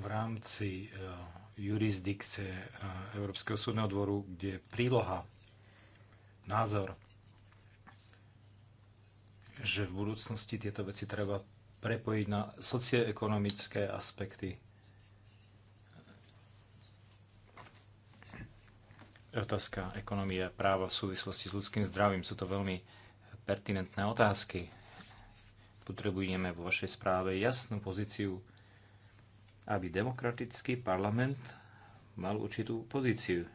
v rámci eh, jurisdikcie eh, Európskeho súdneho dvoru, kde je príloha, názor, že v budúcnosti tieto veci treba prepojiť na socioekonomické aspekty otázka ekonomie a práva v súvislosti s ľudským zdravím. Sú to veľmi pertinentné otázky. Potrebujeme vo vašej správe jasnú pozíciu, aby demokratický parlament mal určitú pozíciu.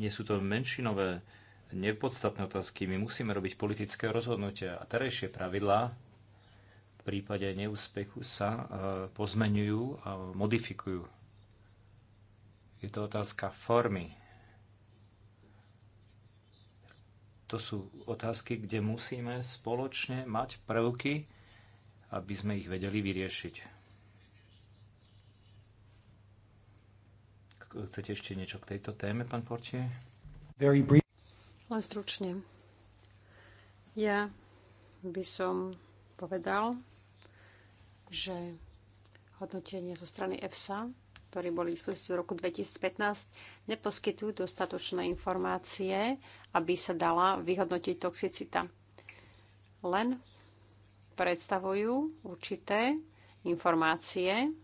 Nie sú to menšinové, nepodstatné otázky. My musíme robiť politické rozhodnutia a terejšie pravidlá v prípade neúspechu sa e, pozmenujú a modifikujú je to otázka formy. To sú otázky, kde musíme spoločne mať prvky, aby sme ich vedeli vyriešiť. Chcete ešte niečo k tejto téme, pán Portie? Very brief. Len stručne. Ja by som povedal, že hodnotenie zo strany EFSA ktorí boli v dispozícii v roku 2015, neposkytujú dostatočné informácie, aby sa dala vyhodnotiť toxicita. Len predstavujú určité informácie,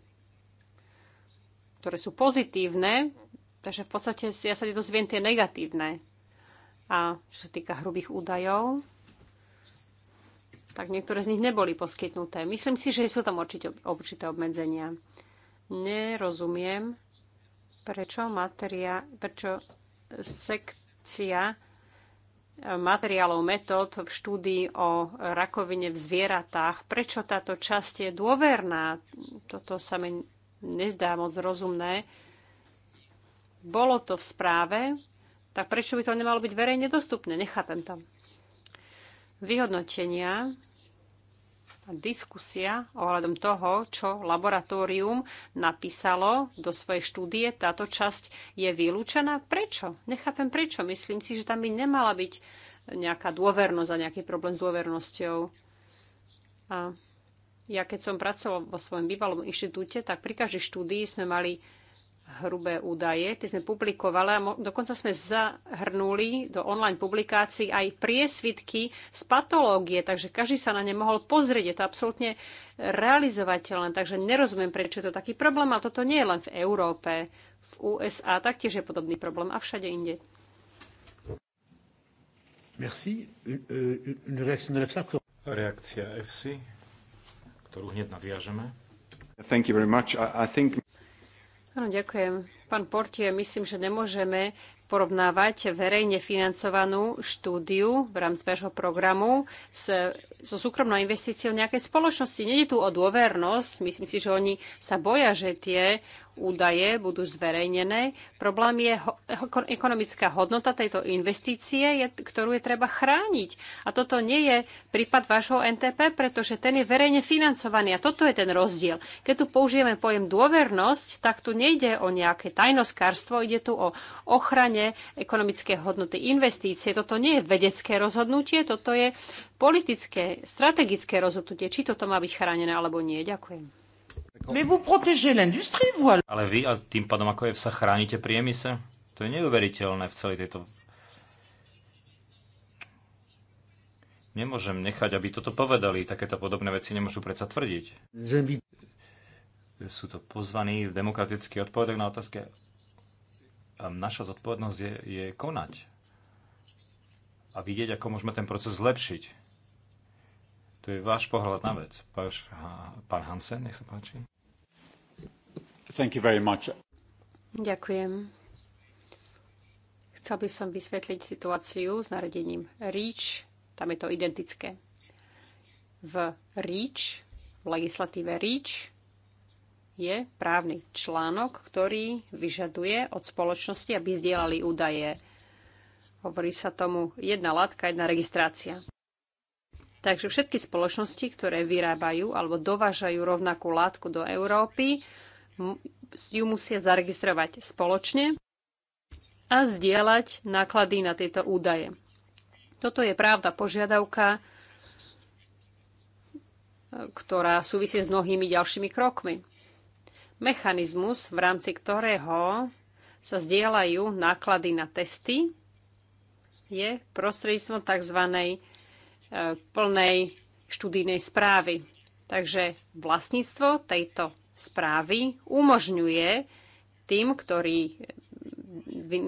ktoré sú pozitívne, takže v podstate ja sa nedozviem tie negatívne. A čo sa týka hrubých údajov, tak niektoré z nich neboli poskytnuté. Myslím si, že sú tam určite, určité obmedzenia nerozumiem, prečo, materia, prečo sekcia e, materiálov metód v štúdii o rakovine v zvieratách. Prečo táto časť je dôverná? Toto sa mi nezdá moc rozumné. Bolo to v správe, tak prečo by to nemalo byť verejne dostupné? Nechápem to. Vyhodnotenia diskusia ohľadom toho, čo laboratórium napísalo do svojej štúdie. Táto časť je vylúčená. Prečo? Nechápem prečo. Myslím si, že tam by nemala byť nejaká dôvernosť a nejaký problém s dôvernosťou. A ja keď som pracoval vo svojom bývalom inštitúte, tak pri každej štúdii sme mali hrubé údaje. Tie sme publikovali a dokonca sme zahrnuli do online publikácií aj priesvitky z patológie, takže každý sa na ne mohol pozrieť. Je to absolútne realizovateľné, takže nerozumiem, prečo je to taký problém, ale toto nie je len v Európe. V USA taktiež je podobný problém a všade inde. Merci. Reakcia FC, ktorú hneď naviažeme. Thank you very much. I, I think... Áno, ďakujem. Pán Portie, myslím, že nemôžeme porovnávať verejne financovanú štúdiu v rámci vášho programu s so súkromnou investíciou nejakej spoločnosti. Nede tu o dôvernosť. Myslím si, že oni sa boja, že tie údaje budú zverejnené. Problém je ho- ekonomická hodnota tejto investície, je, ktorú je treba chrániť. A toto nie je prípad vášho NTP, pretože ten je verejne financovaný. A toto je ten rozdiel. Keď tu použijeme pojem dôvernosť, tak tu nejde o nejaké tajnoskárstvo, ide tu o ochrane ekonomickej hodnoty investície. Toto nie je vedecké rozhodnutie, toto je politické strategické rozhodnutie, či toto má byť chránené alebo nie. Ďakujem. Ale vy a tým pádom ako je sa chránite priemysel? To je neuveriteľné v celej tejto... Nemôžem nechať, aby toto povedali. Takéto podobné veci nemôžu predsa tvrdiť. Sú to pozvaní v demokratický odpovedok na otázke. Naša zodpovednosť je, je konať a vidieť, ako môžeme ten proces zlepšiť. To je váš pohľad na vec. Páš, pán Hansen, nech sa páči. Thank you very much. Ďakujem. Chcel by som vysvetliť situáciu s naradením REACH. Tam je to identické. V REACH, v legislatíve REACH, je právny článok, ktorý vyžaduje od spoločnosti, aby zdieľali údaje. Hovorí sa tomu jedna látka, jedna registrácia. Takže všetky spoločnosti, ktoré vyrábajú alebo dovážajú rovnakú látku do Európy, ju musia zaregistrovať spoločne a zdieľať náklady na tieto údaje. Toto je právna požiadavka, ktorá súvisí s mnohými ďalšími krokmi. Mechanizmus, v rámci ktorého sa zdieľajú náklady na testy, je prostredníctvom tzv plnej študijnej správy. Takže vlastníctvo tejto správy umožňuje tým, ktorí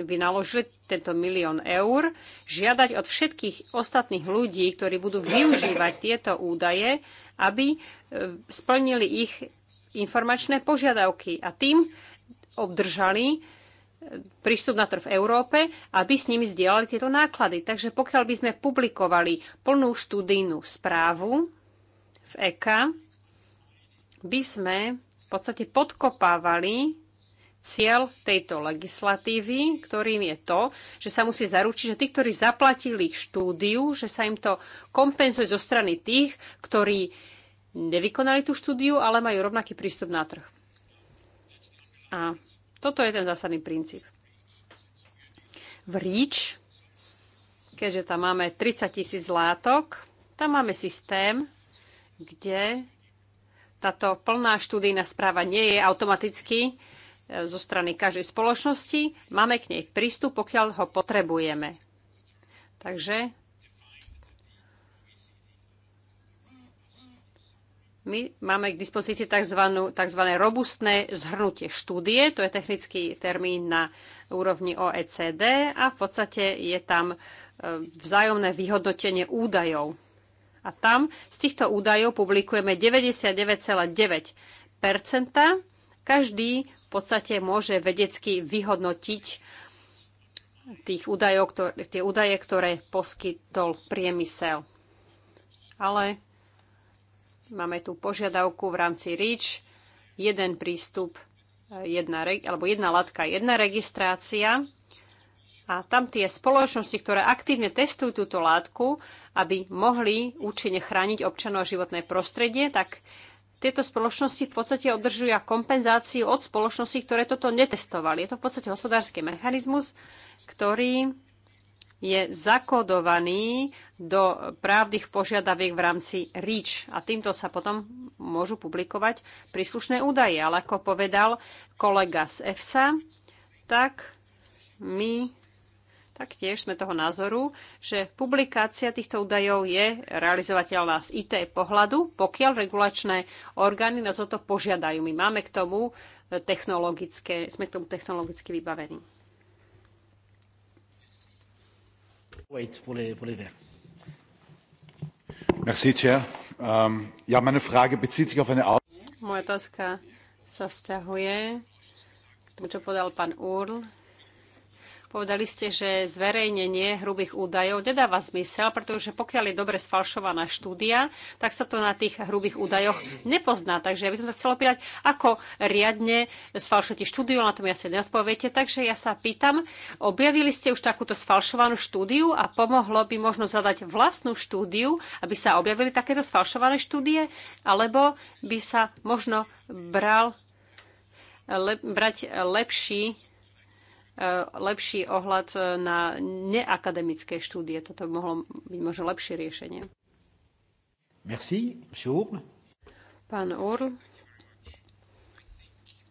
vynaložili tento milión eur, žiadať od všetkých ostatných ľudí, ktorí budú využívať tieto údaje, aby e, splnili ich informačné požiadavky a tým obdržali prístup na trh v Európe, aby s nimi zdieľali tieto náklady. Takže pokiaľ by sme publikovali plnú študijnú správu v ECA, by sme v podstate podkopávali cieľ tejto legislatívy, ktorým je to, že sa musí zaručiť, že tí, ktorí zaplatili štúdiu, že sa im to kompenzuje zo strany tých, ktorí nevykonali tú štúdiu, ale majú rovnaký prístup na trh. A toto je ten zásadný princíp. V REACH, keďže tam máme 30 tisíc látok, tam máme systém, kde táto plná štúdijná správa nie je automaticky e, zo strany každej spoločnosti. Máme k nej prístup, pokiaľ ho potrebujeme. Takže My máme k dispozícii tzv. tzv. robustné zhrnutie štúdie, to je technický termín na úrovni OECD a v podstate je tam e, vzájomné vyhodnotenie údajov. A tam z týchto údajov publikujeme 99,9 Každý v podstate môže vedecky vyhodnotiť tých údajov, ktoré, tie údaje, ktoré poskytol priemysel. Ale Máme tu požiadavku v rámci REACH, jeden prístup, eh, jedna, alebo jedna latka, jedna registrácia. A tam tie spoločnosti, ktoré aktívne testujú túto látku, aby mohli účinne chrániť občanov a životné prostredie, tak tieto spoločnosti v podstate obdržujú kompenzáciu od spoločností, ktoré toto netestovali. Je to v podstate hospodársky mechanizmus, ktorý je zakodovaný do právnych požiadaviek v rámci REACH a týmto sa potom môžu publikovať príslušné údaje. Ale ako povedal kolega z EFSA, tak my taktiež sme toho názoru, že publikácia týchto údajov je realizovateľná z IT pohľadu, pokiaľ regulačné orgány nás o to požiadajú. My máme k tomu technologické, sme k tomu technologicky vybavení. Wait, pour les, pour les verts. Merci, Chair. Um, ja, meine Frage bezieht sich auf eine... Moja otázka sa vzťahuje k tomu, čo povedal pán Url. Povedali ste, že zverejnenie hrubých údajov nedáva zmysel, pretože pokiaľ je dobre sfalšovaná štúdia, tak sa to na tých hrubých údajoch nepozná. Takže ja by som sa chcela pýtať, ako riadne sfalšujete štúdiu, na tom ja si neodpoviete. Takže ja sa pýtam, objavili ste už takúto sfalšovanú štúdiu a pomohlo by možno zadať vlastnú štúdiu, aby sa objavili takéto sfalšované štúdie, alebo by sa možno bral, le, brať lepší lepší ohľad na neakademické štúdie. Toto by mohlo byť možno lepšie riešenie. Merci, Url. Pán Url.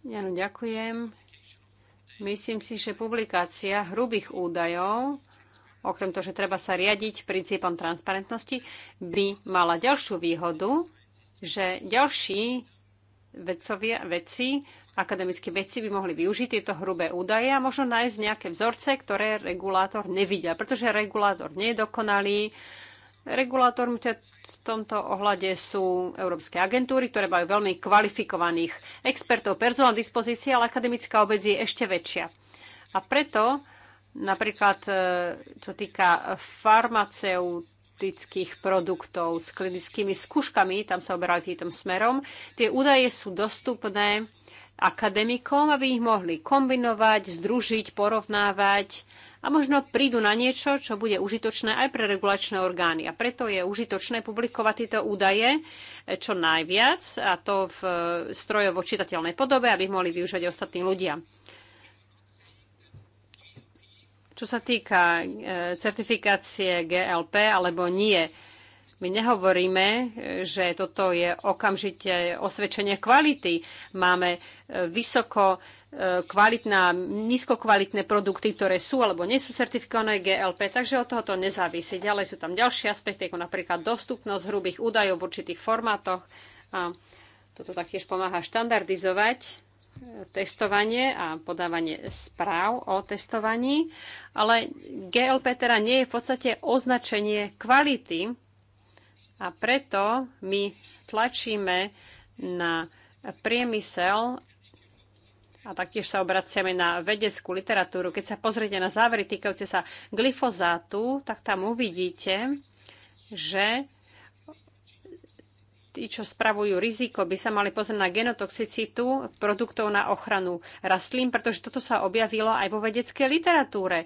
Ja, no, ďakujem. Myslím si, že publikácia hrubých údajov, okrem toho, že treba sa riadiť princípom transparentnosti, by mala ďalšiu výhodu, že ďalší vedcovia, vedci akademickí vedci by mohli využiť tieto hrubé údaje a možno nájsť nejaké vzorce, ktoré regulátor nevidel, pretože regulátor nie je dokonalý. Regulátorom v tomto ohľade sú európske agentúry, ktoré majú veľmi kvalifikovaných expertov, personál dispozície, ale akademická obec je ešte väčšia. A preto napríklad, e, čo týka farmaceut, farmaceutických produktov s klinickými skúškami, tam sa oberajú týmto smerom. Tie údaje sú dostupné akademikom, aby ich mohli kombinovať, združiť, porovnávať a možno prídu na niečo, čo bude užitočné aj pre regulačné orgány. A preto je užitočné publikovať tieto údaje eh, čo najviac, a to v eh, strojovo čitateľnej podobe, aby ich mohli využiť ostatní ľudia. Čo sa týka eh, certifikácie GLP alebo nie, my nehovoríme, že toto je okamžite osvedčenie kvality. Máme e, vysoko e, kvalitná, nízkokvalitné produkty, ktoré sú alebo nie sú certifikované GLP, takže od toho to nezávisí. Ďalej sú tam ďalšie aspekty, ako napríklad dostupnosť hrubých údajov v určitých formátoch. A toto taktiež pomáha štandardizovať e, testovanie a podávanie správ o testovaní, ale GLP teda nie je v podstate označenie kvality, a preto my tlačíme na priemysel a taktiež sa obraciame na vedeckú literatúru. Keď sa pozriete na závery týkajúce sa glyfozátu, tak tam uvidíte, že tí, čo spravujú riziko, by sa mali pozrieť na genotoxicitu produktov na ochranu rastlín, pretože toto sa objavilo aj vo vedeckej literatúre.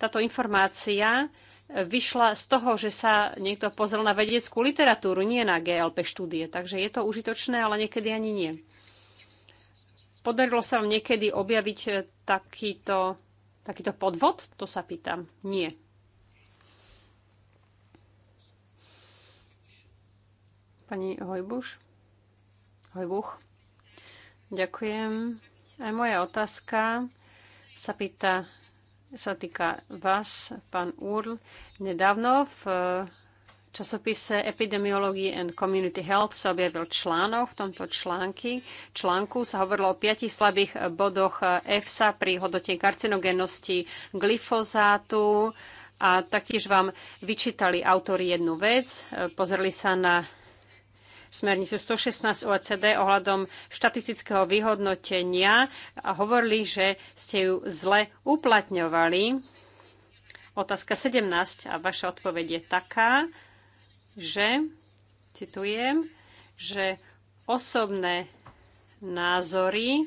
Táto informácia vyšla z toho, že sa niekto pozrel na vedeckú literatúru, nie na GLP štúdie. Takže je to užitočné, ale niekedy ani nie. Podarilo sa vám niekedy objaviť e, takýto, takýto podvod? To sa pýtam. Nie. Pani Hojbuš? Hojbuch? Ďakujem. Aj moja otázka sa pýta sa týka vás, pán Url. Nedávno v eh, časopise Epidemiology and Community Health sa objavil článok. V tomto články, článku sa hovorilo o piatich slabých bodoch eh, EFSA pri hodnote karcinogennosti glyfozátu a taktiež vám vyčítali autori jednu vec. Eh, pozreli sa na smernicu 116 OECD ohľadom štatistického vyhodnotenia a hovorili, že ste ju zle uplatňovali. Otázka 17 a vaša odpoveď je taká, že, citujem, že osobné názory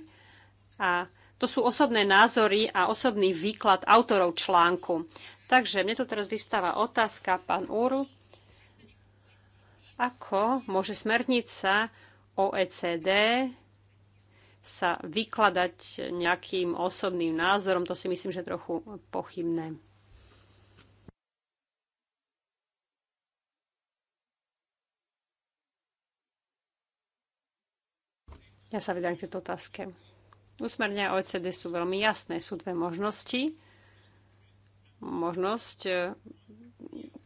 a to sú osobné názory a osobný výklad autorov článku. Takže mne tu teraz vystáva otázka, pán Úrl, ako môže smernica OECD sa vykladať nejakým osobným názorom, to si myslím, že trochu pochybné. Ja sa vydám k tejto otázke. Usmernia OECD sú veľmi jasné. Sú dve možnosti. Možnosť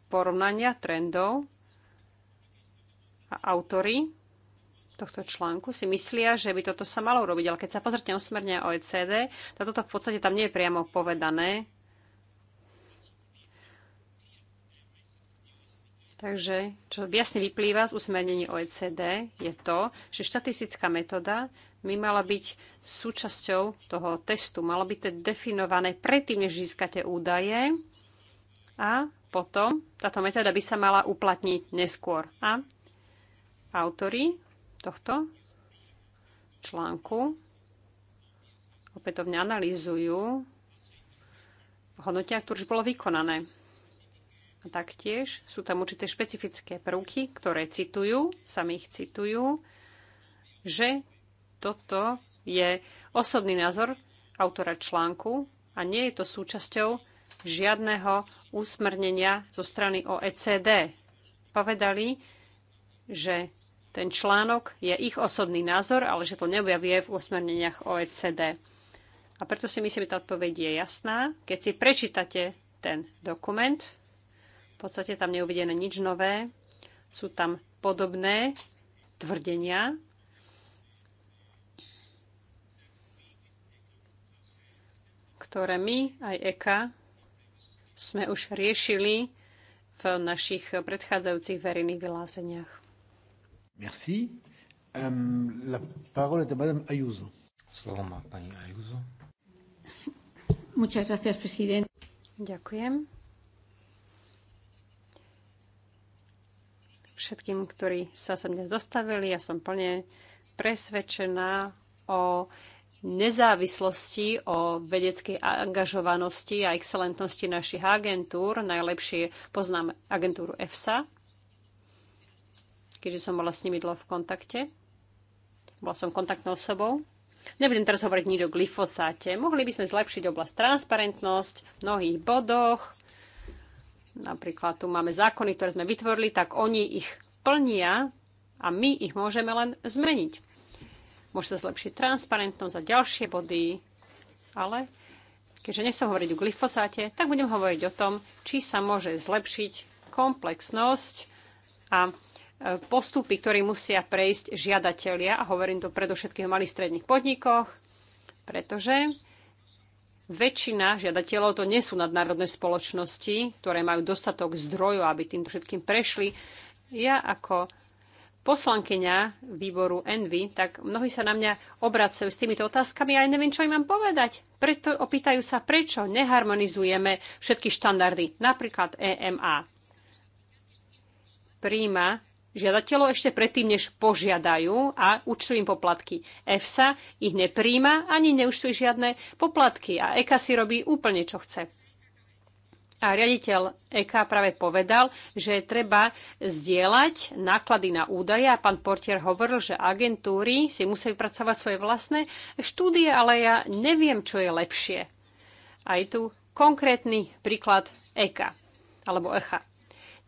porovnania trendov a autory tohto článku si myslia, že by toto sa malo urobiť. Ale keď sa pozrite osmerne OECD, tak toto v podstate tam nie je priamo povedané. Takže, čo jasne vyplýva z usmernení OECD, je to, že štatistická metóda by mala byť súčasťou toho testu. Malo by to definované predtým, než získate údaje a potom táto metóda by sa mala uplatniť neskôr. A autory tohto článku opätovne analýzujú hodnotia, ktoré už bolo vykonané. A taktiež sú tam určité špecifické prvky, ktoré citujú, ich citujú, že toto je osobný názor autora článku a nie je to súčasťou žiadneho úsmernenia zo strany OECD. Povedali, že ten článok je ich osobný názor, ale že to neobjavie v usmerneniach OECD. A preto si myslím, že tá odpoveď je jasná. Keď si prečítate ten dokument, v podstate tam neuvidené nič nové, sú tam podobné tvrdenia. ktoré my aj EKA sme už riešili v našich predchádzajúcich verejných vyhláseniach. Merci. Um, la parole est à Madame Ayuso. Slovo má pani Ayuso. Muchas gracias, president. Ďakujem. Všetkým, ktorí sa sa dnes dostavili, ja som plne presvedčená o nezávislosti, o vedeckej angažovanosti a excelentnosti našich agentúr. Najlepšie poznám agentúru EFSA, keďže som bola s nimi dlho v kontakte. Bola som kontaktnou osobou. Nebudem teraz hovoriť nič o glyfosáte. Mohli by sme zlepšiť oblasť transparentnosť v mnohých bodoch. Napríklad tu máme zákony, ktoré sme vytvorili, tak oni ich plnia a my ich môžeme len zmeniť. Môže sa zlepšiť transparentnosť a ďalšie body, ale keďže nechcem hovoriť o glyfosáte, tak budem hovoriť o tom, či sa môže zlepšiť komplexnosť a postupy, ktoré musia prejsť žiadatelia, a hovorím to predovšetkým o malých stredných podnikoch, pretože väčšina žiadateľov to nie sú nadnárodné spoločnosti, ktoré majú dostatok zdrojov, aby tým všetkým prešli. Ja ako poslankyňa výboru Envy, tak mnohí sa na mňa obracajú s týmito otázkami a ja neviem, čo im mám povedať. Preto opýtajú sa, prečo neharmonizujeme všetky štandardy, napríklad EMA. Príjma žiadateľov ešte predtým, než požiadajú a účtujú im poplatky. EFSA ich nepríjma ani neúčtuje žiadne poplatky a EKA si robí úplne, čo chce. A riaditeľ EK práve povedal, že treba zdieľať náklady na údaje a pán Portier hovoril, že agentúry si musia vypracovať svoje vlastné štúdie, ale ja neviem, čo je lepšie. A je tu konkrétny príklad EK alebo ECHA.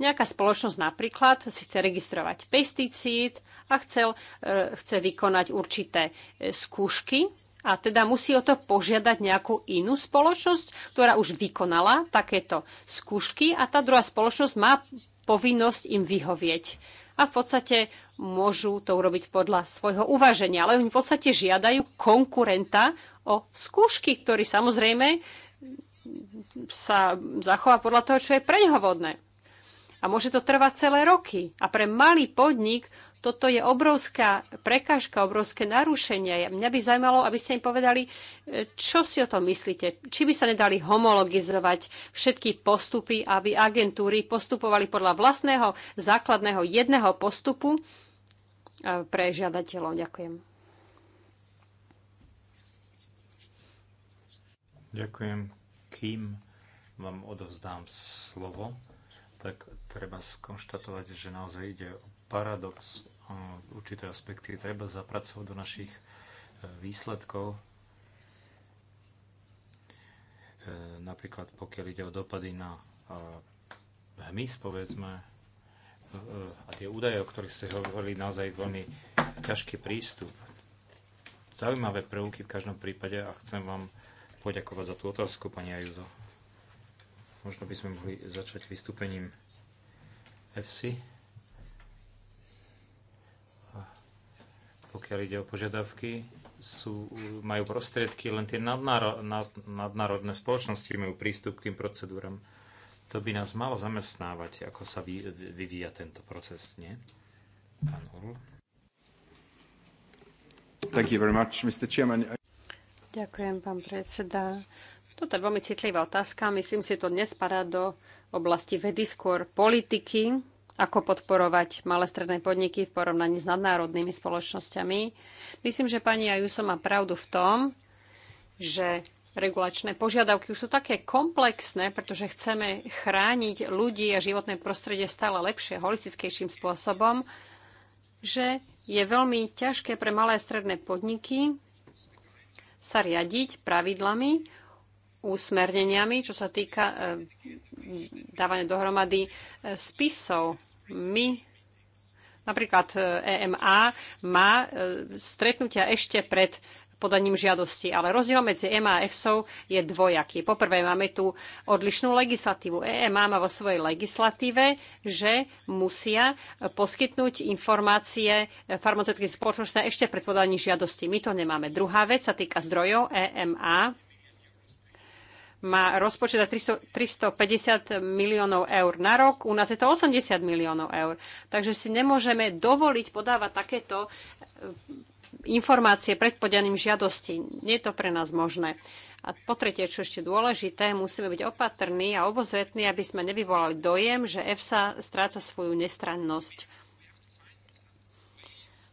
Nejaká spoločnosť napríklad si chce registrovať pesticíd a chcel, e, chce vykonať určité e, skúšky a teda musí o to požiadať nejakú inú spoločnosť, ktorá už vykonala takéto skúšky a tá druhá spoločnosť má povinnosť im vyhovieť. A v podstate môžu to urobiť podľa svojho uvaženia. Ale oni v podstate žiadajú konkurenta o skúšky, ktorý samozrejme sa zachová podľa toho, čo je preňhovodné. A môže to trvať celé roky. A pre malý podnik toto je obrovská prekážka, obrovské narušenie. Mňa by zaujímalo, aby ste im povedali, e, čo si o tom myslíte. Či by sa nedali homologizovať všetky postupy, aby agentúry postupovali podľa vlastného základného jedného postupu e, pre žiadateľov. Ďakujem. Ďakujem. Kým vám odovzdám slovo, tak treba skonštatovať, že naozaj ide o paradox, určité aspekty treba zapracovať do našich e, výsledkov. E, napríklad pokiaľ ide o dopady na e, hmyz, povedzme, a tie údaje, o ktorých ste hovorili, naozaj veľmi ťažký prístup. Zaujímavé prvky v každom prípade a chcem vám poďakovať za tú otázku, pani Ajuzo. Možno by sme mohli začať vystúpením FC. Pokiaľ ide o požiadavky, sú, majú prostriedky, len tie nadnáro, nad, nadnárodné spoločnosti majú prístup k tým procedúram. To by nás malo zamestnávať, ako sa vy, vyvíja tento proces, nie? Pán Thank you very much, Mr. Chairman. Ďakujem, pán predseda. Toto je veľmi citlivá otázka. Myslím si, to dnes spadá do oblasti vedy skôr politiky, ako podporovať malé stredné podniky v porovnaní s nadnárodnými spoločnosťami. Myslím, že pani Ajuso má pravdu v tom, že regulačné požiadavky sú také komplexné, pretože chceme chrániť ľudí a životné prostredie stále lepšie, holistickejším spôsobom, že je veľmi ťažké pre malé stredné podniky sa riadiť pravidlami, úsmerneniami, čo sa týka e, dávania dohromady e, spisov. My Napríklad EMA e má stretnutia ešte pred podaním žiadosti. Ale rozdiel medzi EMA a EFSO je dvojaký. Poprvé máme tu odlišnú legislatívu. EMA má vo svojej legislatíve, že musia poskytnúť informácie farmaceutické spoločnosti ešte pred podaním žiadosti. My to nemáme. Druhá vec sa týka zdrojov EMA má rozpočet 350 miliónov eur na rok, u nás je to 80 miliónov eur. Takže si nemôžeme dovoliť podávať takéto e, informácie pred podaním žiadosti. Nie je to pre nás možné. A po tretie, čo ešte dôležité, musíme byť opatrní a obozretní, aby sme nevyvolali dojem, že EFSA stráca svoju nestrannosť.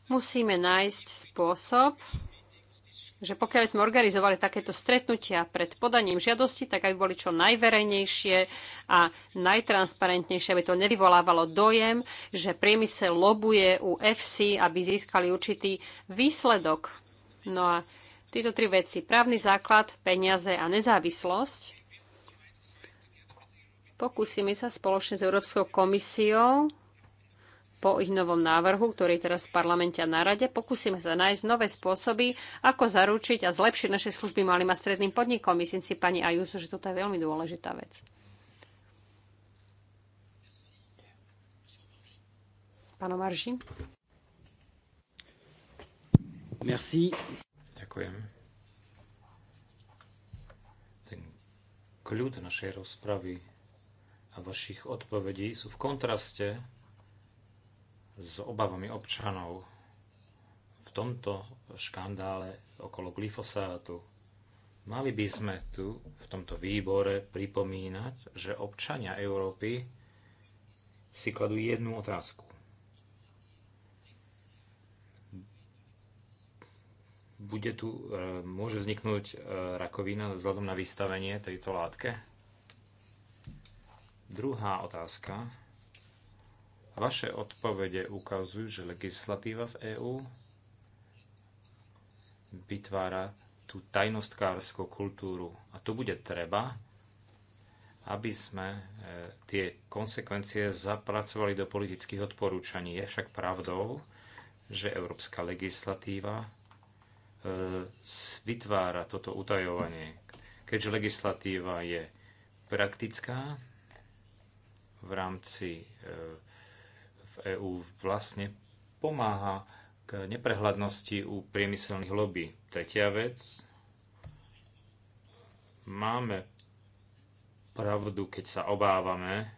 Musíme nájsť spôsob, že pokiaľ sme organizovali takéto stretnutia pred podaním žiadosti, tak aby boli čo najverejnejšie a najtransparentnejšie, aby to nevyvolávalo dojem, že priemysel lobuje u FC, aby získali určitý výsledok. No a tieto tri veci. Právny základ, peniaze a nezávislosť. Pokúsime sa spoločne s Európskou komisiou po ich novom návrhu, ktorý teraz v parlamente a na rade, pokúsime sa nájsť nové spôsoby, ako zaručiť a zlepšiť naše služby malým a stredným podnikom. Myslím si, pani ajus, že toto je veľmi dôležitá vec. Pána Marži. Merci. Ďakujem. Ten kľud našej rozpravy a vašich odpovedí sú v kontraste s obavami občanov v tomto škandále okolo glyfosátu. Mali by sme tu v tomto výbore pripomínať, že občania Európy si kladú jednu otázku. Bude tu, e, môže vzniknúť e, rakovina vzhľadom na vystavenie tejto látke? Druhá otázka Vaše odpovede ukazujú, že legislatíva v EÚ vytvára tú tajnostkárskú kultúru. A tu bude treba, aby sme e, tie konsekvencie zapracovali do politických odporúčaní. Je však pravdou, že európska legislatíva e, vytvára toto utajovanie. Keďže legislatíva je praktická v rámci e, EÚ vlastne pomáha k neprehľadnosti u priemyselných lobby. Tretia vec. Máme pravdu, keď sa obávame,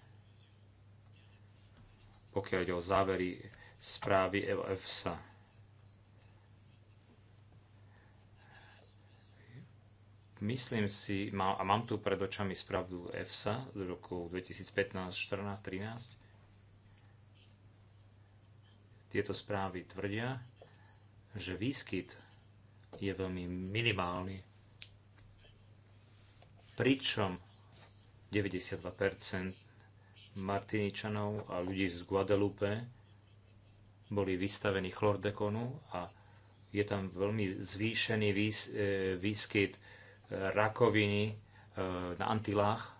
pokiaľ ide o závery správy EFSA. Myslím si, a mám tu pred očami spravdu EFSA z roku 2015, 2014, 2013, tieto správy tvrdia, že výskyt je veľmi minimálny, pričom 92% Martiničanov a ľudí z Guadalupe boli vystavení chlordekonu a je tam veľmi zvýšený e, výskyt rakoviny e, na antilách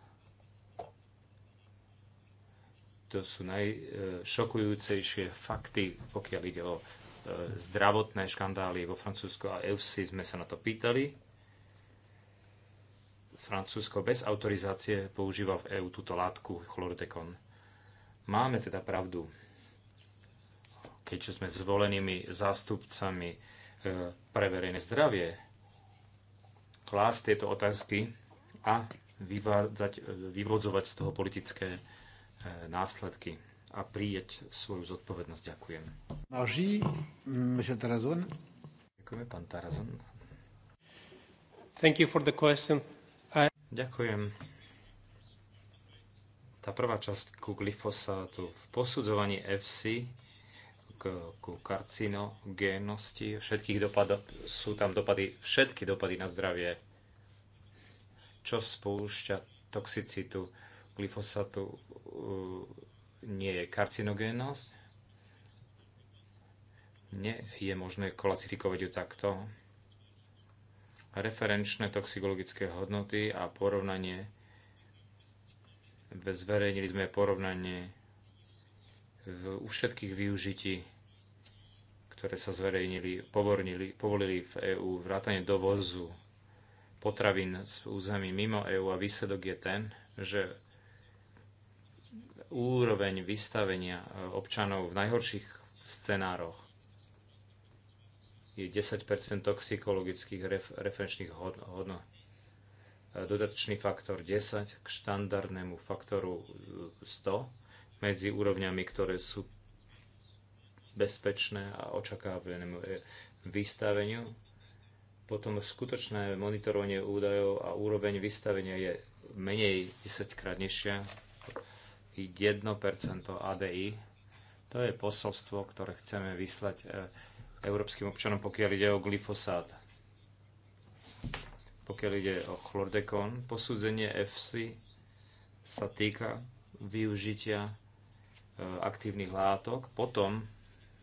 to sú najšokujúcejšie e, fakty, pokiaľ ide o e, zdravotné škandály vo Francúzsku a EUSI sme sa na to pýtali. Francúzsko bez autorizácie používa v EU túto látku chlordekon. Máme teda pravdu, keďže sme zvolenými zástupcami e, pre verejné zdravie, klásť tieto otázky a vyvádzať, vyvodzovať z toho politické Eh, následky a prijať svoju zodpovednosť. Ďakujem. Mm, Ďakujeme, pán Tarazon. Thank you for the question. I... Ďakujem. Tá prvá časť ku glyfosátu v posudzovaní FC k, ku karcinogénosti, všetkých dopadov, sú tam dopady, všetky dopady na zdravie, čo spúšťa toxicitu glyfosatu uh, nie je karcinogénnosť. Nie je možné klasifikovať ju takto. Referenčné toxikologické hodnoty a porovnanie. Zverejnili sme porovnanie v, u všetkých využití, ktoré sa zverejnili, povornili, povolili v EÚ, vrátane dovozu potravín z území mimo EÚ a výsledok je ten, že úroveň vystavenia e, občanov v najhorších scenároch je 10 toxikologických ref, referenčných hodnot. E, dodatočný faktor 10 k štandardnému faktoru 100 e, medzi úrovňami, ktoré sú bezpečné a očakávanému vystaveniu. Potom skutočné monitorovanie údajov a úroveň vystavenia je menej 10 krát nižšia 1% ADI. To je posolstvo, ktoré chceme vyslať e, európskym občanom, pokiaľ ide o glyfosát. Pokiaľ ide o chlordekon, posúdzenie FC sa týka využitia e, aktívnych látok. Potom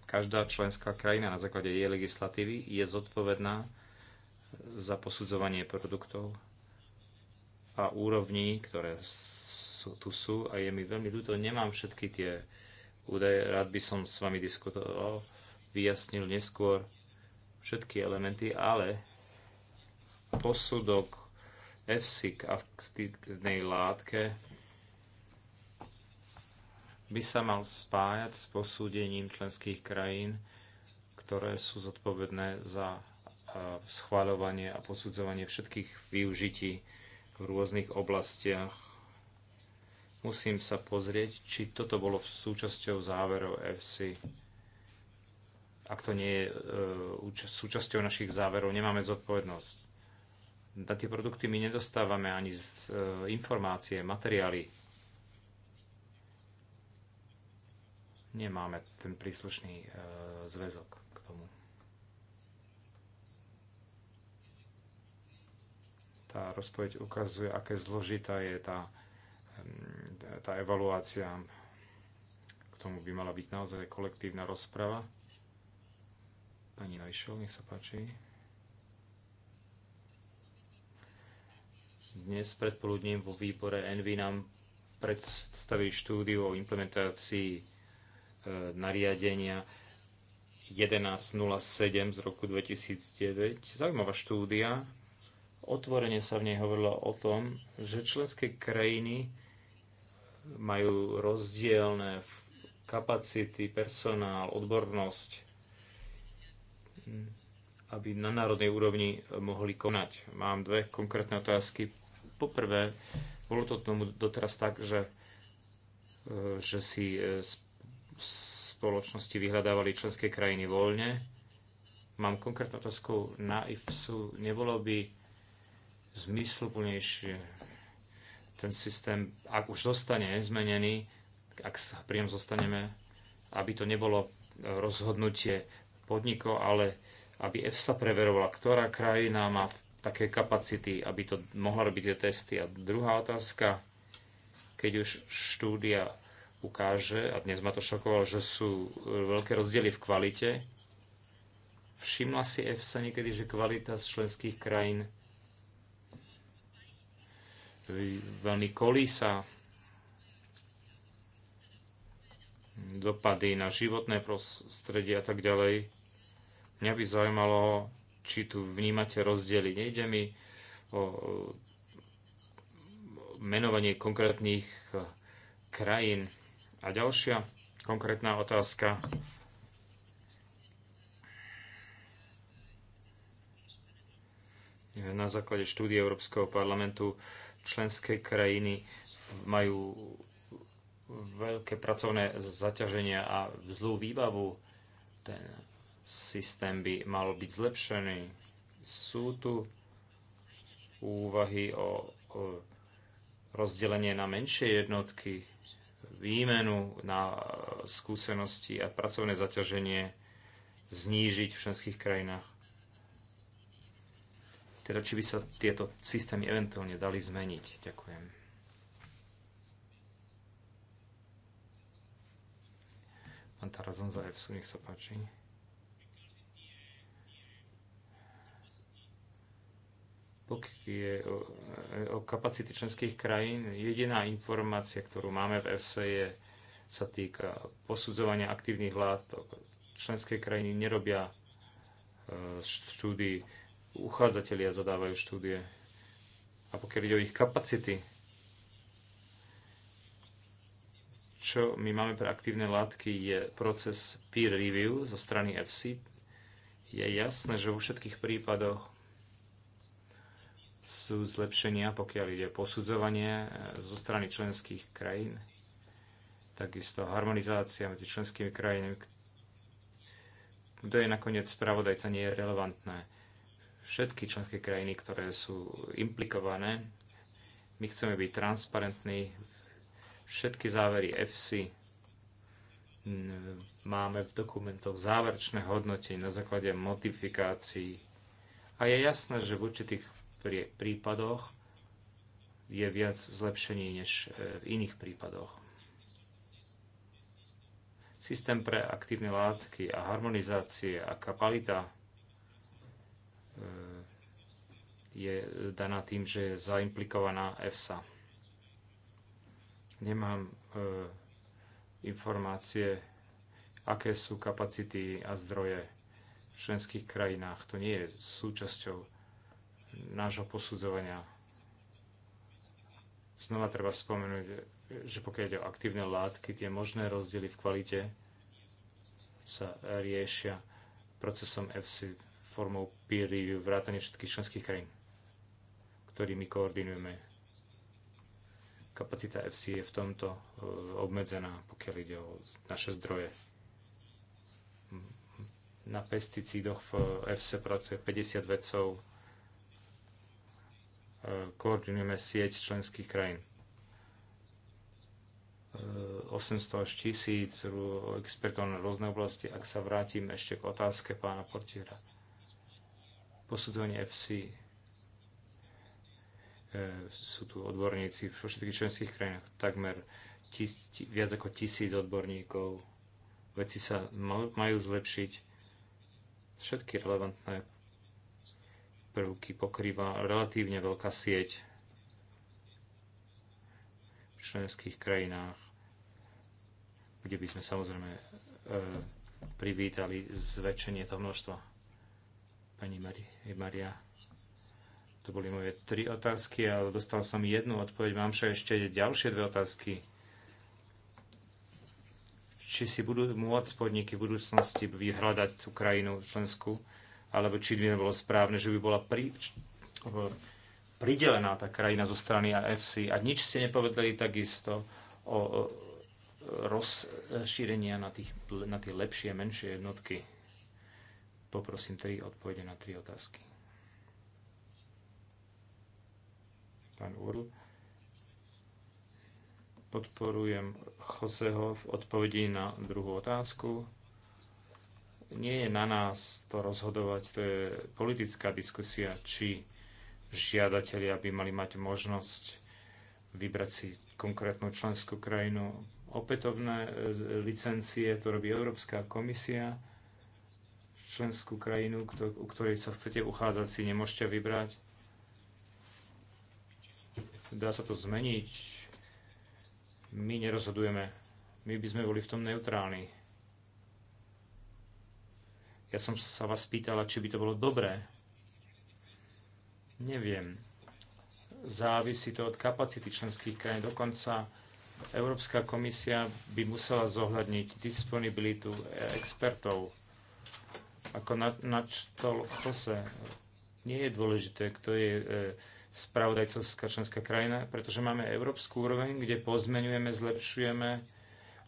každá členská krajina na základe jej legislatívy je zodpovedná za posudzovanie produktov a úrovní, ktoré sú, tu sú a je mi veľmi ľúto, nemám všetky tie údaje, rád by som s vami diskutoval, vyjasnil neskôr všetky elementy, ale posudok FSIC a v kstiknej látke by sa mal spájať s posúdením členských krajín, ktoré sú zodpovedné za e, schváľovanie a posudzovanie všetkých využití v rôznych oblastiach Musím sa pozrieť, či toto bolo súčasťou záverov FC. Ak to nie je e, súčasťou našich záverov, nemáme zodpovednosť. Na tie produkty my nedostávame ani z, e, informácie, materiály. Nemáme ten príslušný e, zväzok k tomu. Tá rozpoveď ukazuje, aké zložitá je tá Ehm, tá evaluácia, k tomu by mala byť naozaj kolektívna rozprava. Pani Najšol, nech sa páči. Dnes predpoludním vo výbore Envy nám predstaví štúdiu o implementácii e, nariadenia 1107 z roku 2009. Zaujímavá štúdia. Otvorene sa v nej hovorilo o tom, že členské krajiny majú rozdielne kapacity, personál, odbornosť, aby na národnej úrovni mohli konať. Mám dve konkrétne otázky. Poprvé, bolo to tomu doteraz tak, že, e, že si e, spoločnosti vyhľadávali členské krajiny voľne. Mám konkrétnu otázku na IFSU. Nebolo by zmysluplnejšie ten systém, ak už zostane nezmenený, ak sa príjem zostaneme, aby to nebolo e, rozhodnutie podnikov, ale aby EFSA preverovala, ktorá krajina má také kapacity, aby to mohla robiť tie testy. A druhá otázka, keď už štúdia ukáže, a dnes ma to šokovalo, že sú e, veľké rozdiely v kvalite, všimla si EFSA niekedy, že kvalita z členských krajín veľmi kolísa. Dopady na životné prostredie a tak ďalej. Mňa by zaujímalo, či tu vnímate rozdiely. Nejde mi o menovanie konkrétnych eh, krajín. A ďalšia konkrétna otázka. na základe štúdie Európskeho parlamentu Členské krajiny majú veľké pracovné zaťaženia a zlú výbavu. Ten systém by mal byť zlepšený. Sú tu úvahy o, o rozdelenie na menšie jednotky, výmenu na skúsenosti a pracovné zaťaženie znížiť v členských krajinách. Teda či by sa tieto systémy eventuálne dali zmeniť. Ďakujem. Pán Tarazon za EFSU, nech sa páči. pokiaľ o, o kapacity členských krajín, jediná informácia, ktorú máme v EFSE, je, sa týka posudzovania aktívnych látok. Členské krajiny nerobia e, štúdii uchádzatelia zadávajú štúdie. A pokiaľ ide o ich kapacity, čo my máme pre aktívne látky, je proces peer review zo strany FC. Je jasné, že vo všetkých prípadoch sú zlepšenia, pokiaľ ide o posudzovanie e, zo strany členských krajín. Takisto harmonizácia medzi členskými krajinami. Kto je nakoniec spravodajca, nie je relevantné všetky členské krajiny, ktoré sú implikované. My chceme byť transparentní. Všetky závery FC máme v dokumentoch záverečné hodnotenie na základe modifikácií. A je jasné, že v určitých prípadoch je viac zlepšení než e, v iných prípadoch. Systém pre aktívne látky a harmonizácie a kapalita E, je daná tým, že je zaimplikovaná EFSA. Nemám e, informácie, aké sú kapacity a zdroje v členských krajinách. To nie je súčasťou nášho posudzovania. Znova treba spomenúť, že pokiaľ ide o aktívne látky, tie možné rozdiely v kvalite sa riešia procesom EFSA formou peer review vrátane všetkých členských krajín, ktorými koordinujeme. Kapacita FC je v tomto e, obmedzená, pokiaľ ide o naše zdroje. Na pesticídoch v FC pracuje 50 vedcov. E, koordinujeme sieť členských krajín. 800 e, až 1000 expertov na rôzne oblasti. Ak sa vrátim ešte k otázke pána Portiera, posudzovanie FC e, sú tu odborníci v všetkých členských krajinách, takmer tis, tis, viac ako tisíc odborníkov. Veci sa majú zlepšiť. Všetky relevantné prvky pokrýva relatívne veľká sieť v členských krajinách, kde by sme samozrejme e, privítali zväčšenie toho množstva pani Maria. To boli moje tri otázky, ale dostal som jednu odpoveď. Mám však ešte ďalšie dve otázky. Či si budú môcť podniky v budúcnosti vyhľadať tú krajinu členskú, alebo či by nebolo správne, že by bola pri, pridelená tá krajina zo strany AFC. A nič ste nepovedali takisto o, o rozšírenia na, tých, na tie lepšie, menšie jednotky. Poprosím tri odpovede na tri otázky. Pán Úru. Podporujem Joseho v odpovedi na druhú otázku. Nie je na nás to rozhodovať, to je politická diskusia, či žiadatelia by mali mať možnosť vybrať si konkrétnu členskú krajinu. Opätovné e, licencie to robí Európska komisia členskú krajinu, u ktorej sa chcete uchádzať, si nemôžete vybrať. Dá sa to zmeniť. My nerozhodujeme. My by sme boli v tom neutrálni. Ja som sa vás pýtala, či by to bolo dobré. Neviem. Závisí to od kapacity členských krajín. Dokonca Európska komisia by musela zohľadniť disponibilitu expertov ako načtol Jose, nie je dôležité, kto je e, spravodajcovská členská krajina, pretože máme európsku úroveň, kde pozmenujeme, zlepšujeme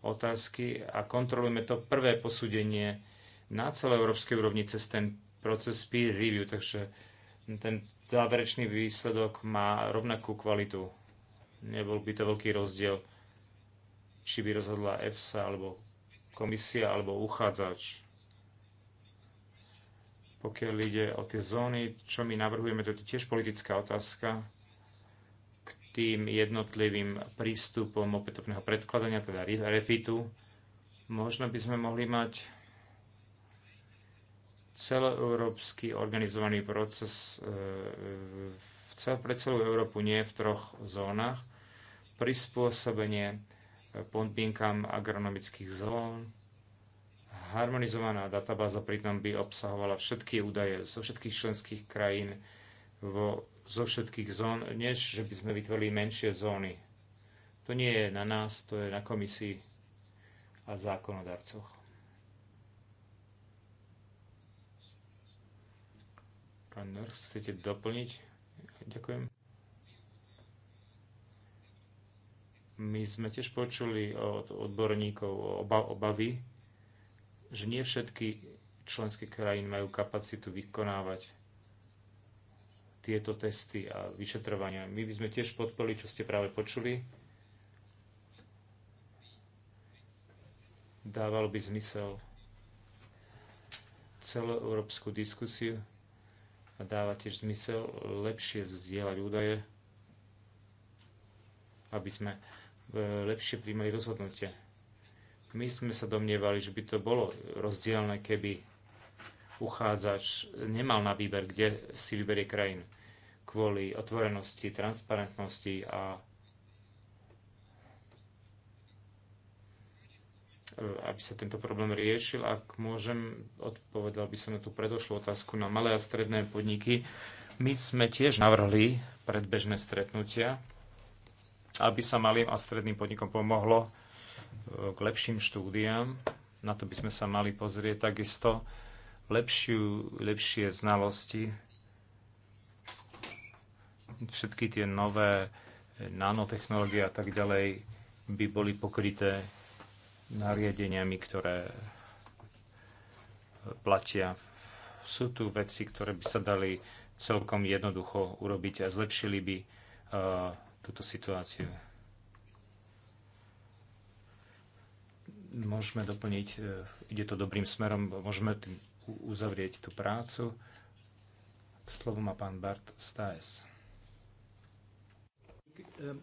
otázky a kontrolujeme to prvé posúdenie na celé európskej úrovni cez ten proces peer review, takže ten záverečný výsledok má rovnakú kvalitu. Nebol by to veľký rozdiel, či by rozhodla EFSA alebo komisia alebo uchádzač. Pokiaľ ide o tie zóny, čo my navrhujeme, to je tiež politická otázka k tým jednotlivým prístupom opätovného predkladania, teda refitu. Možno by sme mohli mať celoeurópsky organizovaný proces e, pre celú Európu, nie v troch zónach, prispôsobenie podmienkam agronomických zón, Harmonizovaná databáza pritom by obsahovala všetky údaje zo všetkých členských krajín vo, zo všetkých zón, než že by sme vytvorili menšie zóny. To nie je na nás, to je na komisii a zákonodarcoch. Pán Nors, chcete doplniť? Ďakujem. My sme tiež počuli od odborníkov obavy, že nie všetky členské krajiny majú kapacitu vykonávať tieto testy a vyšetrovania. My by sme tiež podporili, čo ste práve počuli. Dávalo by zmysel celoeurópsku diskusiu a dáva tiež zmysel lepšie zdieľať údaje, aby sme e, lepšie príjmali rozhodnutie. My sme sa domnievali, že by to bolo rozdielne, keby uchádzač nemal na výber, kde si vyberie krajín kvôli otvorenosti, transparentnosti a aby sa tento problém riešil. Ak môžem, odpovedal by som na tú predošlú otázku na malé a stredné podniky. My sme tiež navrhli predbežné stretnutia, aby sa malým a stredným podnikom pomohlo k lepším štúdiám. Na to by sme sa mali pozrieť takisto lepšiu, lepšie znalosti, všetky tie nové e, nanotechnológie a tak ďalej by boli pokryté nariadeniami, ktoré e, platia. Sú tu veci, ktoré by sa dali celkom jednoducho urobiť a zlepšili by uh, túto situáciu. môžeme doplniť, e, ide to dobrým smerom, môžeme tým uzavrieť tú prácu. Slovo má pán Bart Staes. Uh,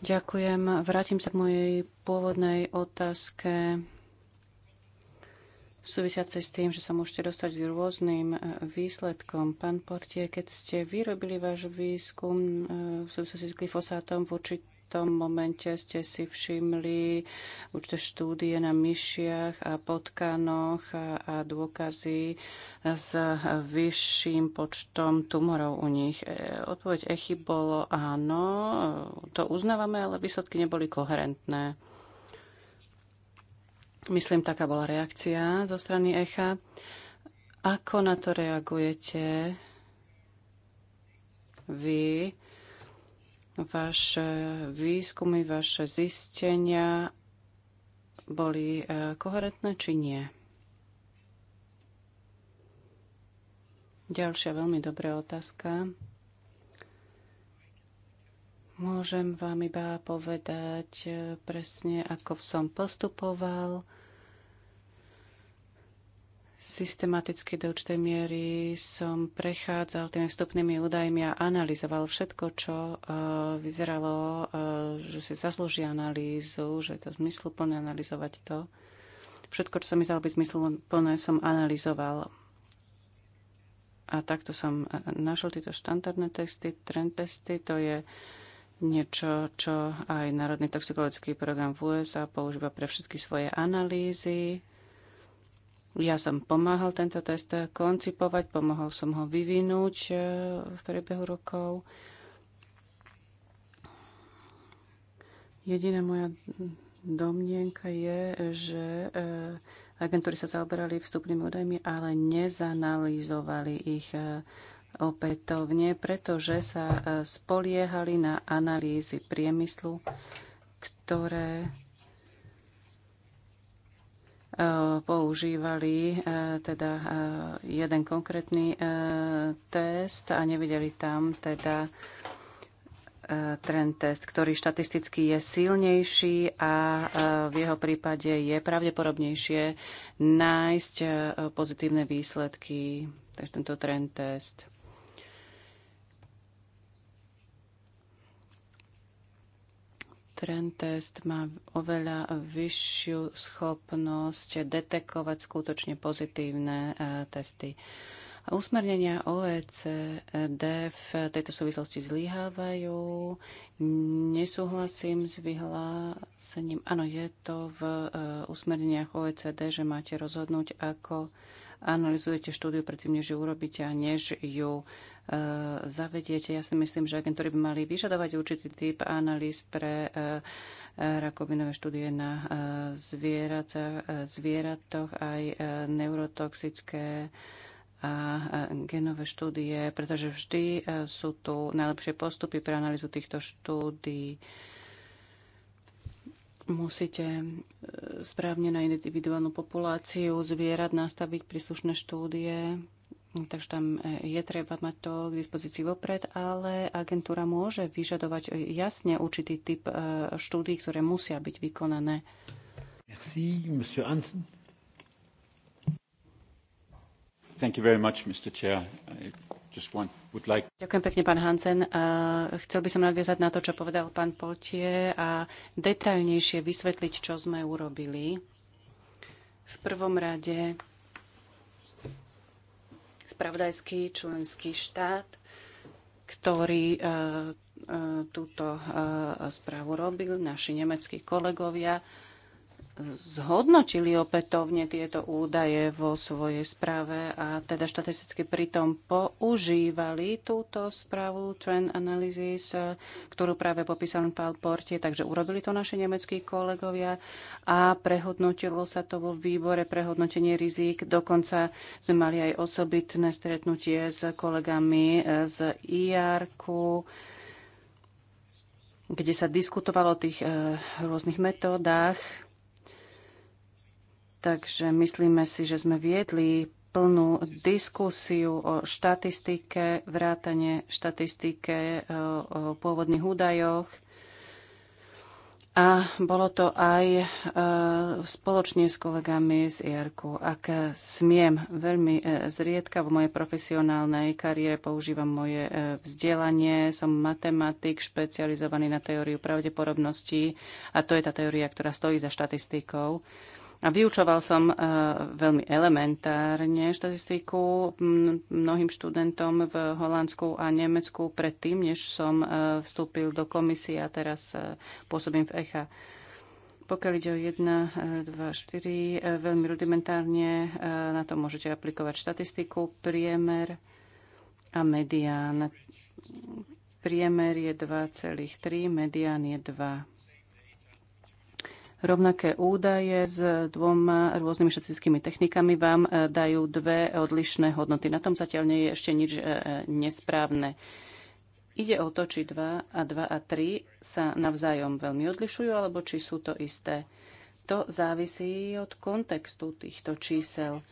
Ďakujem. Vrátim sa k mojej pôvodnej otázke súvisiacej s tým, že sa môžete dostať k rôznym e, výsledkom. Pán Portie, keď ste vyrobili váš výskum e, v súvislosti s glyfosátom v určitej tom momente ste si všimli určité štúdie na myšiach a potkanoch a, a dôkazy s vyšším počtom tumorov u nich. E, odpoveď Echy bolo áno, to uznávame, ale výsledky neboli koherentné. Myslím, taká bola reakcia zo strany Echa. Ako na to reagujete vy? Vaše výskumy, vaše zistenia boli e, koherentné či nie? Ďalšia veľmi dobrá otázka. Môžem vám iba povedať e, presne, ako som postupoval systematicky do určitej miery som prechádzal tými vstupnými údajmi a analyzoval všetko, čo uh, vyzeralo, uh, že si zaslúži analýzu, že je to zmysluplné analyzovať to. Všetko, čo sa mi zdalo byť zmysluplné, som analyzoval. A takto som e, našiel tieto štandardné testy, trend testy, to je niečo, čo aj Národný toxikologický program v USA používa pre všetky svoje analýzy ja som pomáhal tento test koncipovať, pomohol som ho vyvinúť e, v priebehu rokov. Jediná moja domnienka je, že e, agentúry sa zaoberali vstupnými údajmi, ale nezanalýzovali ich e, opätovne, pretože sa spoliehali na analýzy priemyslu, ktoré používali e, teda e, jeden konkrétny e, test a nevideli tam teda trend test, ktorý štatisticky je silnejší a v jeho prípade je pravdepodobnejšie nájsť pozitívne výsledky, takže tento trend test. test má oveľa vyššiu schopnosť detekovať skutočne pozitívne e, testy. Usmernenia OECD v tejto súvislosti zlyhávajú. Nesúhlasím s vyhlásením. Áno, je to v úsmerneniach e, OECD, že máte rozhodnúť, ako analizujete štúdiu predtým, než ju urobíte a než ju e, zavediete. Ja si myslím, že agentúry by mali vyžadovať určitý typ analýz pre e, e rakovinové štúdie na e, e, zvieratoch, aj e, neurotoxické a e, genové štúdie, pretože vždy sú tu najlepšie postupy pre analýzu týchto štúdií musíte e, správne na individuálnu populáciu zvierať, nastaviť príslušné štúdie, takže tam e, je treba mať to k dispozícii vopred, ale agentúra môže vyžadovať jasne určitý typ e, štúdí, ktoré musia byť vykonané. Merci, monsieur Hansen. Thank you very much, Mr. Chair. I... Ďakujem pekne, pán Hansen. Chcel by som nadviazať na to, čo povedal pán Potie a detailnejšie vysvetliť, čo sme urobili. V prvom rade spravodajský členský štát, ktorý e, e, túto e, správu robil, naši nemeckí kolegovia zhodnotili opätovne tieto údaje vo svojej správe a teda štatisticky pritom používali túto správu Trend Analysis, ktorú práve popísal v Portie, takže urobili to naši nemeckí kolegovia a prehodnotilo sa to vo výbore pre hodnotenie rizik. Dokonca sme mali aj osobitné stretnutie s kolegami z ir kde sa diskutovalo o tých e, rôznych metódach Takže myslíme si, že sme viedli plnú diskusiu o štatistike, vrátane štatistike e, o pôvodných údajoch. A bolo to aj e, spoločne s kolegami z IRK. E Ak smiem, veľmi zriedka v mojej profesionálnej kariére používam moje vzdelanie. Som matematik, špecializovaný na teóriu pravdepodobností a to je tá teória, ktorá stojí za štatistikou. A vyučoval som e, veľmi elementárne štatistiku mnohým študentom v Holandsku a Nemecku predtým, než som e, vstúpil do komisie a teraz e, pôsobím v ECHA. Pokiaľ ide o 1, 2, 4, veľmi rudimentárne na to môžete aplikovať štatistiku, priemer a medián. Priemer je 2,3, medián je 2. Rovnaké údaje s dvoma rôznymi štatistickými technikami vám e, dajú dve odlišné hodnoty. Na tom zatiaľ nie je ešte nič e, e, nesprávne. Ide o to, či 2 a 2 a 3 sa navzájom veľmi odlišujú, alebo či sú to isté. To závisí od kontextu týchto čísel.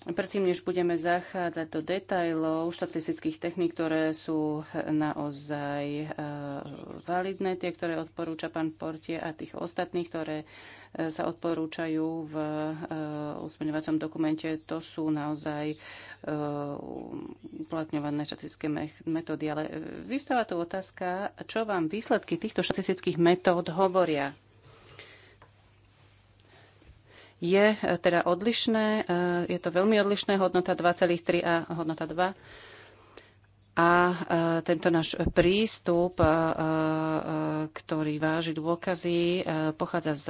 Predtým, než budeme zachádzať do detajlov štatistických techník, ktoré sú naozaj e, validné, tie, ktoré odporúča pán Portie a tých ostatných, ktoré e, sa odporúčajú v e, usmerňovacom dokumente, to sú naozaj uplatňované štatistické metódy. Ale vyvstáva tu otázka, čo vám výsledky týchto štatistických metód hovoria je e, teda odlišné. E, je to veľmi odlišné, hodnota 2,3 a hodnota 2. A e, tento náš prístup, ktorý váži dôkazy, pochádza z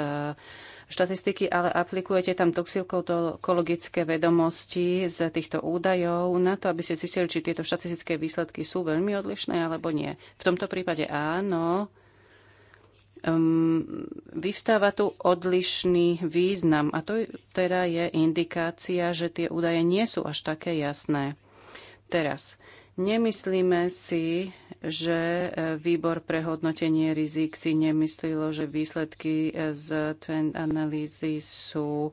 štatistiky, ale aplikujete tam toxikologické vedomosti z týchto údajov na to, aby ste zistili, či tieto štatistické výsledky sú veľmi odlišné alebo nie. V tomto prípade áno, um, vyvstáva tu odlišný význam. A to teda je indikácia, že tie údaje nie sú až také jasné. Teraz, nemyslíme si, že e, výbor pre hodnotenie rizik si nemyslilo, že výsledky e, z trend analýzy sú e,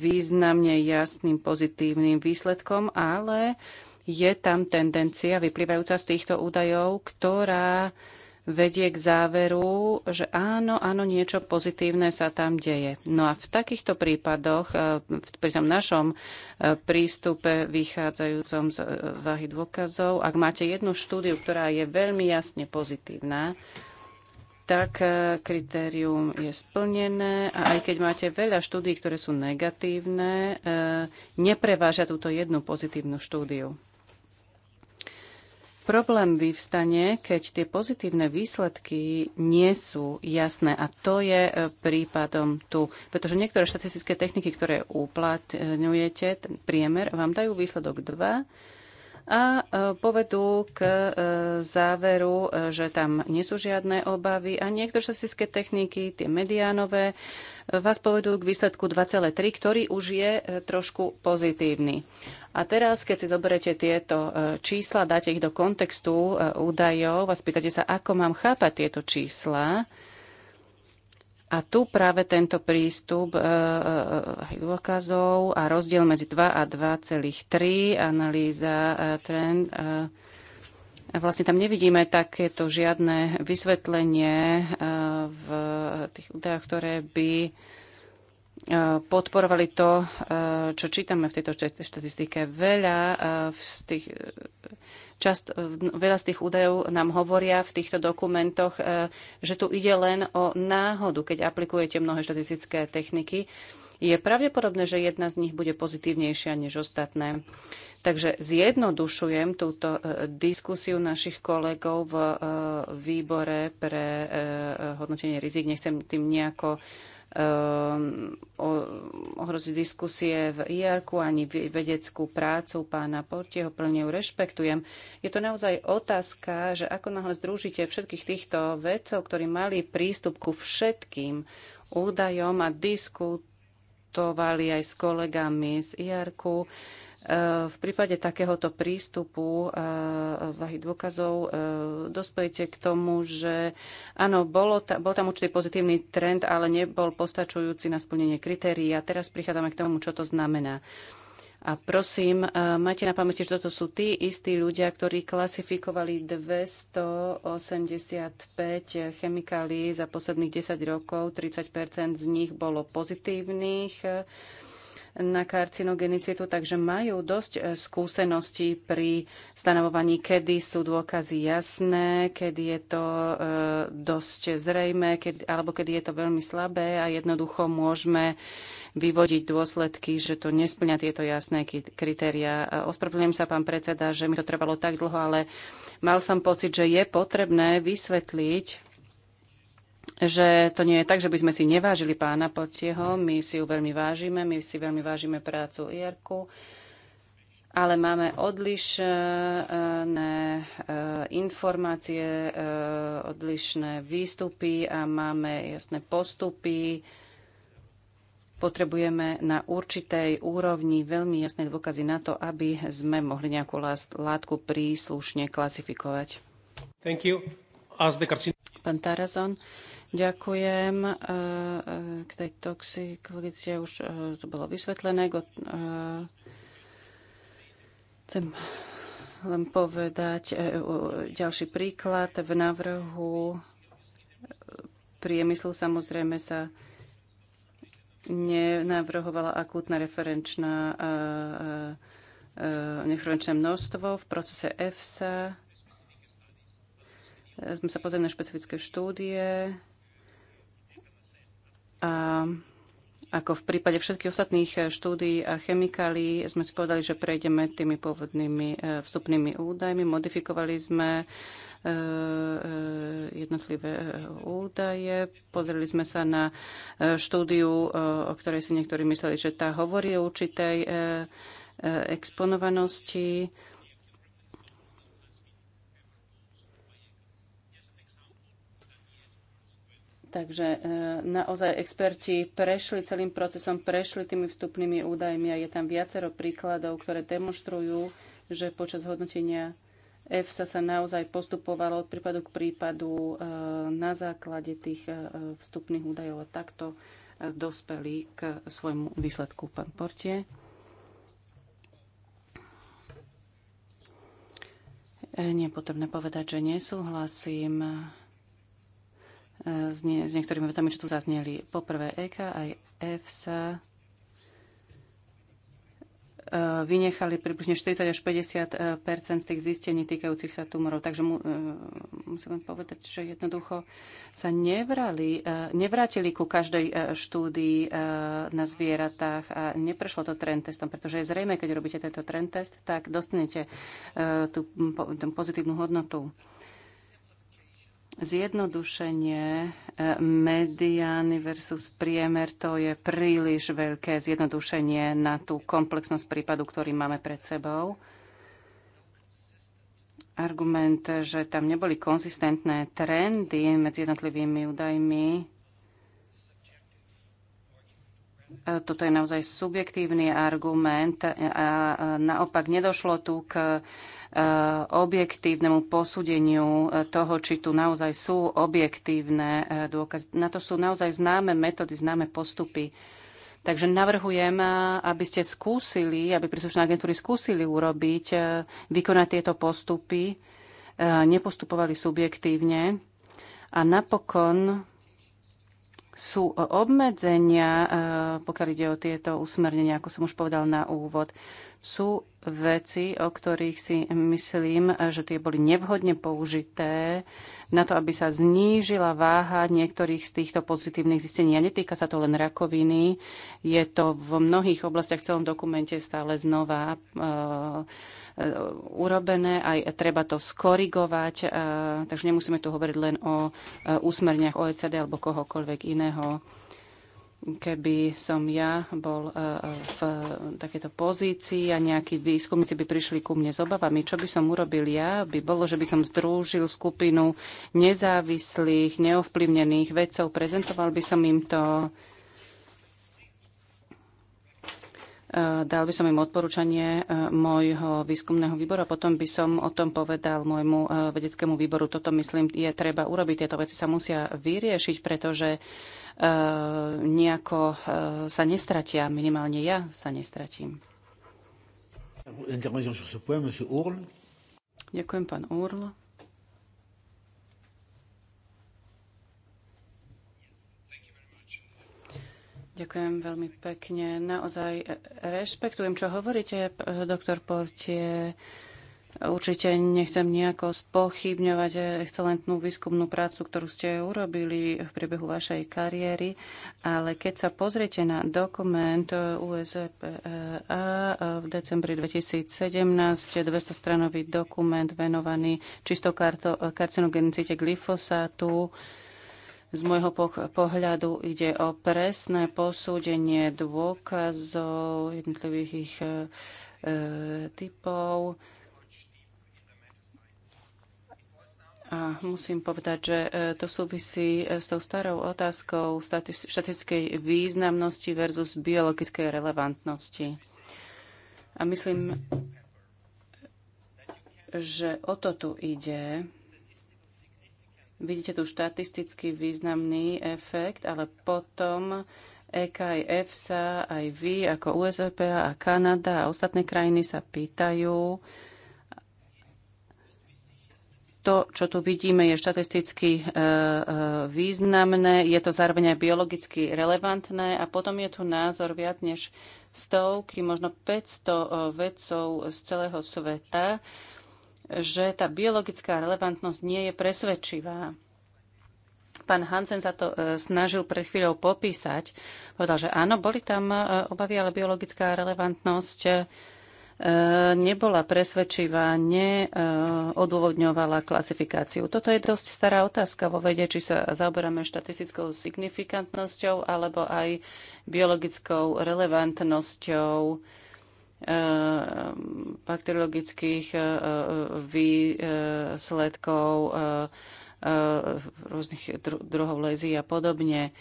významne jasným pozitívnym výsledkom, ale je tam tendencia vyplývajúca z týchto údajov, ktorá vedie k záveru, že áno, áno, niečo pozitívne sa tam deje. No a v takýchto prípadoch, e, pri tom našom e, prístupe vychádzajúcom z e, váhy dôkazov, ak máte jednu štúdiu, ktorá je veľmi jasne pozitívna, tak kritérium je splnené a aj keď máte veľa štúdií, ktoré sú negatívne, nepreváža túto jednu pozitívnu štúdiu. Problém vyvstane, keď tie pozitívne výsledky nie sú jasné. A to je e, prípadom tu. Pretože niektoré štatistické techniky, ktoré uplatňujete, ten priemer, vám dajú výsledok 2, a e, povedú k e, záveru, e, že tam nie sú žiadne obavy a niektoré štatistické techniky, tie mediánové, vás povedú k výsledku 2,3, ktorý už je trošku pozitívny. A teraz, keď si zoberete tieto čísla, dáte ich do kontextu údajov a spýtate sa, ako mám chápať tieto čísla, a tu práve tento prístup e, e, e dôkazov a rozdiel medzi 2 a 2,3 analýza e, trend. E, vlastne tam nevidíme takéto žiadne vysvetlenie e, v tých údajoch, ktoré by podporovali to, čo čítame v tejto štatistike. Veľa z tých Čast, e, veľa z tých údajov nám hovoria v týchto dokumentoch, e, že tu ide len o náhodu, keď aplikujete mnohé štatistické techniky. Je pravdepodobné, že jedna z nich bude pozitívnejšia než ostatné. Takže zjednodušujem túto e, diskusiu našich kolegov v výbore pre hodnotenie rizik. Nechcem tým nejako Ehm, ohroziť diskusie v ir ani vedeckú prácu pána Portieho. Plne ju rešpektujem. Je to naozaj otázka, že ako náhle združíte všetkých týchto vedcov, ktorí mali prístup ku všetkým údajom a diskutovali aj s kolegami z IR-ku, v prípade takéhoto prístupu e, vahy dôkazov e, dospojete k tomu, že áno, bolo ta, bol tam určitý pozitívny trend, ale nebol postačujúci na splnenie kritérií. A teraz prichádzame k tomu, čo to znamená. A prosím, e, majte na pamäti, že toto sú tí istí ľudia, ktorí klasifikovali 285 chemikálií za posledných 10 rokov. 30 z nich bolo pozitívnych na karcinogenicitu, takže majú dosť e, skúseností pri stanovovaní, kedy sú dôkazy jasné, kedy je to e, dosť zrejme, alebo kedy je to veľmi slabé a jednoducho môžeme vyvodiť dôsledky, že to nesplňa tieto jasné kritéria. Ospravedlňujem sa, pán predseda, že mi to trvalo tak dlho, ale mal som pocit, že je potrebné vysvetliť že to nie je tak, že by sme si nevážili pána Potieho. My si ju veľmi vážime, my si veľmi vážime prácu IRku, ale máme odlišné eh, informácie, eh, odlišné výstupy a máme jasné postupy. Potrebujeme na určitej úrovni veľmi jasné dôkazy na to, aby sme mohli nejakú látku príslušne klasifikovať. Thank you. Pán Tarazon. Ďakujem. E, e, k tej toxikologicite už e, to bolo vysvetlené. Chcem len povedať ďalší príklad. V návrhu priemyslu samozrejme sa nenavrhovala akútna referenčná referenčné množstvo. V procese EFSA sme sa pozreli na špecifické štúdie a ako v prípade všetkých ostatných eh, štúdií a chemikálií sme si povedali, že prejdeme tými pôvodnými eh, vstupnými údajmi, modifikovali sme eh, jednotlivé údaje. Pozreli sme sa na štúdiu, o ktorej si niektorí mysleli, že tá hovorí o určitej exponovanosti. Takže e, naozaj experti prešli celým procesom, prešli tými vstupnými údajmi a je tam viacero príkladov, ktoré demonstrujú, že počas hodnotenia EFSA sa naozaj postupovalo od prípadu k prípadu e, na základe tých e, vstupných údajov a takto dospeli k svojmu výsledku. Pán Portie. Nie je potrebné povedať, že nesúhlasím s, nie, s niektorými vecami, čo tu zazneli. Poprvé EK aj EFSA e, vynechali približne 40 až 50 e, z tých zistení týkajúcich sa tumorov. Takže mu, e, musím povedať, že jednoducho sa nevrali, nevrátili ku každej štúdii na zvieratách a neprešlo to trend testom, pretože je zrejme, keď robíte tento trend test, tak dostanete tú, tú pozitívnu hodnotu. Zjednodušenie e, mediány versus priemer, to je príliš veľké zjednodušenie na tú komplexnosť prípadu, ktorý máme pred sebou. Argument, že tam neboli konzistentné trendy medzi jednotlivými údajmi, E, toto je naozaj subjektívny argument a naopak nedošlo tu k e, objektívnemu posúdeniu e, toho, či tu naozaj sú objektívne dôkazy. Na to sú naozaj známe metódy, známe postupy. Takže navrhujem, aby ste skúsili, aby príslušné agentúry skúsili urobiť, vykonať tieto postupy, nepostupovali subjektívne a napokon sú obmedzenia, e, pokiaľ ide o tieto usmernenia, ako som už povedal na úvod. Sú veci, o ktorých si myslím, že tie boli nevhodne použité na to, aby sa znížila váha niektorých z týchto pozitívnych zistení. A netýka sa to len rakoviny, je to v mnohých oblastiach v celom dokumente stále znova e, E, urobené, aj treba to skorigovať, e, takže nemusíme tu hovoriť len o e, úsmerniach OECD alebo kohokoľvek iného. Keby som ja bol v takéto pozícii a nejakí výskumníci by prišli ku mne s obavami, čo by som urobil ja, by bolo, že by som združil skupinu nezávislých, neovplyvnených vedcov, prezentoval by som im to, Eh, dal by som im odporúčanie eh, môjho výskumného výboru a potom by som o tom povedal môjmu eh, vedeckému výboru. Toto, myslím, je treba urobiť. Tieto veci sa musia vyriešiť, pretože nejako sa nestratia. Minimálne ja sa nestratím. Ďakujem, pán Url. Ďakujem veľmi pekne. Naozaj rešpektujem, čo hovoríte, doktor Portie. Určite nechcem nejako spochybňovať excelentnú výskumnú prácu, ktorú ste urobili v priebehu vašej kariéry, ale keď sa pozriete na dokument USPA e v decembri 2017, 200-stranový dokument venovaný čisto karcinogenicite glyfosátu, z môjho pohľadu ide o presné posúdenie dôkazov jednotlivých ich e, typov. A musím povedať, že e, to súvisí e, s tou starou otázkou štatistickej významnosti versus biologickej relevantnosti. A myslím, že o to tu ide, Vidíte tu štatisticky významný efekt, ale potom EKIF sa aj vy ako USPA a Kanada a ostatné krajiny sa pýtajú, to, čo tu vidíme, je štatisticky e, e, významné, je to zároveň aj biologicky relevantné a potom je tu názor viac než stovky, možno 500 e, vedcov z celého sveta, že tá biologická relevantnosť nie je presvedčivá. Pán Hansen sa to e, snažil pred chvíľou popísať. Povedal, že áno, boli tam e, obavy, ale biologická relevantnosť e, nebola presvedčivá, neodôvodňovala klasifikáciu. Toto je dosť stará otázka vo vede, či sa zaoberáme štatistickou signifikantnosťou alebo aj biologickou relevantnosťou Eh, bakteriologických eh, výsledkov, eh, rôznych druhov lezí a podobne.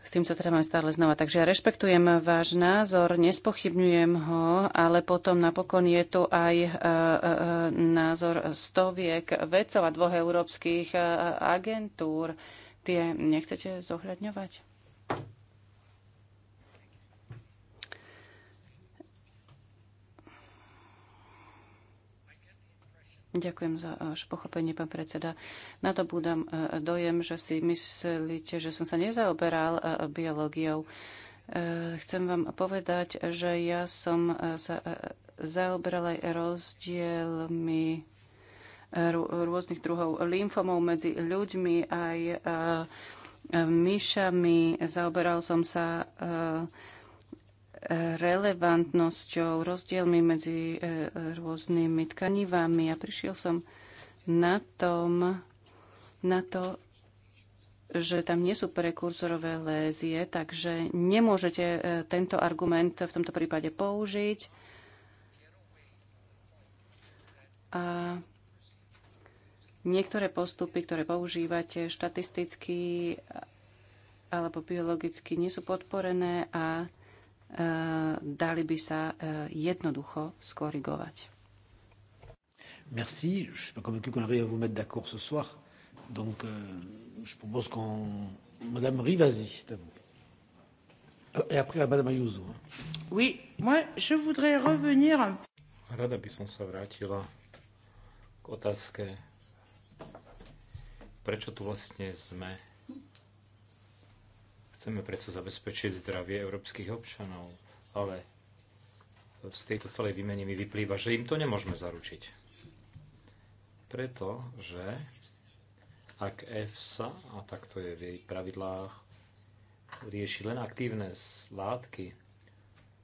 S tým sa treba aj stále znova. Takže ja rešpektujem váš názor, nespochybňujem ho, ale potom napokon je tu aj názor stoviek vedcov a dvoch európskych agentúr. Tie nechcete zohľadňovať? Ďakujem za eh, až pochopenie, pán predseda. Na to budem eh, dojem, že si myslíte, že som sa nezaoberal eh, biológiou. Chcem vám povedať, že ja som sa zaoberala aj rozdielmi rôznych druhov lymfomov medzi ľuďmi aj myšami. Zaoberal som sa relevantnosťou, rozdielmi medzi e, rôznymi tkanivami a prišiel som na, tom, na to, že tam nie sú prekurzorové lézie, takže nemôžete e, tento argument v tomto prípade použiť. A niektoré postupy, ktoré používate štatisticky alebo biologicky, nie sú podporené a Eh, dali by sa eh, jednoducho skorigovať. Merci. Je suis pas convaincu qu'on arrive à vous mettre d'accord ce soir. Donc, euh, je propose qu'on. Madame Rivasi, c'est à vous. Euh, et après à Madame Ayuso. Oui, moi, je voudrais revenir. Rada by som sa vrátila k otázke, prečo tu vlastne sme Chceme predsa zabezpečiť zdravie európskych občanov, ale z tejto celej výmeny mi vyplýva, že im to nemôžeme zaručiť. Pretože ak EFSA, a tak to je v jej pravidlách, rieši len aktívne látky,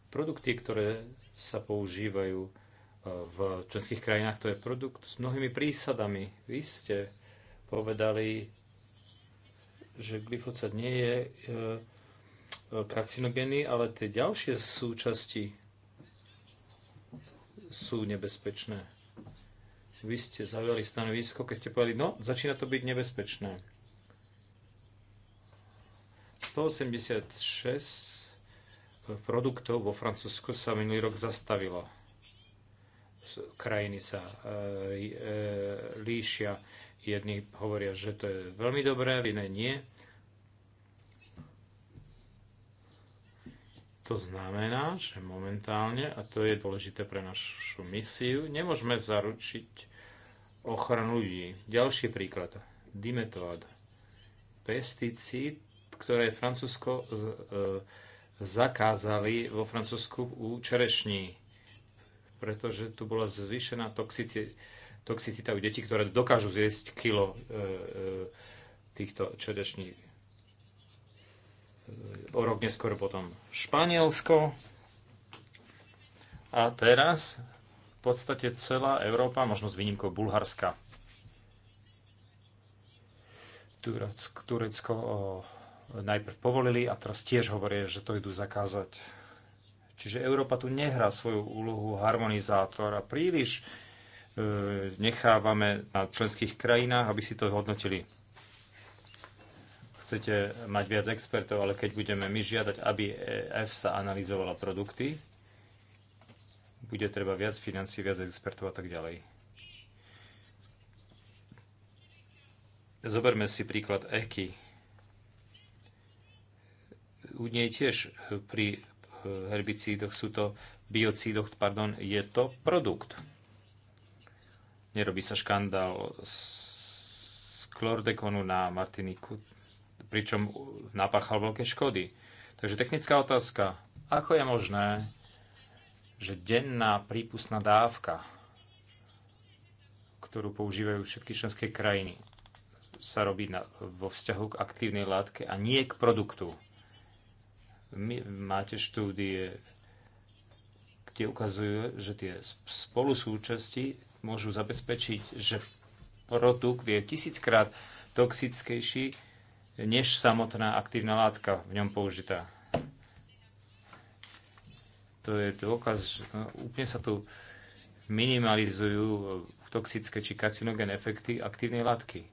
produkty, ktoré sa používajú e, v členských krajinách, to je produkt s mnohými prísadami. Vy ste povedali, že glyfocát nie je e, karcinogénny, ale tie ďalšie súčasti sú nebezpečné. Vy ste zaujali stanovisko, keď ste povedali, no, začína to byť nebezpečné. 186 produktov vo Francúzsku sa minulý rok zastavilo. Krajiny sa e, e, líšia Jedni hovoria, že to je veľmi dobré, iné nie. To znamená, že momentálne, a to je dôležité pre našu misiu, nemôžeme zaručiť ochranu ľudí. Ďalší príklad. Dimetoad. Pesticíd, ktoré Francúzsko e, e zakázali vo Francúzsku u čerešní, pretože tu bola zvýšená toxicita toxicita u detí, ktoré dokážu zjesť kilo e, e, týchto čerešní o rok neskôr potom Španielsko a teraz v podstate celá Európa, možno s výnimkou Bulharska, Turecko, Turecko o, najprv povolili a teraz tiež hovorí, že to idú zakázať. Čiže Európa tu nehrá svoju úlohu harmonizátora príliš E, nechávame na členských krajinách, aby si to hodnotili. Chcete mať viac expertov, ale keď budeme my žiadať, aby EFSA analyzovala produkty, bude treba viac financí, viac expertov a tak ďalej. Zoberme si príklad EKI. U nej tiež pri herbicídoch sú to biocídoch, pardon, je to produkt Nerobí sa škandál z klordekonu na Martiniku, pričom napáchal veľké škody. Takže technická otázka. Ako je možné, že denná prípustná dávka, ktorú používajú všetky členské krajiny, sa robí na, vo vzťahu k aktívnej látke a nie k produktu? My, máte štúdie, kde ukazujú, že tie spolusúčasti môžu zabezpečiť, že produkt je tisíckrát toxickejší než samotná aktívna látka v ňom použitá. To je dôkaz, že no, úplne sa tu minimalizujú toxické či karcinogénne efekty aktívnej látky.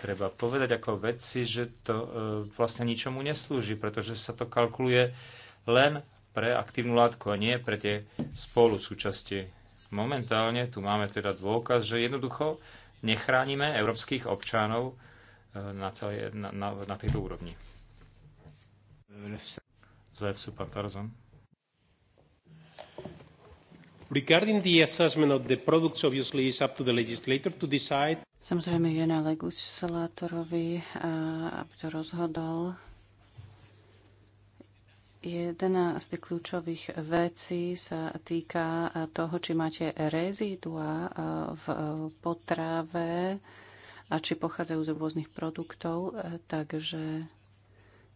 Treba povedať ako vedci, že to e, vlastne ničomu neslúži, pretože sa to kalkuluje len pre aktívnu látku a nie pre tie spolu súčasti. Momentálne tu máme teda dôkaz, že jednoducho nechránime európskych občanov e, na, celé, na, na, na tejto úrovni. Zajevsu, pán Tarzan. Regarding the assessment of the products, obviously, it's up to the legislator to decide. Samozrejme je na legislatorovi, aby to rozhodol Jedna z tých kľúčových vecí sa týka toho, či máte rezidua e, e, v potrave a či pochádzajú z rôznych produktov. E, takže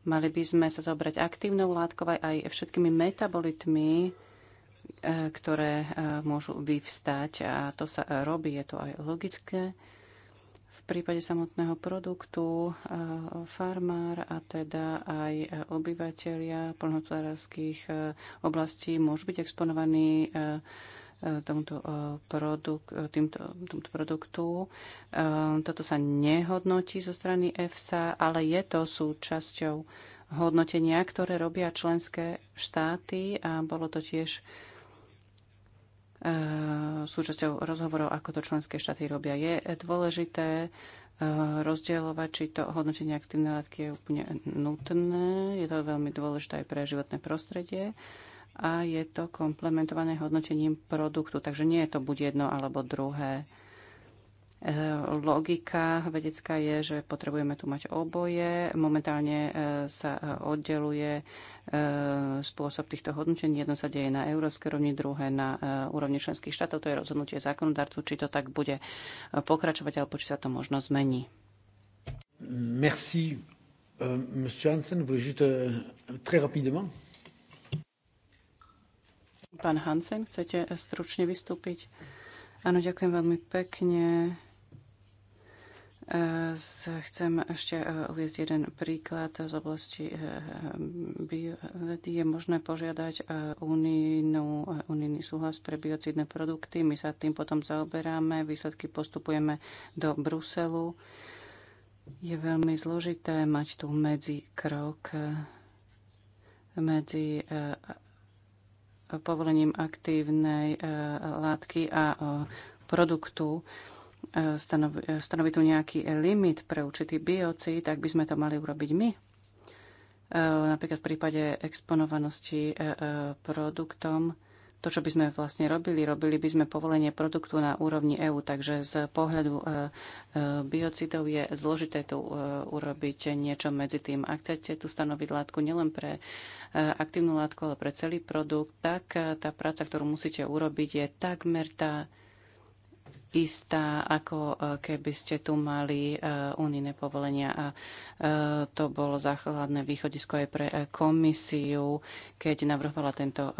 mali by sme sa zaobrať aktívnou látkou aj všetkými metabolitmi, ktoré môžu vyvstať a to sa robí, je to aj logické v prípade samotného produktu e, farmár a teda aj obyvateľia plnohospodárských e, oblastí môžu byť exponovaní e, tomuto, produk- týmto, tomuto produktu. Toto sa nehodnotí zo strany EFSA, ale je to súčasťou hodnotenia, ktoré robia členské štáty a bolo to tiež E, súčasťou rozhovorov, ako to členské štáty robia. Je dôležité e, rozdielovať, či to hodnotenie aktívnej látky je úplne nutné. Je to veľmi dôležité aj pre životné prostredie a je to komplementované hodnotením produktu. Takže nie je to buď jedno alebo druhé. Eh, logika vedecká je, že potrebujeme tu mať oboje. Momentálne eh, sa eh, oddeluje spôsob týchto hodnotení. Jedno sa deje na európskej rovni, druhé na úrovni členských štátov. To je rozhodnutie zákonodarcu, či to tak bude pokračovať, alebo či sa to možno zmení. Merci. Monsieur Hansen, vous juste très rapidement. Pán Hansen, chcete stručne vystúpiť? Áno, ďakujem veľmi pekne. Chcem ešte e, uviezť jeden príklad z oblasti e, biovedy. Je možné požiadať e, unijnú, unijný súhlas pre biocidné produkty. My sa tým potom zaoberáme, výsledky postupujeme do Bruselu. Je veľmi zložité mať tu medzi krok medzi povolením aktívnej látky a produktu. E, stanoví e, tu nejaký limit pre určitý biocid, tak by sme to mali urobiť my. E, napríklad v prípade exponovanosti produktom, to, čo by sme vlastne robili, robili by sme povolenie produktu na úrovni EÚ, takže z pohľadu biocidov je zložité tu urobiť niečo medzi tým. Ak chcete tu stanoviť látku nielen pre aktívnu látku, ale pre celý produkt, tak tá práca, ktorú musíte urobiť, je takmer tá istá, ako e, keby ste tu mali e, unijné povolenia. A e, to bolo základné východisko aj pre komisiu, keď navrhovala tento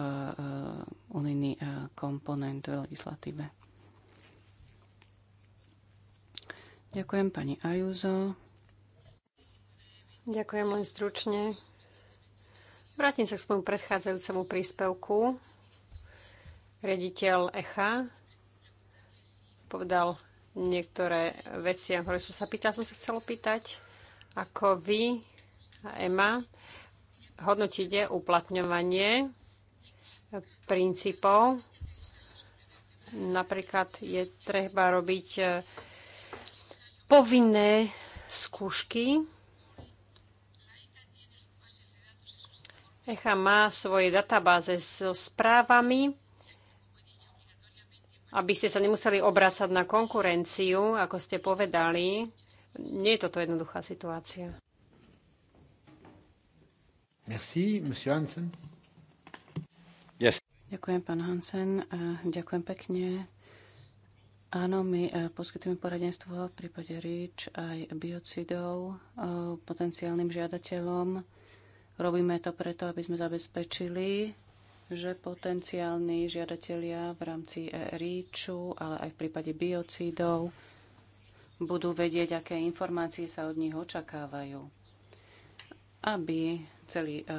unijný komponent v legislatíve. Ďakujem pani Ajuzo. Ďakujem len stručne. Vrátim sa k svojmu predchádzajúcemu príspevku. Rediteľ ECHA povedal niektoré veci, ktoré som sa pýtal, som sa chcel pýtať, ako vy a Ema hodnotíte uplatňovanie princípov. Napríklad je treba robiť eh, povinné skúšky. ECHA má svoje databáze so správami aby ste sa nemuseli obrácať na konkurenciu, ako ste povedali. Nie je toto jednoduchá situácia. Merci, monsieur Hansen. Yes. Ďakujem, pán Hansen. Ďakujem pekne. Áno, my e, poskytujeme poradenstvo v prípade REACH aj biocidov e, potenciálnym žiadateľom. Robíme to preto, aby sme zabezpečili že potenciálni žiadatelia v rámci REACHu, ale aj v prípade biocídov, budú vedieť, aké informácie sa od nich očakávajú, aby celý, e,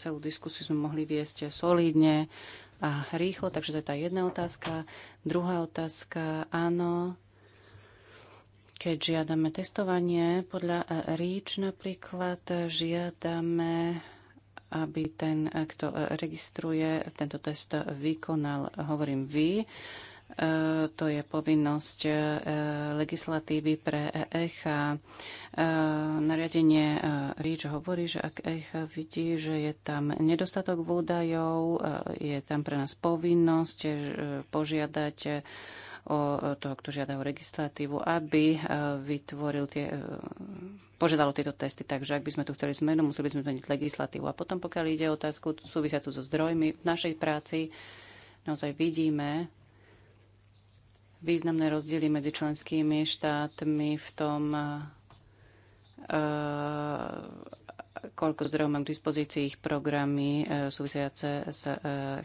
celú diskusiu sme mohli viesť solidne a rýchlo. Takže to je tá jedna otázka. Druhá otázka, áno, keď žiadame testovanie podľa REACH napríklad, žiadame aby ten, eh, kto eh, registruje tento test, vykonal, hovorím vy, eh, to je povinnosť legislatívy pre ECHA. Nariadenie REACH hovorí, že ak ECHA vidí, že je tam nedostatok údajov, je tam pre nás povinnosť požiadať o toho, kto žiada o legislatívu, aby e, vytvoril tie, e, požiadalo tieto testy. Takže ak by sme tu chceli zmenu, museli by sme zmeniť legislatívu. A potom, pokiaľ ide o otázku súvisiacu so zdrojmi, v našej práci naozaj vidíme významné rozdiely medzi členskými štátmi v tom, e, koľko zdrojov mám k dispozícii ich programy e, súvisiace s e,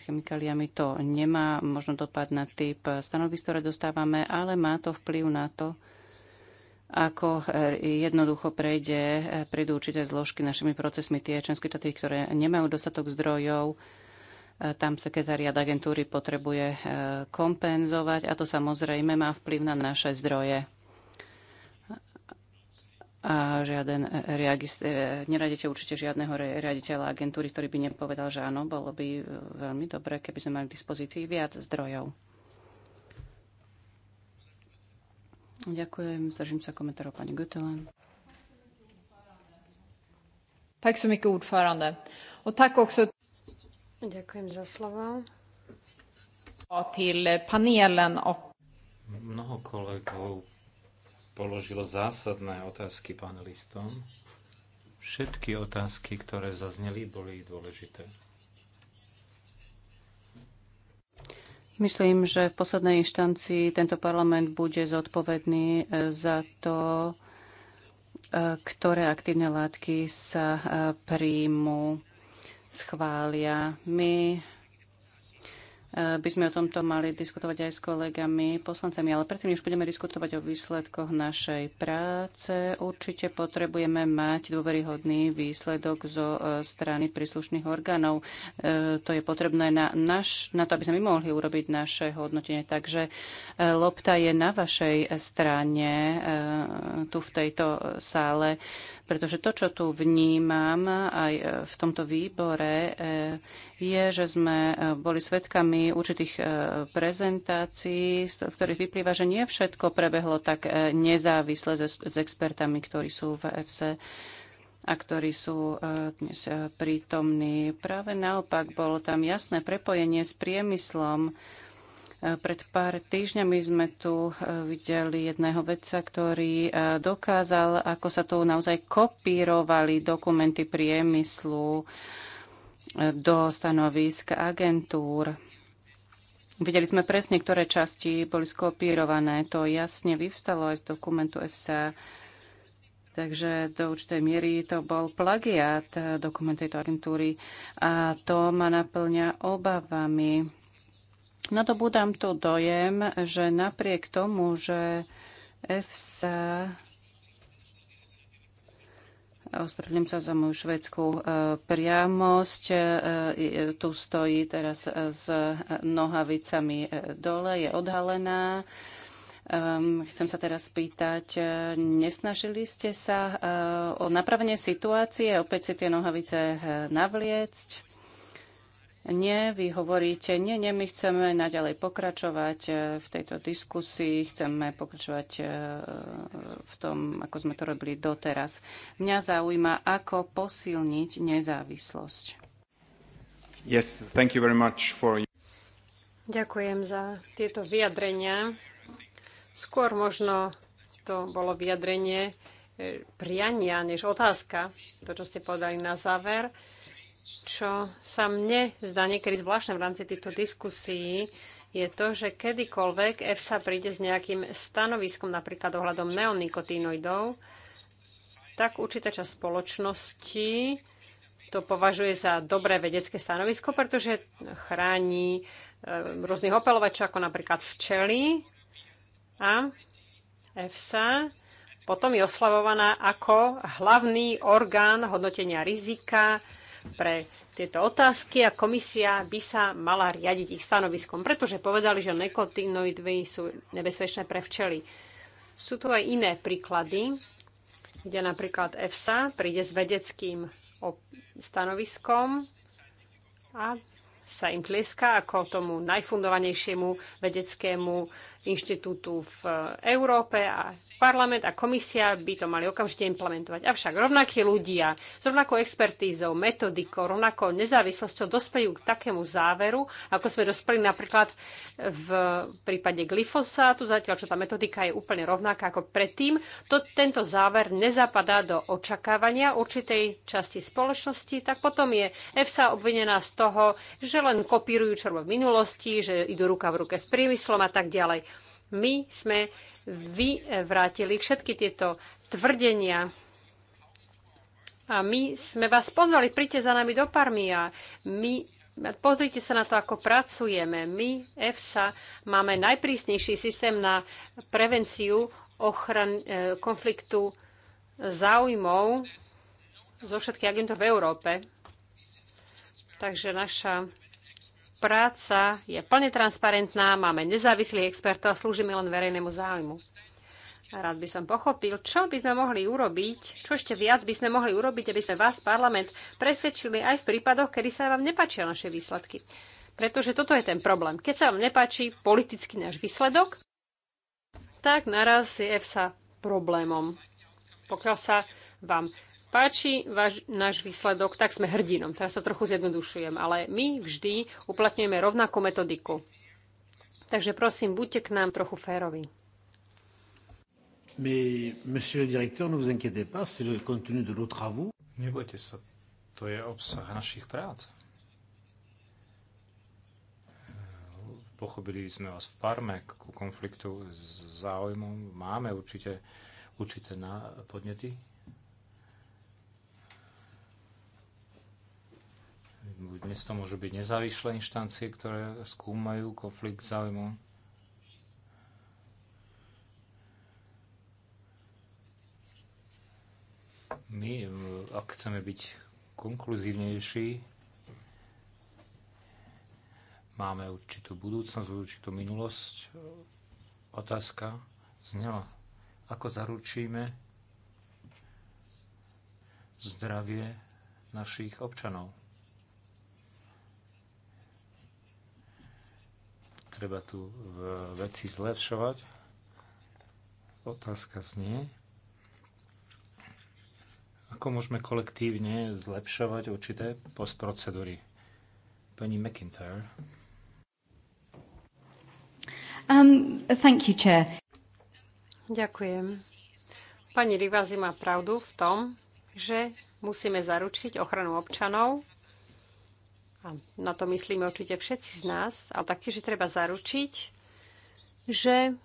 chemikáliami. To nemá možno dopad na typ stanovisk, ktoré dostávame, ale má to vplyv na to, ako e, jednoducho prejde, prídu určité zložky našimi procesmi tie členské štáty, ktoré nemajú dostatok zdrojov. Tam sekretariat agentúry potrebuje kompenzovať a to samozrejme má vplyv na naše zdroje a žiaden e, e, reagister, neradíte určite žiadneho riaditeľa agentúry, ktorý by nepovedal, že áno, bolo by e, veľmi dobré, keby sme mali k dispozícii viac zdrojov. Ďakujem, zdržím sa komentárov pani Götelen. Tak som ich ordförande. Och tack också... Ďakujem za slovo. Till panelen och... Mnoho kolegov položilo zásadné otázky panelistom. Všetky otázky, ktoré zazneli, boli dôležité. Myslím, že v poslednej inštancii tento parlament bude zodpovedný e, za to, e, ktoré aktívne látky sa e, príjmu, schvália. My by sme o tomto mali diskutovať aj s kolegami poslancami. Ale predtým, než budeme diskutovať o výsledkoch našej práce, určite potrebujeme mať dôveryhodný výsledok zo e, strany príslušných orgánov. E, to je potrebné na, naš, na to, aby sme my mohli urobiť naše hodnotenie. Takže e, lopta je na vašej strane tu v tejto sále. Pretože to, čo tu vnímam aj e, v tomto výbore, e, je, že sme e, boli svedkami určitých prezentácií, z ktorých vyplýva, že nie všetko prebehlo tak nezávisle s expertami, ktorí sú v EFSE a ktorí sú dnes prítomní. Práve naopak, bolo tam jasné prepojenie s priemyslom, pred pár týždňami sme tu e, videli jedného vedca, ktorý e, dokázal, ako sa tu naozaj kopírovali dokumenty priemyslu e, do stanovisk agentúr. Videli sme presne, ktoré časti boli skopírované. To jasne vyvstalo aj z dokumentu FSA, Takže do určitej miery to bol plagiat, dokument tejto agentúry a to ma naplňa obavami. Nadobúdam tu dojem, že napriek tomu, že EFSA ospravedlím sa za moju švedskú e, priamosť. E, e, tu stojí teraz s nohavicami dole, je odhalená. Ehm, chcem sa teraz spýtať, nesnažili ste sa o napravenie situácie, opäť si tie nohavice navliecť? Nie, vy hovoríte, nie, nie, my chceme naďalej pokračovať e, v tejto diskusii, chceme pokračovať e, v tom, ako sme to robili doteraz. Mňa zaujíma, ako posilniť nezávislosť. Yes, thank you very much for... Ďakujem za tieto vyjadrenia. Skôr možno to bolo vyjadrenie e, priania než otázka, to, čo ste povedali na záver čo sa mne zdá niekedy zvláštne v rámci týchto diskusí, je to, že kedykoľvek EFSA príde s nejakým stanoviskom, napríklad ohľadom neonikotinoidov, tak určitá časť spoločnosti to považuje za dobré vedecké stanovisko, pretože chráni e, rôznych opelovačov, ako napríklad včely. A EFSA potom je oslavovaná ako hlavný orgán hodnotenia rizika pre tieto otázky a komisia by sa mala riadiť ich stanoviskom, pretože povedali, že nekotinoidy sú nebezpečné pre včely. Sú tu aj iné príklady, kde napríklad EFSA príde s vedeckým stanoviskom a sa im tlieska ako tomu najfundovanejšiemu vedeckému inštitútu v Európe a parlament a komisia by to mali okamžite implementovať. Avšak rovnakí ľudia s rovnakou expertízou, metodikou, rovnakou nezávislosťou dospejú k takému záveru, ako sme dospeli napríklad v prípade glyfosátu, zatiaľ čo tá metodika je úplne rovnaká ako predtým, to, tento záver nezapadá do očakávania určitej časti spoločnosti, tak potom je EFSA obvinená z toho, že len kopírujú, čo v minulosti, že idú ruka v ruke s priemyslom a tak ďalej. My sme vyvrátili všetky tieto tvrdenia. A my sme vás pozvali, príďte za nami do Parmy a my Pozrite sa na to, ako pracujeme. My, EFSA, máme najprísnejší systém na prevenciu ochran- e, konfliktu záujmov zo všetkých agentov v Európe. Takže naša práca je plne transparentná, máme nezávislých expertov a slúžime len verejnému záujmu. Rád by som pochopil, čo by sme mohli urobiť, čo ešte viac by sme mohli urobiť, aby sme vás, parlament, presvedčili aj v prípadoch, kedy sa vám nepáčia naše výsledky. Pretože toto je ten problém. Keď sa vám nepáči politicky náš výsledok, tak naraz je EFSA problémom. Pokiaľ sa vám páči váš, náš výsledok, tak sme hrdinom. Teraz sa trochu zjednodušujem, ale my vždy uplatňujeme rovnakú metodiku. Takže prosím, buďte k nám trochu férovi. Nebojte sa, to je obsah našich prác. Pochopili sme vás v Parme ku konfliktu s záujmom. Máme určite, určité podnety, Dnes to môžu byť nezávislé inštancie, ktoré skúmajú konflikt záujmov. My, ak chceme byť konkluzívnejší, máme určitú budúcnosť, určitú minulosť. Otázka znela, ako zaručíme zdravie našich občanov. treba tu e, veci zlepšovať. Otázka znie, ako môžeme kolektívne zlepšovať určité postprocedúry. Pani McIntyre. Um, thank you, chair. Ďakujem. Pani Rivazi má pravdu v tom, že musíme zaručiť ochranu občanov a na to myslíme určite všetci z nás, ale taktiež je treba zaručiť, že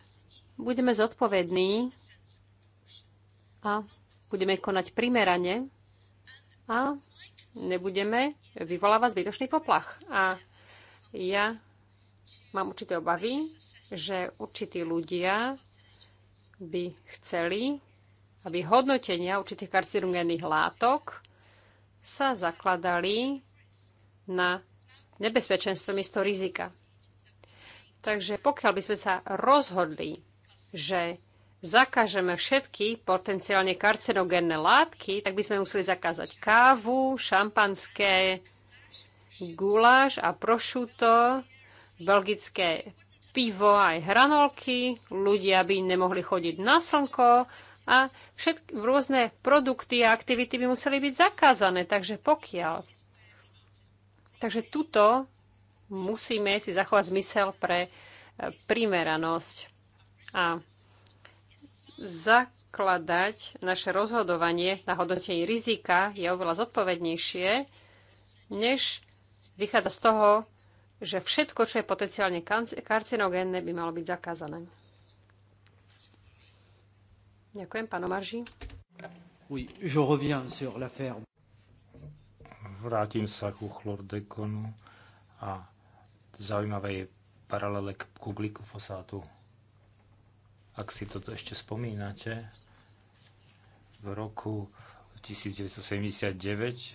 budeme zodpovední a budeme konať primerane a nebudeme vyvolávať zbytočný poplach. A ja mám určité obavy, že určití ľudia by chceli, aby hodnotenia určitých karcinogénnych látok sa zakladali na nebezpečenstvo miesto rizika. Takže pokiaľ by sme sa rozhodli, že zakážeme všetky potenciálne karcinogénne látky, tak by sme museli zakázať kávu, šampanské, guláš a prošuto, belgické pivo aj hranolky, ľudia by nemohli chodiť na slnko a všetky rôzne produkty a aktivity by museli byť zakázané. Takže pokiaľ Takže tuto musíme si zachovať zmysel pre e, primeranosť a zakladať naše rozhodovanie na hodnotení rizika je oveľa zodpovednejšie, než vychádza z toho, že všetko, čo je potenciálne karcinogénne, by malo byť zakázané. Ďakujem, pán Omarži. Oui, je reviens sur l'affaire. Vrátim sa ku chlordekonu a zaujímavé je paralele k, glykofosátu. Ak si toto ešte spomínate, v roku 1979 e,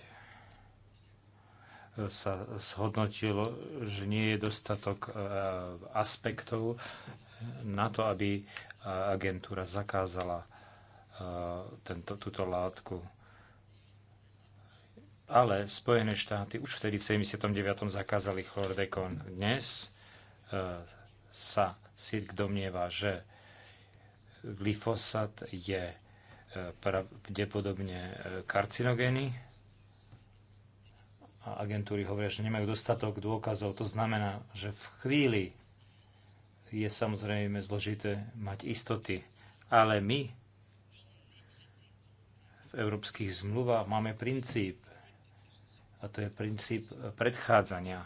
sa zhodnotilo, že nie je dostatok e, aspektov na to, aby e, agentúra zakázala tento, túto látku ale Spojené štáty už vtedy v 79. zakázali chlordekon. Dnes e, sa SIRK domnieva, že glyfosat je e, pravdepodobne e, karcinogény a agentúry hovoria, že nemajú dostatok dôkazov. To znamená, že v chvíli je samozrejme zložité mať istoty, ale my v európskych zmluvách máme princíp a to je princíp e, predchádzania.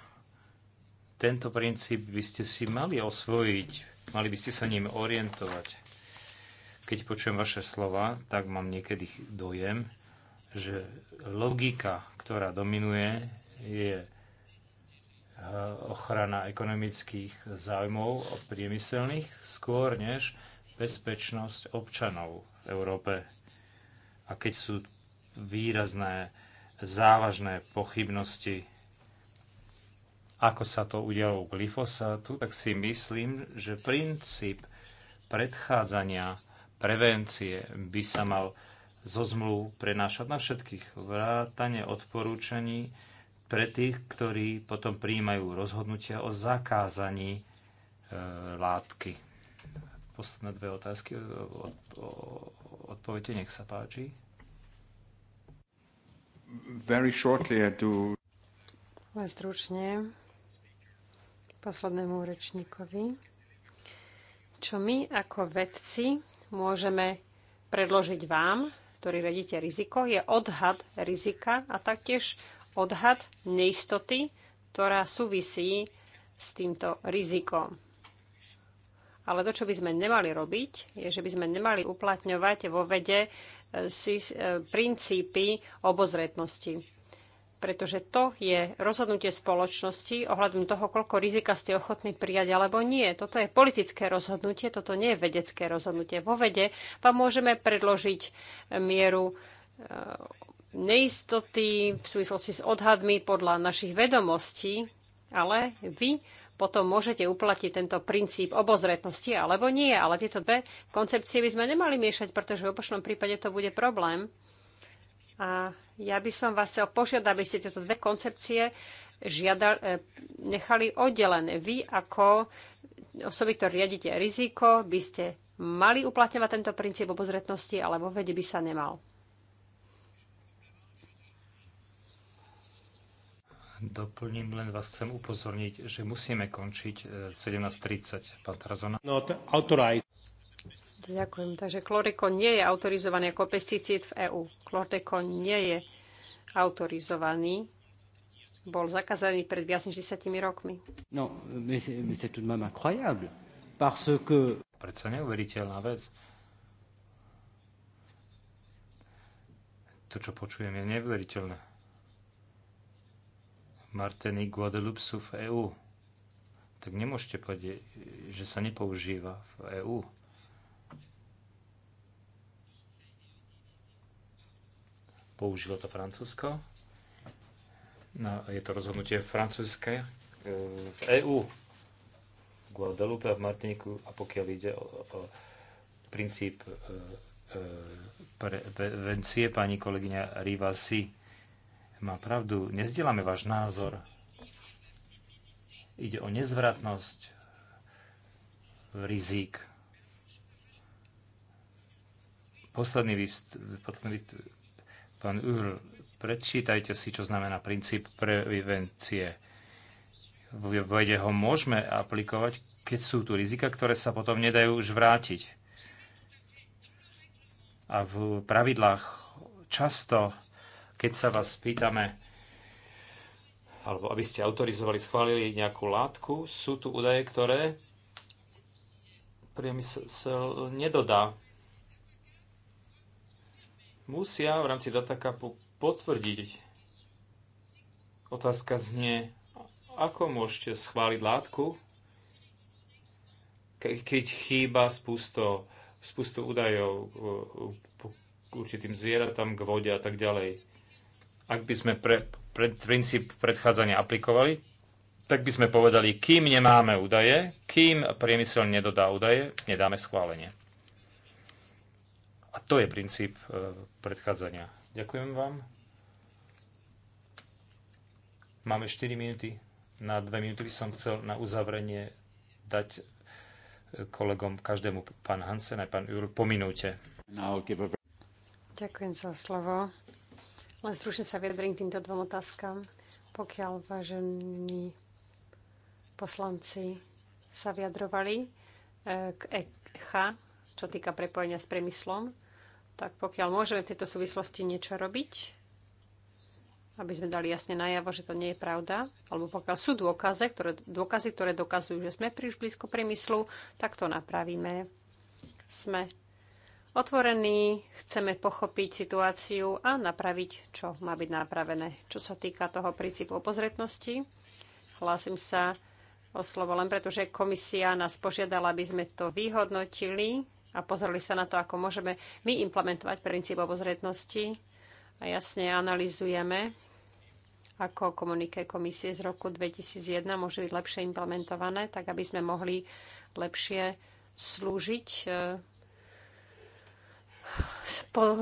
Tento princíp by ste si mali osvojiť, mali by ste sa ním orientovať. Keď počujem vaše slova, tak mám niekedy dojem, že logika, ktorá dominuje, je e, ochrana ekonomických záujmov a priemyselných skôr než bezpečnosť občanov v Európe. A keď sú výrazné závažné pochybnosti, ako sa to udialo u glyfosátu, tak si myslím, že princíp predchádzania prevencie by sa mal zo zmluv prenášať na všetkých. vrátane odporúčaní pre tých, ktorí potom príjmajú rozhodnutia o zakázaní e, látky. Posledné dve otázky. Od, od, odpovedte, nech sa páči. Very shortly I do... Len stručne poslednému rečníkovi. Čo my ako vedci môžeme predložiť vám, ktorý vedíte riziko, je odhad rizika a taktiež odhad neistoty, ktorá súvisí s týmto rizikom. Ale to, čo by sme nemali robiť, je, že by sme nemali uplatňovať vo vede Eh, princípy obozretnosti. Pretože to je rozhodnutie spoločnosti ohľadom toho, koľko rizika ste ochotní prijať alebo nie. Toto je politické rozhodnutie, toto nie je vedecké rozhodnutie. Vo vede vám môžeme predložiť eh, mieru eh, neistoty v súvislosti s odhadmi podľa našich vedomostí, ale vy potom môžete uplatiť tento princíp obozretnosti alebo nie. Ale tieto dve koncepcie by sme nemali miešať, pretože v opačnom prípade to bude problém. A ja by som vás chcel požiadať, aby ste tieto dve koncepcie žiadal, e, nechali oddelené. Vy ako osoby, ktoré riadite riziko, by ste mali uplatňovať tento princíp obozretnosti, alebo vedi by sa nemal. Doplním, len vás chcem upozorniť, že musíme končiť 17.30, e, pán Tarazona. Not authorized. Ďakujem. Takže kloreko nie je autorizovaný ako pesticíd v EÚ. Kloreko nie je autorizovaný. Bol zakázaný pred viac než 10 rokmi. No, mais c'est tout de même incroyable. Parce que... Predsa neuveriteľná vec. To, čo počujem, je neuveriteľné. Marteny Guadeloupe sú v EÚ. Tak nemôžete povedať, že sa nepoužíva v EÚ. Použilo to Francúzsko. No, je to rozhodnutie francúzske e, v EÚ. V Guadeloupe a v Martiniku a pokiaľ ide o, o princíp e, e, prevencie, pani kolegyňa Rivasi, má pravdu. Nezdielame váš názor. Ide o nezvratnosť rizik. Posledný výst, posledný výst, pán Url, predčítajte si, čo znamená princíp prevencie. V vede ho môžeme aplikovať, keď sú tu rizika, ktoré sa potom nedajú už vrátiť. A v pravidlách často keď sa vás pýtame, alebo aby ste autorizovali, schválili nejakú látku, sú tu údaje, ktoré priemysel nedodá. Musia v rámci datakapu potvrdiť. Otázka znie, ako môžete schváliť látku, keď chýba spústo, spusto údajov k určitým zvieratám, k vode a tak ďalej ak by sme pre, pre, princíp predchádzania aplikovali, tak by sme povedali, kým nemáme údaje, kým priemysel nedodá údaje, nedáme schválenie. A to je princíp e, predchádzania. Ďakujem vám. Máme 4 minúty. Na 2 minúty by som chcel na uzavrenie dať e, kolegom, každému, pán Hansen a pán Júl, po minúte. Ďakujem za slovo. Len stručne sa vyjadrím k týmto dvom otázkam. Pokiaľ vážení poslanci sa vyjadrovali e, k ECHA, čo týka prepojenia s priemyslom, tak pokiaľ môžeme v tejto súvislosti niečo robiť, aby sme dali jasne najavo, že to nie je pravda, alebo pokiaľ sú dôkazy, ktoré, dôkazy, ktoré dokazujú, že sme príliš blízko priemyslu, tak to napravíme. Sme otvorení, chceme pochopiť situáciu a napraviť, čo má byť napravené. Čo sa týka toho princípu opozretnosti, hlásim sa o slovo len preto, že komisia nás požiadala, aby sme to vyhodnotili a pozreli sa na to, ako môžeme my implementovať princíp obozretnosti a jasne analizujeme, ako komuniké komisie z roku 2001 môžu byť lepšie implementované, tak aby sme mohli lepšie slúžiť e,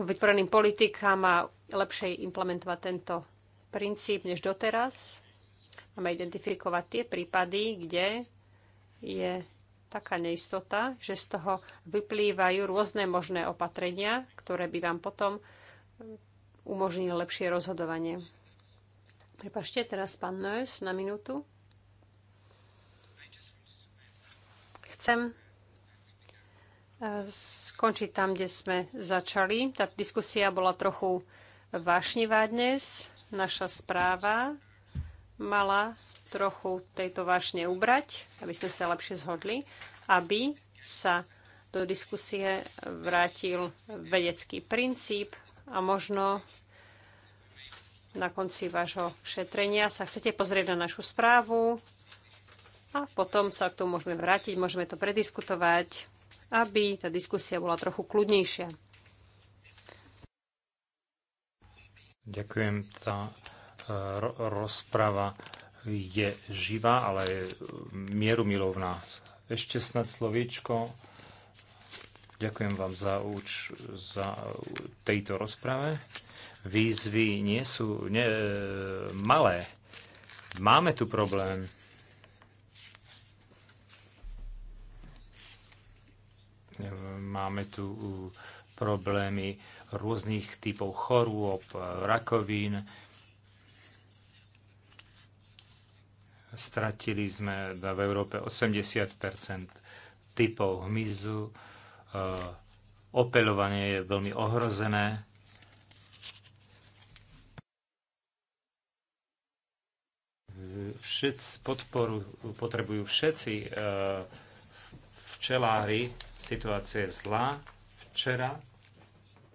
vytvoreným politikám a lepšej implementovať tento princíp než doteraz. Máme identifikovať tie prípady, kde je taká neistota, že z toho vyplývajú rôzne možné opatrenia, ktoré by vám potom umožnili lepšie rozhodovanie. Prepašte, teraz pán Nös na minútu. Chcem E, skončiť tam, kde sme začali. Tá diskusia bola trochu vášnivá dnes. Naša správa mala trochu tejto vášne ubrať, aby sme sa lepšie zhodli, aby sa do diskusie vrátil vedecký princíp a možno na konci vášho šetrenia sa chcete pozrieť na našu správu a potom sa k tomu môžeme vrátiť, môžeme to prediskutovať aby tá diskusia bola trochu kľudnejšia. Ďakujem. Tá e, rozprava je živá, ale je e, milovná. Ešte snad slovíčko. Ďakujem vám za, úč, za e, tejto rozprave. Výzvy nie sú ne, malé. Máme tu problém. Máme tu problémy rôznych typov chorôb, e, rakovín. Stratili sme v Európe 80 typov hmyzu. E, Opelovanie je veľmi ohrozené. Všetci podporu potrebujú všetci e, včelári, situácia je zlá. Včera,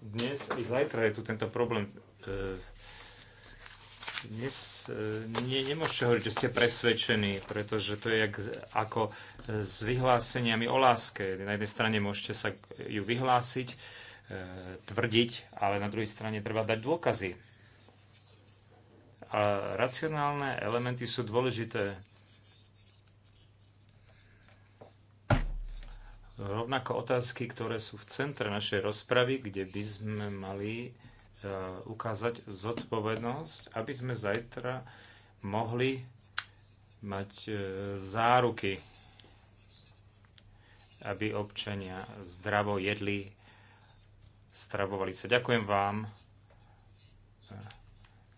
dnes i zajtra je tu tento problém. E, dnes e, nie, nemôžete hovoriť, že ste presvedčení, pretože to je jak, ako e, s vyhláseniami o láske. Na jednej strane môžete sa ju vyhlásiť, tvrdiť, ale na druhej strane treba dať dôkazy. A racionálne elementy sú dôležité rovnako otázky, ktoré sú v centre našej rozpravy, kde by sme mali e, ukázať zodpovednosť, aby sme zajtra mohli mať e, záruky, aby občania zdravo jedli, stravovali sa. Ďakujem vám.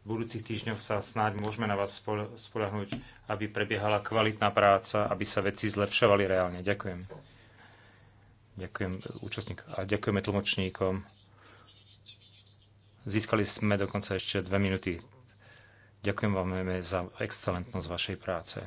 V budúcich týždňoch sa snáď môžeme na vás spolahnuť, aby prebiehala kvalitná práca, aby sa veci zlepšovali reálne. Ďakujem. Ďakujem účastník a ďakujeme tlmočníkom. Získali sme dokonca ešte dve minúty. Ďakujem vám za excelentnosť vašej práce.